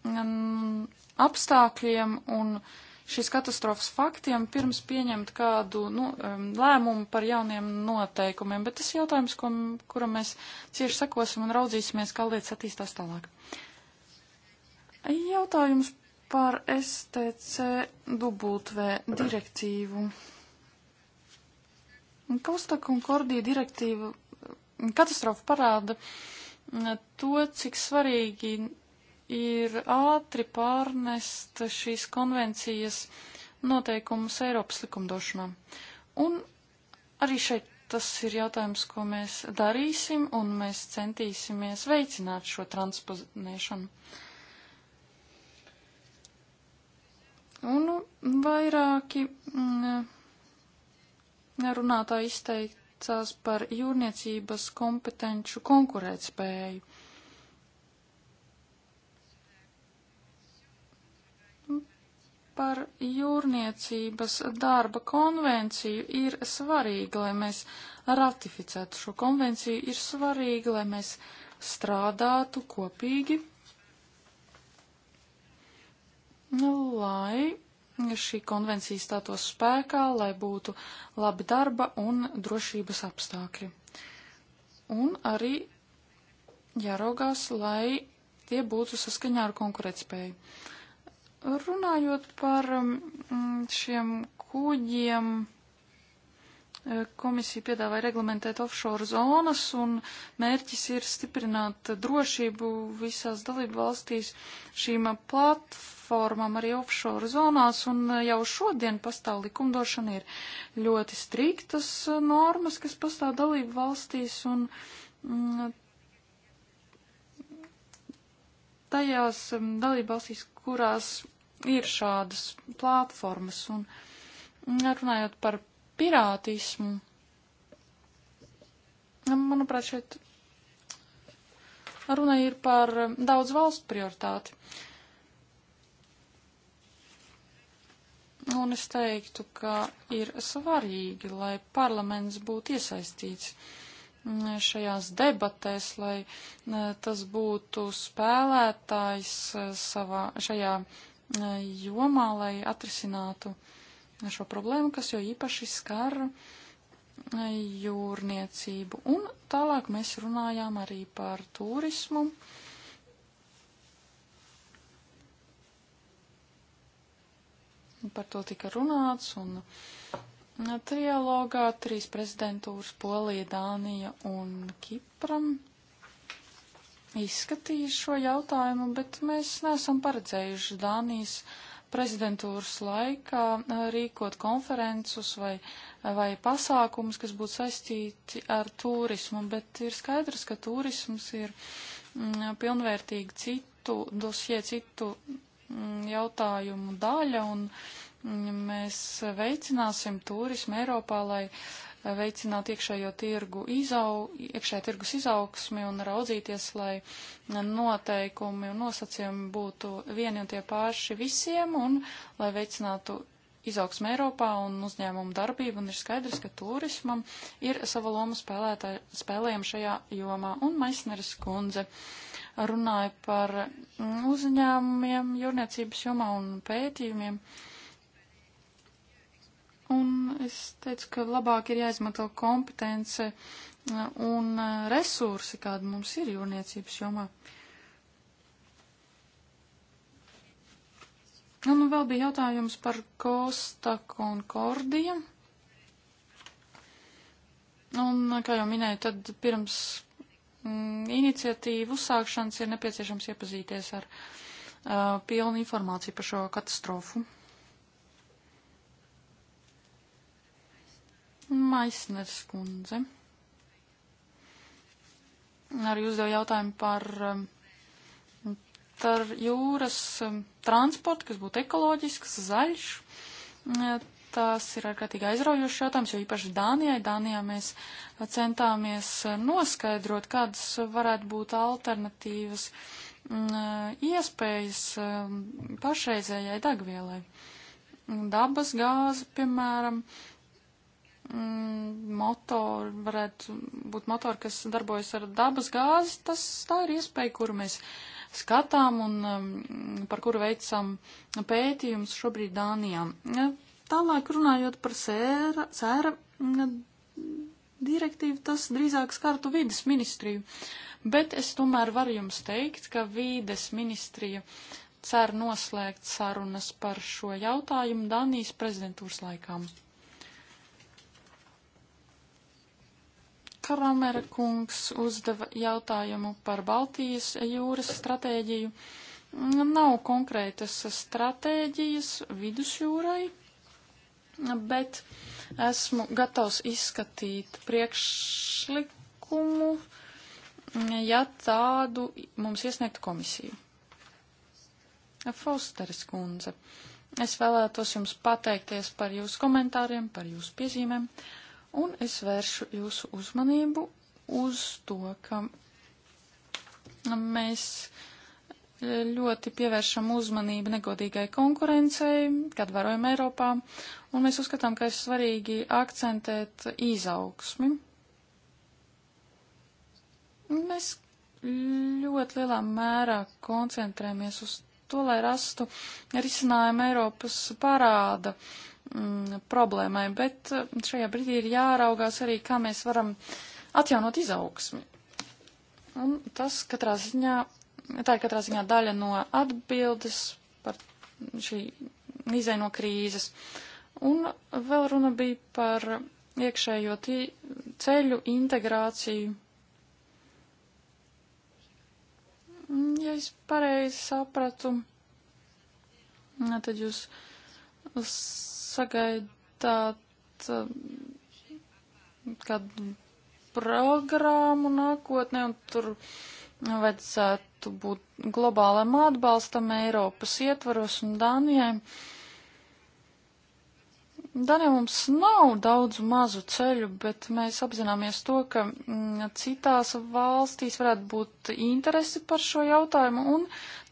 Mm, apstākļiem un šīs katastrofas faktiem pirms pieņemt kādu nu, lēmumu par jauniem noteikumiem, bet tas ir jautājums, ko, kuram mēs cieši sekosim un raudzīsimies, kā lietas attīstās tālāk. Jautājums par STC dubultvē direktīvu. Kaustaka un Kordija direktīva katastrofa parāda to, cik svarīgi ir ātri pārnest šīs konvencijas noteikumus Eiropas likumdošanā. Un arī šeit tas ir jautājums, ko mēs darīsim, un mēs centīsimies veicināt šo transponēšanu. Un vairāki mm, runātāji izteicās par jūrniecības kompetenču konkurētspēju. par jūrniecības darba konvenciju ir svarīga, lai mēs ratificētu šo konvenciju, ir svarīga, lai mēs strādātu kopīgi, nu, lai šī konvencija stātos spēkā, lai būtu labi darba un drošības apstākļi. Un arī jāraugās, lai tie būtu saskaņā ar konkurētspēju. Runājot par mm, šiem kuģiem, e, komisija piedāvāja reglamentēt offshore zonas, un mērķis ir stiprināt drošību visās dalību valstīs šīm platformām arī offshore zonās, un jau šodien pastāv likumdošana ir ļoti striktas normas, kas pastāv dalību valstīs, un mm, tajās um, dalībvalstīs, kurās ir šādas platformas. Un runājot par pirātismu, um, manuprāt, šeit runa ir par um, daudz valstu prioritāti. Un es teiktu, ka ir svarīgi, lai parlaments būtu iesaistīts. Uh, šajās debatēs, lai e, tas būtu spēlētājs e, savā, šajā e, jomā, lai atrisinātu šo problēmu, kas jo īpaši skar jūrniecību. Un tālāk mēs runājām arī par turismu. Par to tika runāts un Trialogā trīs prezidentūras - Polija, Dānija un Kipram - izskatīja šo jautājumu, bet mēs neesam paredzējuši Dānijas prezidentūras laikā eh, rīkot konferencus vai, vai pasākumus, kas būtu saistīti ar turismu, bet ir skaidrs, ka turisms ir mm, pilnvērtīgi citu dosie, citu mm, jautājumu daļa un Mēs veicināsim turismu Eiropā, lai veicinātu iekšējo tirgu izau, iekšējā tirgus izaugsmi un raudzīties, lai noteikumi un nosacījumi būtu vieni un tie paši visiem un lai veicinātu izaugsme Eiropā un uzņēmumu darbība, un ir skaidrs, ka turismam ir sava loma spēlētā, spēlējama šajā jomā. Un Maisneris kundze runāja par uzņēmumiem jūrniecības jomā un pētījumiem. Uh, Un es teicu, ka labāk ir jāizmanto kompetence uh, un uh, resursi, kāda mums ir jūrniecības jomā. Un nu, nu, vēl bija jautājums par Kostaku un Kordiju. Uh, un, kā jau minēju, tad pirms mm, iniciatīvu uzsākšanas ir nepieciešams iepazīties ar uh, pilnu informāciju par šo katastrofu. Maisners kundze. Arī uzdevu jautājumu par tar um, jūras um, transportu, kas būtu ekoloģisks, zaļš. Uh, tas ir ārkārtīgi aizraujošs jautājums, jo īpaši Dānijai. Dānijā mēs centāmies uh, noskaidrot, kādas varētu būt alternatīvas mm, uh, iespējas um, pašreizējai dagvielai. Dabas gāze, piemēram, Mm, motori, varētu būt motori, kas darbojas ar dabas gāzi, tas tā ir iespēja, kuru mēs skatām un um, par kuru veicam pētījumus šobrīd Dānijā. Tālāk runājot par sēra, sēra mm, direktīvu, tas drīzāk skartu vides ministriju, bet es tomēr varu jums teikt, ka vides ministrija cer noslēgt sarunas par šo jautājumu Dānijas prezidentūras laikām. Karamera kungs uzdeva jautājumu par Baltijas jūras stratēģiju. Nav konkrētas stratēģijas vidusjūrai, bet esmu gatavs izskatīt priekšlikumu, ja tādu mums iesniegtu komisiju. Fausteris kundze, es vēlētos jums pateikties par jūsu komentāriem, par jūsu piezīmēm. Uh, Un es vēršu jūsu uzmanību uz to, ka mēs ļoti pievēršam uzmanību negodīgai konkurencei, kad varojam Eiropā, un mēs uzskatām, ka ir svarīgi akcentēt izaugsmi. Mēs ļoti lielā mērā koncentrējamies uz to, lai rastu risinājumu Eiropas parāda mm, problēmai, bet eh, šajā brīdī ir jāraugās arī, kā mēs varam atjaunot izaugsmi. Un tas katrā ziņā, tā ir katrā ziņā daļa no atbildes par šī izai no krīzes. Un vēl runa bija par iekšējo ceļu integrāciju. Ja es pareizi sapratu, tad jūs sagaidāt um, kādu programmu nākotnē, un tur vajadzētu būt globālam atbalstam Eiropas ietvaros un Danijai. Uh, Gan jau mums nav daudz mazu ceļu, bet mēs apzināmies to, ka mm, citās valstīs varētu būt interesi par šo jautājumu, un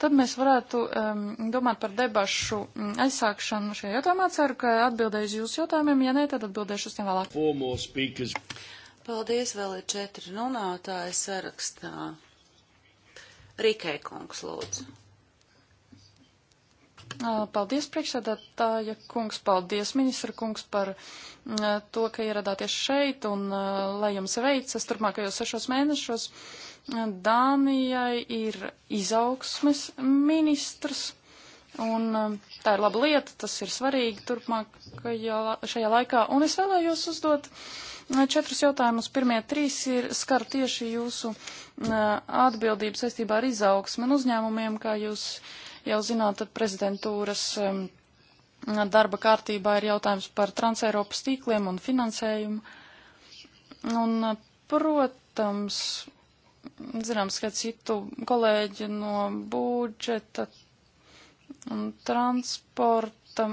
tad mēs varētu um, domāt par debašu mm, aizsākšanu šajā jautājumā. Ceru, ka atbildēju uz jūsu jautājumiem, ja nē, tad atbildēšu uz tiem vēlāk. Paldies, vēl ir četri runātāji sarakstā. Rikē kungs, lūdzu. Paldies, priekšsēdētāja kungs, paldies, ministra kungs, par to, ka ieradāties šeit un lai jums veicas turpmākajos sešos mēnešos. Dānijai ir izaugsmes ministrs un tā ir laba lieta, tas ir svarīgi turpmākajā šajā laikā. Un es vēlējos uzdot četrus jautājumus. Pirmie trīs ir skar tieši jūsu atbildību saistībā ar izaugsmu un uzņēmumiem, kā jūs jau zināt, tad prezidentūras darba kārtībā ir jautājums par transeiropas tīkliem un finansējumu. Un, protams, zināms, ka citu kolēģi no budžeta un transporta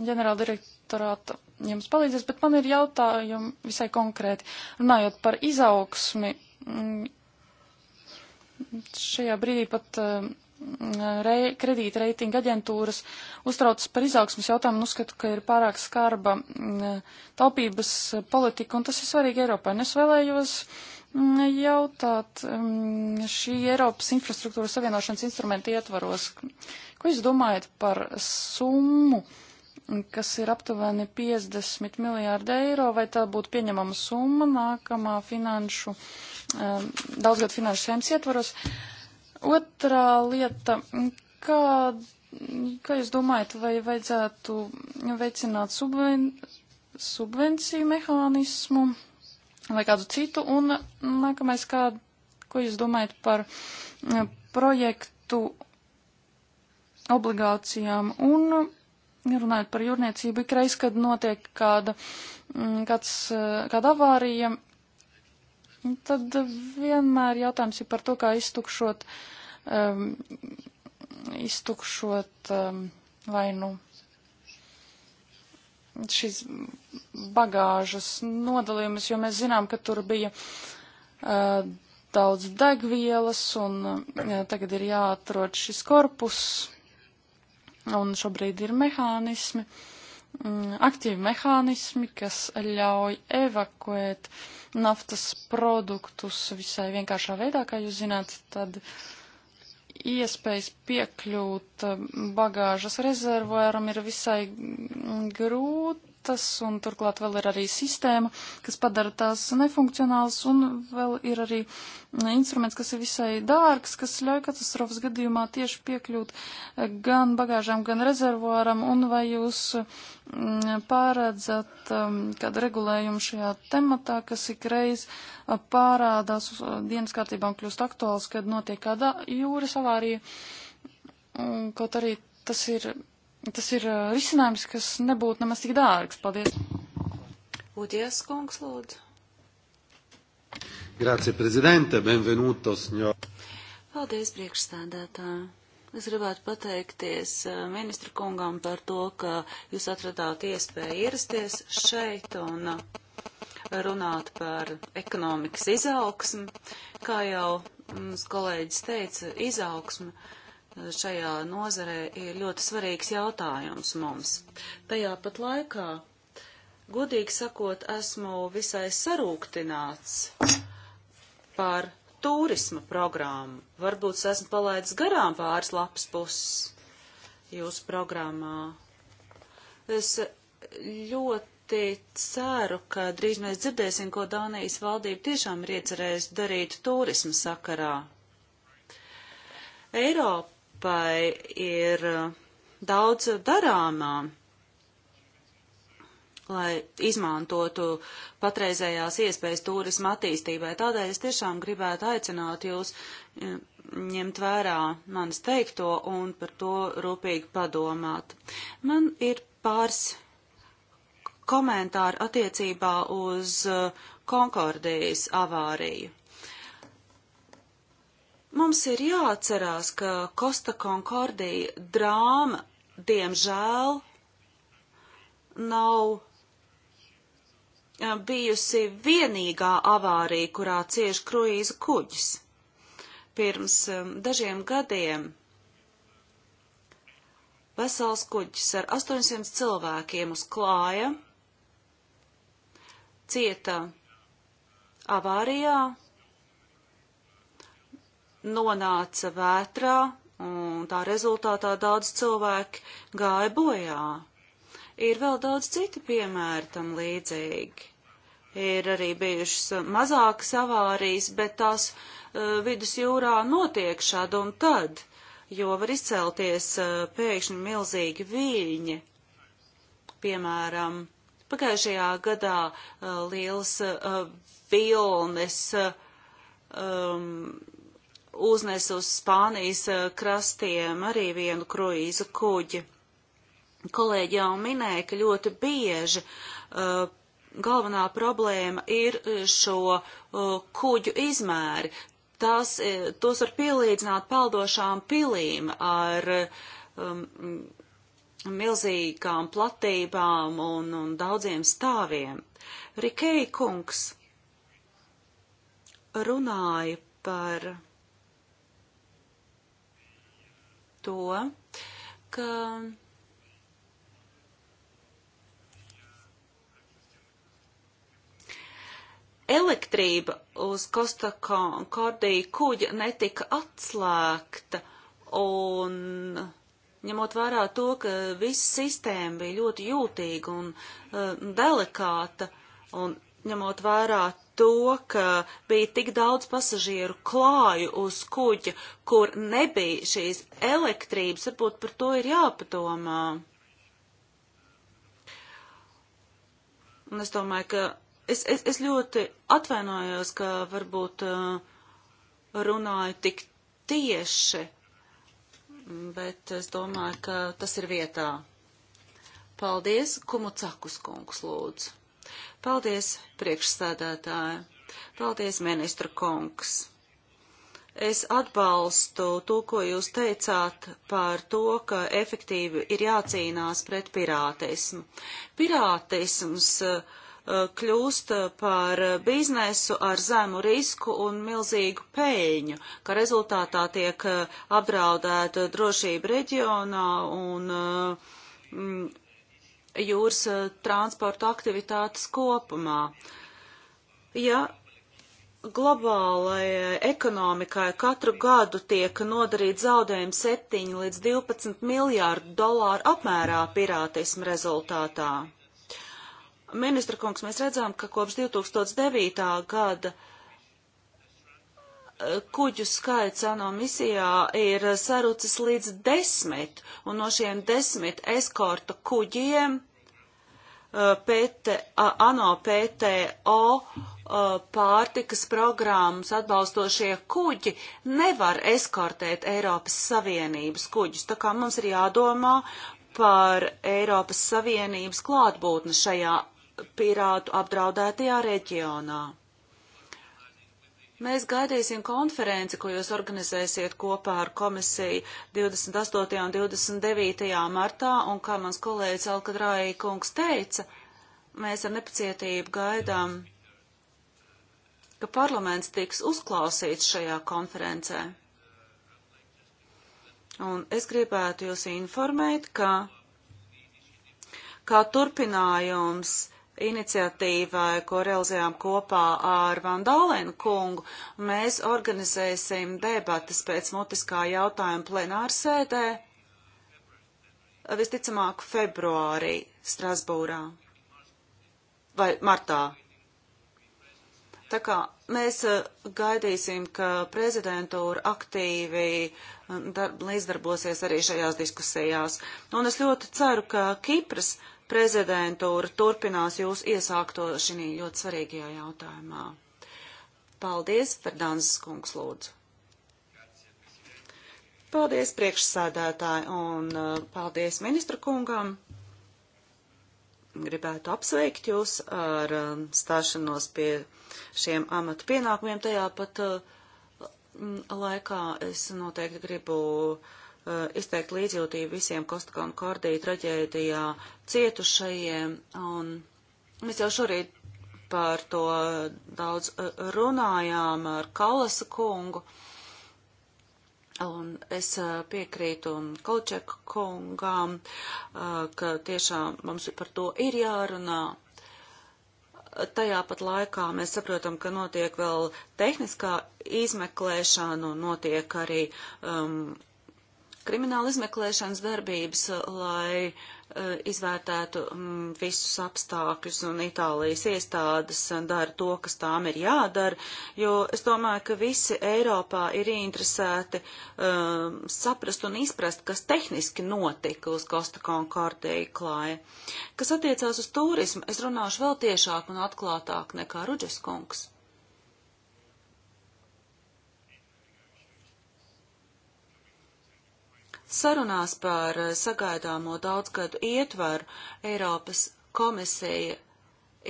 ģenerāla direktorāta jums palīdzēs, bet man ir jautājumi visai konkrēti. Runājot par izaugsmi, mm, šajā brīdī pat rei, kredītreitinga aģentūras uztraucas par izaugsmas jautājumu un uzskatu, ka ir pārāk skarba mm, taupības politika, un tas ir svarīgi Eiropai. Un es vēlējos mm, jautāt mm, šī Eiropas infrastruktūras savienošanas instrumenta ietvaros, ko jūs domājat par summu, kas ir aptuveni 50 miljārdi eiro, vai tā būtu pieņemama summa nākamā finanšu, eh, daudzgad finanšu schēmas ietvaros? Uh, Otrā lieta, kā, kā jūs domājat, vai vajadzētu veicināt subven, subvenciju mehānismu vai kādu citu? Un nākamais, kā, ko jūs domājat par eh, projektu obligācijām un runājot par jūrniecību, ikreiz, kad notiek kāda, mm, kāds, eh, kāda avārija, tad vienmēr jautājums ir par to, kā iztukšot, um, iztukšot um, vai nu šīs bagāžas nodalījumus, jo mēs zinām, ka tur bija uh, daudz degvielas un uh, tagad ir jāatrod šis korpus un šobrīd ir mehānismi, um, aktīvi mehānismi, kas ļauj evakuēt uh, naftas produktus visai vienkāršā veidā, kā jūs zināt, tad iespējas piekļūt bagāžas rezervuāram ir visai grūti lietas, un turklāt vēl ir arī sistēma, kas padara tās nefunkcionālas, un vēl ir arī instruments, kas ir visai dārgs, kas ļauj katastrofas gadījumā tieši piekļūt eh, gan bagāžām, gan rezervuāram, un vai jūs mm, pārēdzat ehm, kādu regulējumu šajā tematā, kas ikreiz eh, pārādās eh, dienas kārtībām kļūst aktuāls, kad notiek kāda jūras avārija, mm, kaut arī tas ir tas ir risinājums, kas nebūtu nemaz tik dārgs. Paldies! Udies, kungs, lūdzu! Grazie, prezidente, benvenuto, signor. Paldies, priekšstādātā. Es gribētu pateikties ministru kungam par to, ka jūs atradāt iespēju ierasties šeit un runāt par ekonomikas izaugsmu. Kā jau mums kolēģis teica, izaugsmu šajā nozarē ir ļoti svarīgs jautājums mums. Tajā pat laikā, godīgi sakot, esmu visai sarūktināts par turisma programmu. Varbūt es esmu palaidis garām pāris lapas puses jūsu programmā. Es ļoti ceru, ka drīz mēs dzirdēsim, ko Dānijas valdība tiešām ir iecerējusi darīt turisma sakarā. Eiropa Eiropai ir eh, daudz darāmā, lai izmantotu patreizējās iespējas turisma attīstībai. Tādēļ es tiešām gribētu aicināt jūs eh, ņemt vērā manis teikto un par to rūpīgi padomāt. Man ir pāris komentāri attiecībā uz eh, Konkordijas avāriju. Mums ir jāatcerās, ka Kosta Konkordija drāma, diemžēl, nav eh, bijusi vienīgā avārija, kurā cieši kruīza kuģis. Pirms eh, dažiem gadiem vesels kuģis ar 800 cilvēkiem uz klāja cieta avārijā, nonāca vētrā, un tā rezultātā daudz cilvēku gāja bojā. Ir vēl daudz citu piemēru tam līdzīgi. Ir arī bijušas mazākas avārijas, bet tās uh, vidusjūrā notiek šad un tad, jo var izcelties uh, pēkšņi milzīgi viļņi. Piemēram, pagājušajā gadā uh, liels vilnes um, uznes uz Spānijas eh, krastiem arī vienu kruīzu kuģi. Kolēģi jau minēja, ka ļoti bieži uh, galvenā problēma ir eh, šo uh, kuģu izmēri. Tās, tos var pielīdzināt peldošām pilīm ar um, milzīgām platībām un, un daudziem stāviem. Rikei kungs runāja par to, ka elektrība uz Costa Cordija kuģa netika atslēgta un ņemot vērā to, ka visa sistēma bija ļoti jūtīga un uh, delikāta un ņemot vērā to, ka bija tik daudz pasažieru klāju uz kuģa, kur nebija šīs elektrības, varbūt par to ir jāpadomā. Un es domāju, ka es, es, es ļoti atvainojos, ka varbūt uh, runāju tik tieši, bet es domāju, ka tas ir vietā. Paldies, Kumucakus kungs lūdzu. Paldies, priekšsēdētāji. Paldies, ministra kungs. Es atbalstu to, ko jūs teicāt par to, ka efektīvi ir jācīnās pret pirātismu. Pirātisms eh, kļūst par biznesu ar zemu risku un milzīgu pēļņu, ka rezultātā tiek eh, apdraudēta drošība reģionā un eh, mm, jūras eh, transporta aktivitātes kopumā. Ja globālajai ekonomikai katru gadu tiek nodarīt zaudējumi 7 līdz 12 miljārdu dolāru apmērā pirātismu rezultātā. Ministra kungs, mēs redzam, ka kopš 2009. gada eh, kuģu skaits ANO misijā ir sarucis līdz desmit, un no šiem desmit eskorta kuģiem PT, ANO PTO uh, pārtikas programmas atbalstošie kuģi nevar eskortēt Eiropas Savienības kuģus. Tā kā mums ir jādomā par Eiropas Savienības klātbūtni šajā pirātu apdraudētajā reģionā. Mēs gaidīsim konferenci, ko jūs organizēsiet kopā ar komisiju 28. un 29. martā, un kā mans kolēģis Alkadrāja kungs teica, mēs ar nepacietību gaidām, ka parlaments tiks uzklausīts šajā konferencē. Un es gribētu jūs informēt, ka kā turpinājums iniciatīvai, ko realizējām kopā ar Vandālēnu kungu. Mēs organizēsim debatas pēc mutiskā jautājuma plenārsēdē, visticamāk februārī Strasbūrā vai martā. Tā kā mēs eh, gaidīsim, ka prezidentūra aktīvi eh, dar, līdzdarbosies arī šajās diskusijās. Un es ļoti ceru, ka Kipras uh, prezidentūra turpinās jūs iesākto šī ļoti svarīgajā jautājumā. Paldies, Ferdānas kungs, lūdzu. Paldies priekšsēdētāji un uh, paldies ministra kungam. Gribētu apsveikt jūs ar um, stāšanos pie šiem amatu pienākumiem. Tajā pat uh, laikā es noteikti gribu uh, Eh, izteikt līdzjūtību visiem Kostakona Kordija traģēdijā cietušajiem, un mēs jau šorīt par to daudz eh, runājām ar Kalasa kungu, un es eh, piekrītu Kolčeka kungām, ka tiešām mums par to ir jārunā. Tajā pat laikā mēs saprotam, ka notiek vēl tehniskā izmeklēšana un notiek arī um, krimināla izmeklēšanas darbības, lai uh, izvērtētu um, visus apstākļus un Itālijas iestādes dara to, kas tām ir jādara, jo es domāju, ka visi Eiropā ir interesēti um, saprast un izprast, kas tehniski notika uz Costa Concordē klāja. Kas attiecās uz turismu, es runāšu vēl tiešāk un atklātāk nekā Rudžes kungs. Sarunās par eh, sagaidāmo daudzgadu ietvaru Eiropas komisija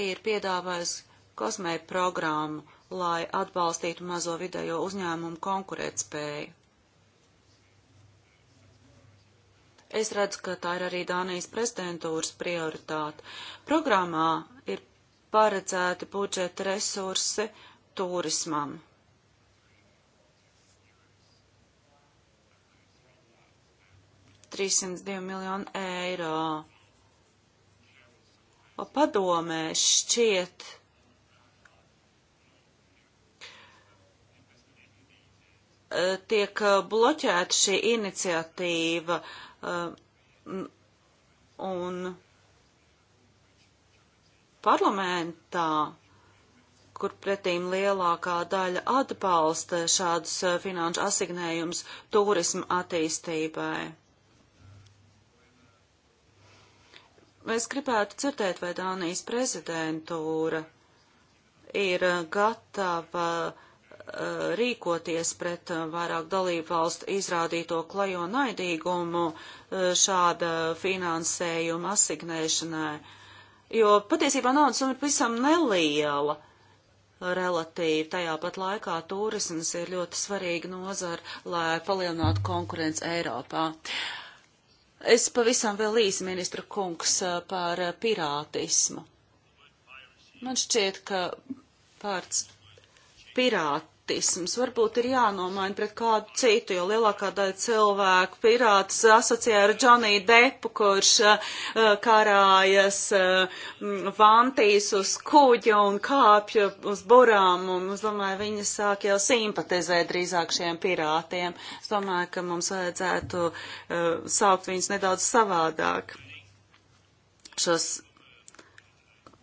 ir piedāvājusi kosmē programmu, lai atbalstītu mazo vidējo uzņēmumu konkurētspēju. Es redzu, ka tā ir arī Dānijas prezidentūras prioritāte. Programmā ir paredzēti budžeta resursi turismam. 302 miljonu eiro. O padomē šķiet, e, tiek e, bloķēta šī iniciatīva e, un parlamentā, kur pretīm lielākā daļa atbalsta šādus finanšu asignējumus turismu attīstībai. Es gribētu dzirdēt, vai Dānijas prezidentūra ir uh, gatava uh, rīkoties pret uh, vairāk dalību valstu izrādīto klajo naidīgumu šāda finansējuma asignēšanai, jo patiesībā naudas summa ir pavisam neliela relatīvi. Tajā pat laikā turisms ir ļoti svarīga nozara, lai palielinātu konkurenci Eiropā. Uh, Es pavisam vēl īsi, ministra kungs, par pirātismu. Man šķiet, ka vārds pirāt pirātisms varbūt ir jānomaina pret kādu citu, jo lielākā daļa cilvēku pirātus asociē ar Džoniju Depu, kurš uh, karājas uh, vantīs uz kuģa un kāpja uz burām, un es domāju, viņi sāk jau simpatizēt drīzāk šiem pirātiem. Es domāju, ka mums vajadzētu uh, saukt viņus nedaudz savādāk. Šos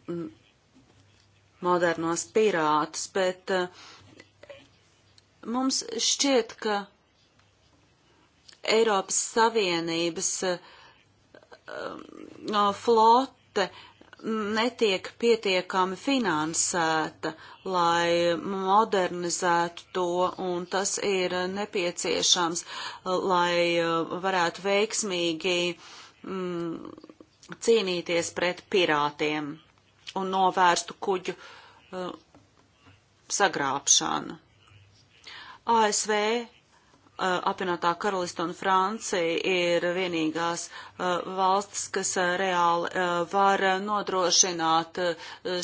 mm, modernos pirātus, bet uh, Mums šķiet, ka Eiropas Savienības no um, uh, flote netiek pietiekami finansēta, lai modernizētu to, un tas ir nepieciešams, lai uh, varētu veiksmīgi mm, cīnīties pret pirātiem un novērstu kuģu uh, sagrābšanu. ASV, uh, apvienotā karalista un Francija ir vienīgās uh, valstis, kas uh, reāli var nodrošināt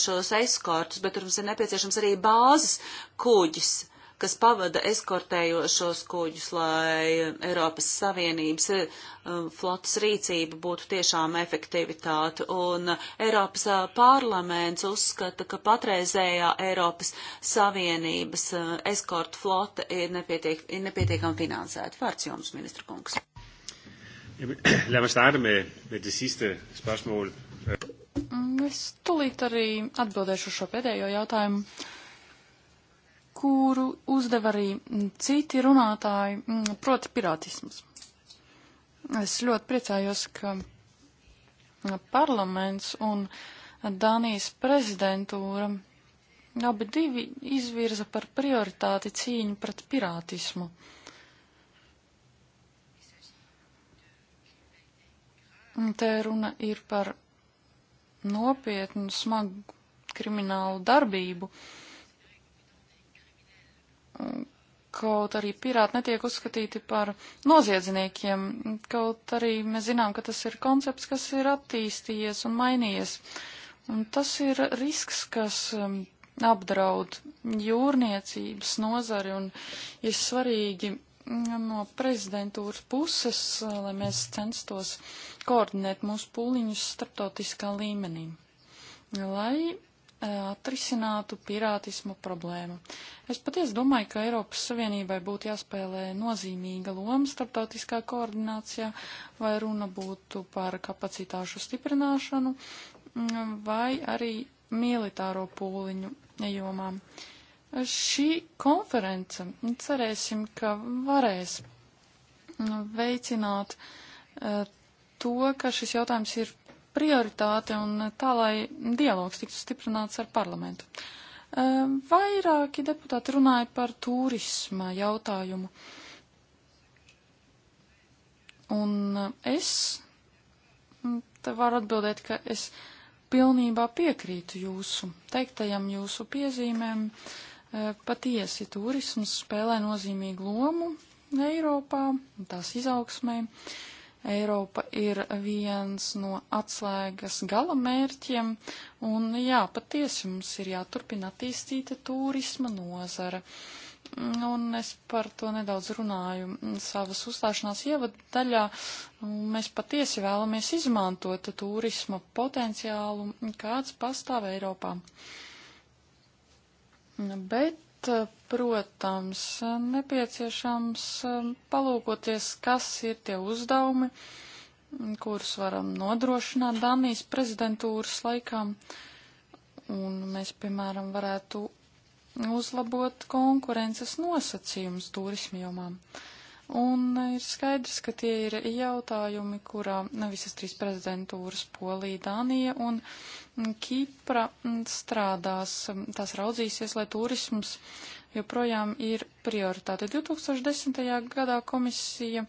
šos eskortus, bet mums ir nepieciešams arī bāzes kuģis, kas pavada eskortējošos kuģus, lai um, Eiropas Savienības um, flotas rīcība būtu tiešām efektivitāte. Un uh, Eiropas uh, parlaments uzskata, ka patreizējā Eiropas Savienības uh, eskorta flota ir, nepietiek, ir nepietiekami finansēta. Vārds jums, ministra kungs. Lad mig starte med, med det sidste spørgsmål. Mm, es tūlīt arī atbildēšu šo pēdējo jautājumu kuru uzdev arī mm, citi runātāji, mm, proti pirātisms. Es ļoti priecājos, ka mm, parlaments un Dānijas prezidentūra abi divi izvirza par prioritāti cīņu pret pirātismu. Te runa ir par nopietnu, smagu kriminālu darbību. Uh, Kaut arī pirāti netiek uzskatīti par noziedzniekiem, kaut arī mēs zinām, ka tas ir koncepts, kas ir attīstījies un mainījies. Un tas ir risks, kas um, apdraud jūrniecības nozari un ir svarīgi mm, no prezidentūras puses, uh, lai mēs censtos koordinēt mūsu pūliņus starptautiskā līmenī, lai E, atrisinātu pirātismu problēmu. Es patiesi domāju, ka Eiropas Savienībai būtu jāspēlē nozīmīga loma starptautiskā koordinācijā, vai runa būtu par kapacitāšu stiprināšanu, mm, vai arī militāro pūliņu jomām. Šī konference, cerēsim, ka varēs veicināt e, to, ka šis jautājums ir prioritāte un tā, lai dialogs tiktu stiprināts ar parlamentu. E, vairāki deputāti runāja par turisma jautājumu. Un es te varu atbildēt, ka es pilnībā piekrītu jūsu teiktajam, jūsu piezīmēm. E, patiesi turisms spēlē nozīmīgu lomu Eiropā un tās izaugsmē. Uh, Eiropa ir viens no atslēgas gala mērķiem, un jā, patiesi mums ir jāturpina attīstīt turisma nozara. Un es par to nedaudz runāju savas uzstāšanās ievadu daļā. Mēs patiesi vēlamies izmantot turisma potenciālu, kāds pastāv Eiropā. Bet Eh, protams, nepieciešams eh, palūkoties, kas ir tie uzdevumi, kurus varam nodrošināt Danijas prezidentūras laikā. Un mēs, piemēram, varētu uzlabot konkurences nosacījumus turismu jomām. Uh, Un ir skaidrs, ka tie ir jautājumi, kurā visas trīs prezidentūras - Polija, Dānija un Kipra strādās, tās raudzīsies, lai turisms joprojām ir prioritāte. 2010. gadā komisija,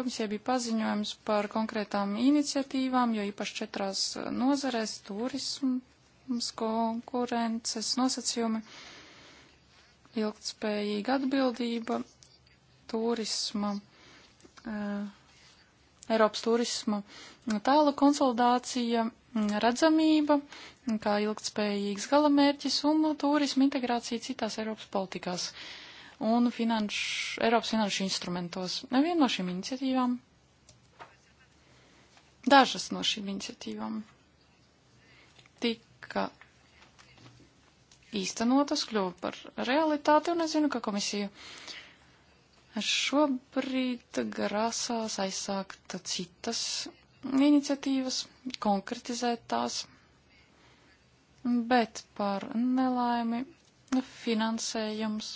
komisija bija paziņojums par konkrētām iniciatīvām, jo īpaši četrās nozarēs - turisms, konkurences nosacījumi, ilgtspējīga atbildība turisma, eh, Eiropas turisma tēla konsolidācija, mm, redzamība, kā ilgtspējīgs galamērķis un turisma integrācija citās Eiropas politikās un finanš, Eiropas finanšu instrumentos. Neviena no šīm iniciatīvām. Dažas no šīm iniciatīvām tika īstenotas, kļuva par realitāti, un es zinu, ka komisija uh, Šobrīd grasās aizsākt citas iniciatīvas, konkretizēt tās, bet par nelaimi finansējums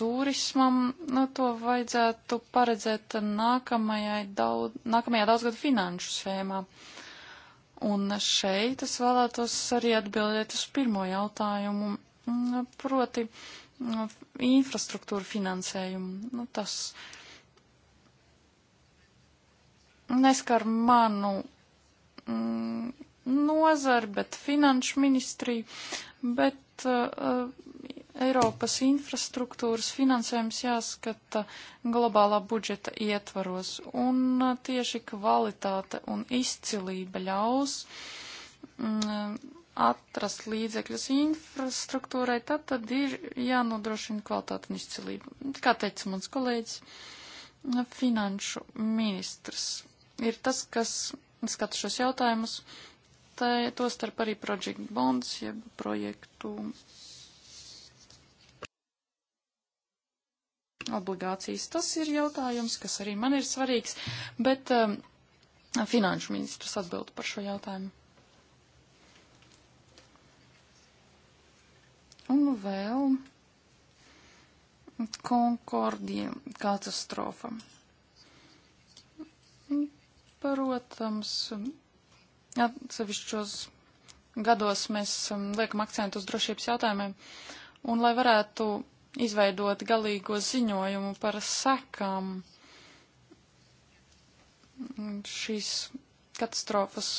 turismam nu, to vajadzētu paredzēt daudz, nākamajā daudzgadu finanšu schēmā. Un šeit es vēlētos arī atbildēt uz pirmo jautājumu, proti Nu, infrastruktūra finansējumu. Nu, tas neskar manu mm, nozari, bet finanšu ministriju, bet uh, uh Eiropas infrastruktūras finansējums jāskata globālā budžeta ietvaros, un uh, tieši kvalitāte un izcilība ļaus mm, atrast līdzekļus infrastruktūrai, tad, tad ir jānodrošina kvalitāte un izcilība. Kā teica mans kolēģis, finanšu ministrs ir tas, kas skata šos jautājumus, tā, to starp arī Project Bonds, jeb projektu obligācijas. Tas ir jautājums, kas arī man ir svarīgs, bet um, finanšu ministrs atbild par šo jautājumu. Un vēl Konkordija katastrofa. Protams, atsevišķos gados mēs um, liekam akcentu uz drošības jautājumiem, un lai varētu izveidot galīgo ziņojumu par sekām šīs katastrofas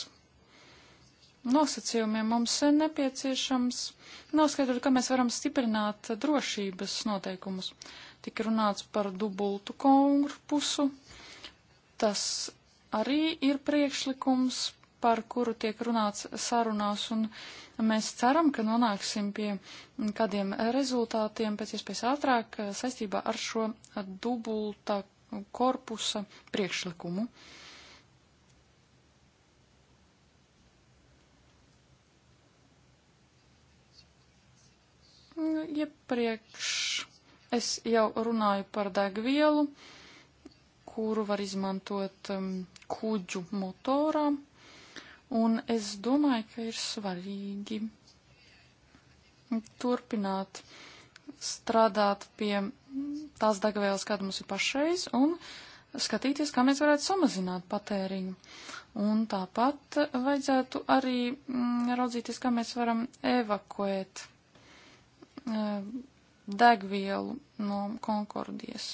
nosacījumiem mums ir nepieciešams noskaidrot, kā mēs varam stiprināt drošības noteikumus. Tik runāts par dubultu korpusu. Tas arī ir priekšlikums, par kuru tiek runāts sarunās, un mēs ceram, ka nonāksim pie kādiem rezultātiem pēc iespējas ātrāk saistībā ar šo dubulta korpusa priekšlikumu. Uh, Iepriekš es jau runāju par degvielu, kuru var izmantot um, kuģu motorā, un es domāju, ka ir svarīgi turpināt strādāt pie tās degvielas, kāda mums ir pašreiz, un skatīties, kā mēs varētu samazināt patēriņu. Un tāpat vajadzētu arī mm, raudzīties, kā mēs varam evakuēt Uh, degvielu no Konkordijas.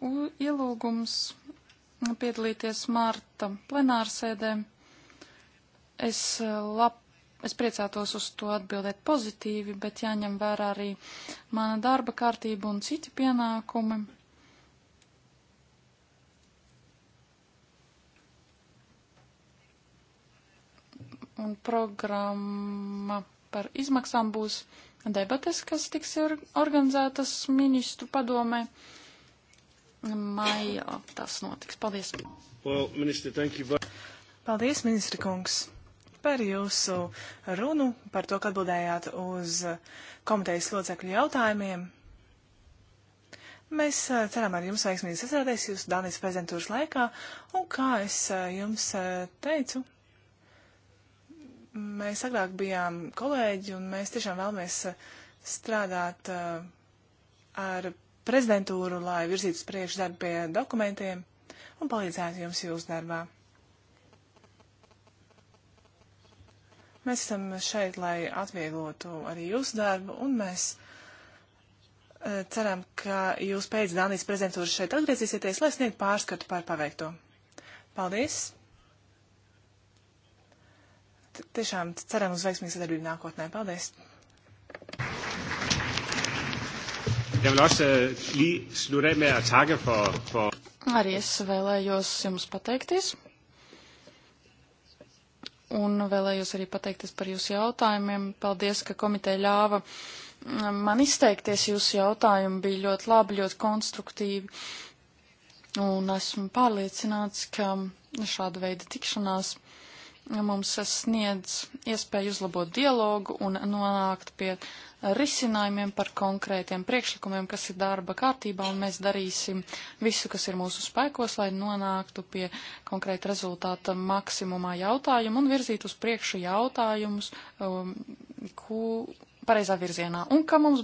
Un ielūgums piedalīties Marta plenārsēdē. Es, eh, lab, es priecātos uz to atbildēt pozitīvi, bet jāņem vērā arī mana darba kārtība un citi pienākumi. Un programma par izmaksām būs debates, kas tiks organizētas ministru padomē. Maijā tas notiks. Paldies. Well, minister, Paldies, ministra kungs par jūsu runu, par to, ka atbildējāt uz komitejas locekļu jautājumiem. Mēs eh, ceram ar jums veiksmīgi sasrādēs jūsu Dānijas prezentūras laikā, un kā es eh, jums eh, teicu, mēs agrāk bijām kolēģi, un mēs tiešām vēlamies strādāt ar prezidentūru, lai virzītu uz priekšu darbu pie dokumentiem un palīdzētu jums jūsu darbā. Mēs esam šeit, lai atvieglotu arī jūsu darbu, un mēs uh, ceram, ka jūs pēc Dānijas prezidentūras šeit atgriezīsieties, lai sniegtu pārskatu par paveikto. Paldies! T Tiešām ceram uz veiksmīgu sadarbību nākotnē. Paldies! Jeg vil også uh, lige slutte af med at takke for, for... Arī es vēlējos jums pateikties un vēlējos arī pateikties par jūsu jautājumiem. Paldies, ka komiteja ļāva mm, man izteikties. Jūsu jautājumi bija ļoti labi, ļoti konstruktīvi. Un esmu pārliecināts, ka šāda veida tikšanās mums sniedz iespēju uzlabot dialogu un nonākt pie risinājumiem, par konkrētiem priekšlikumiem, kas ir darba kārtībā, un mēs darīsim visu, kas ir mūsu spēkos, lai nonāktu pie konkrēta rezultāta maksimumā jautājumu un virzītu uz priekšu jautājumus, um, ku pareizā virzienā. Un ka mums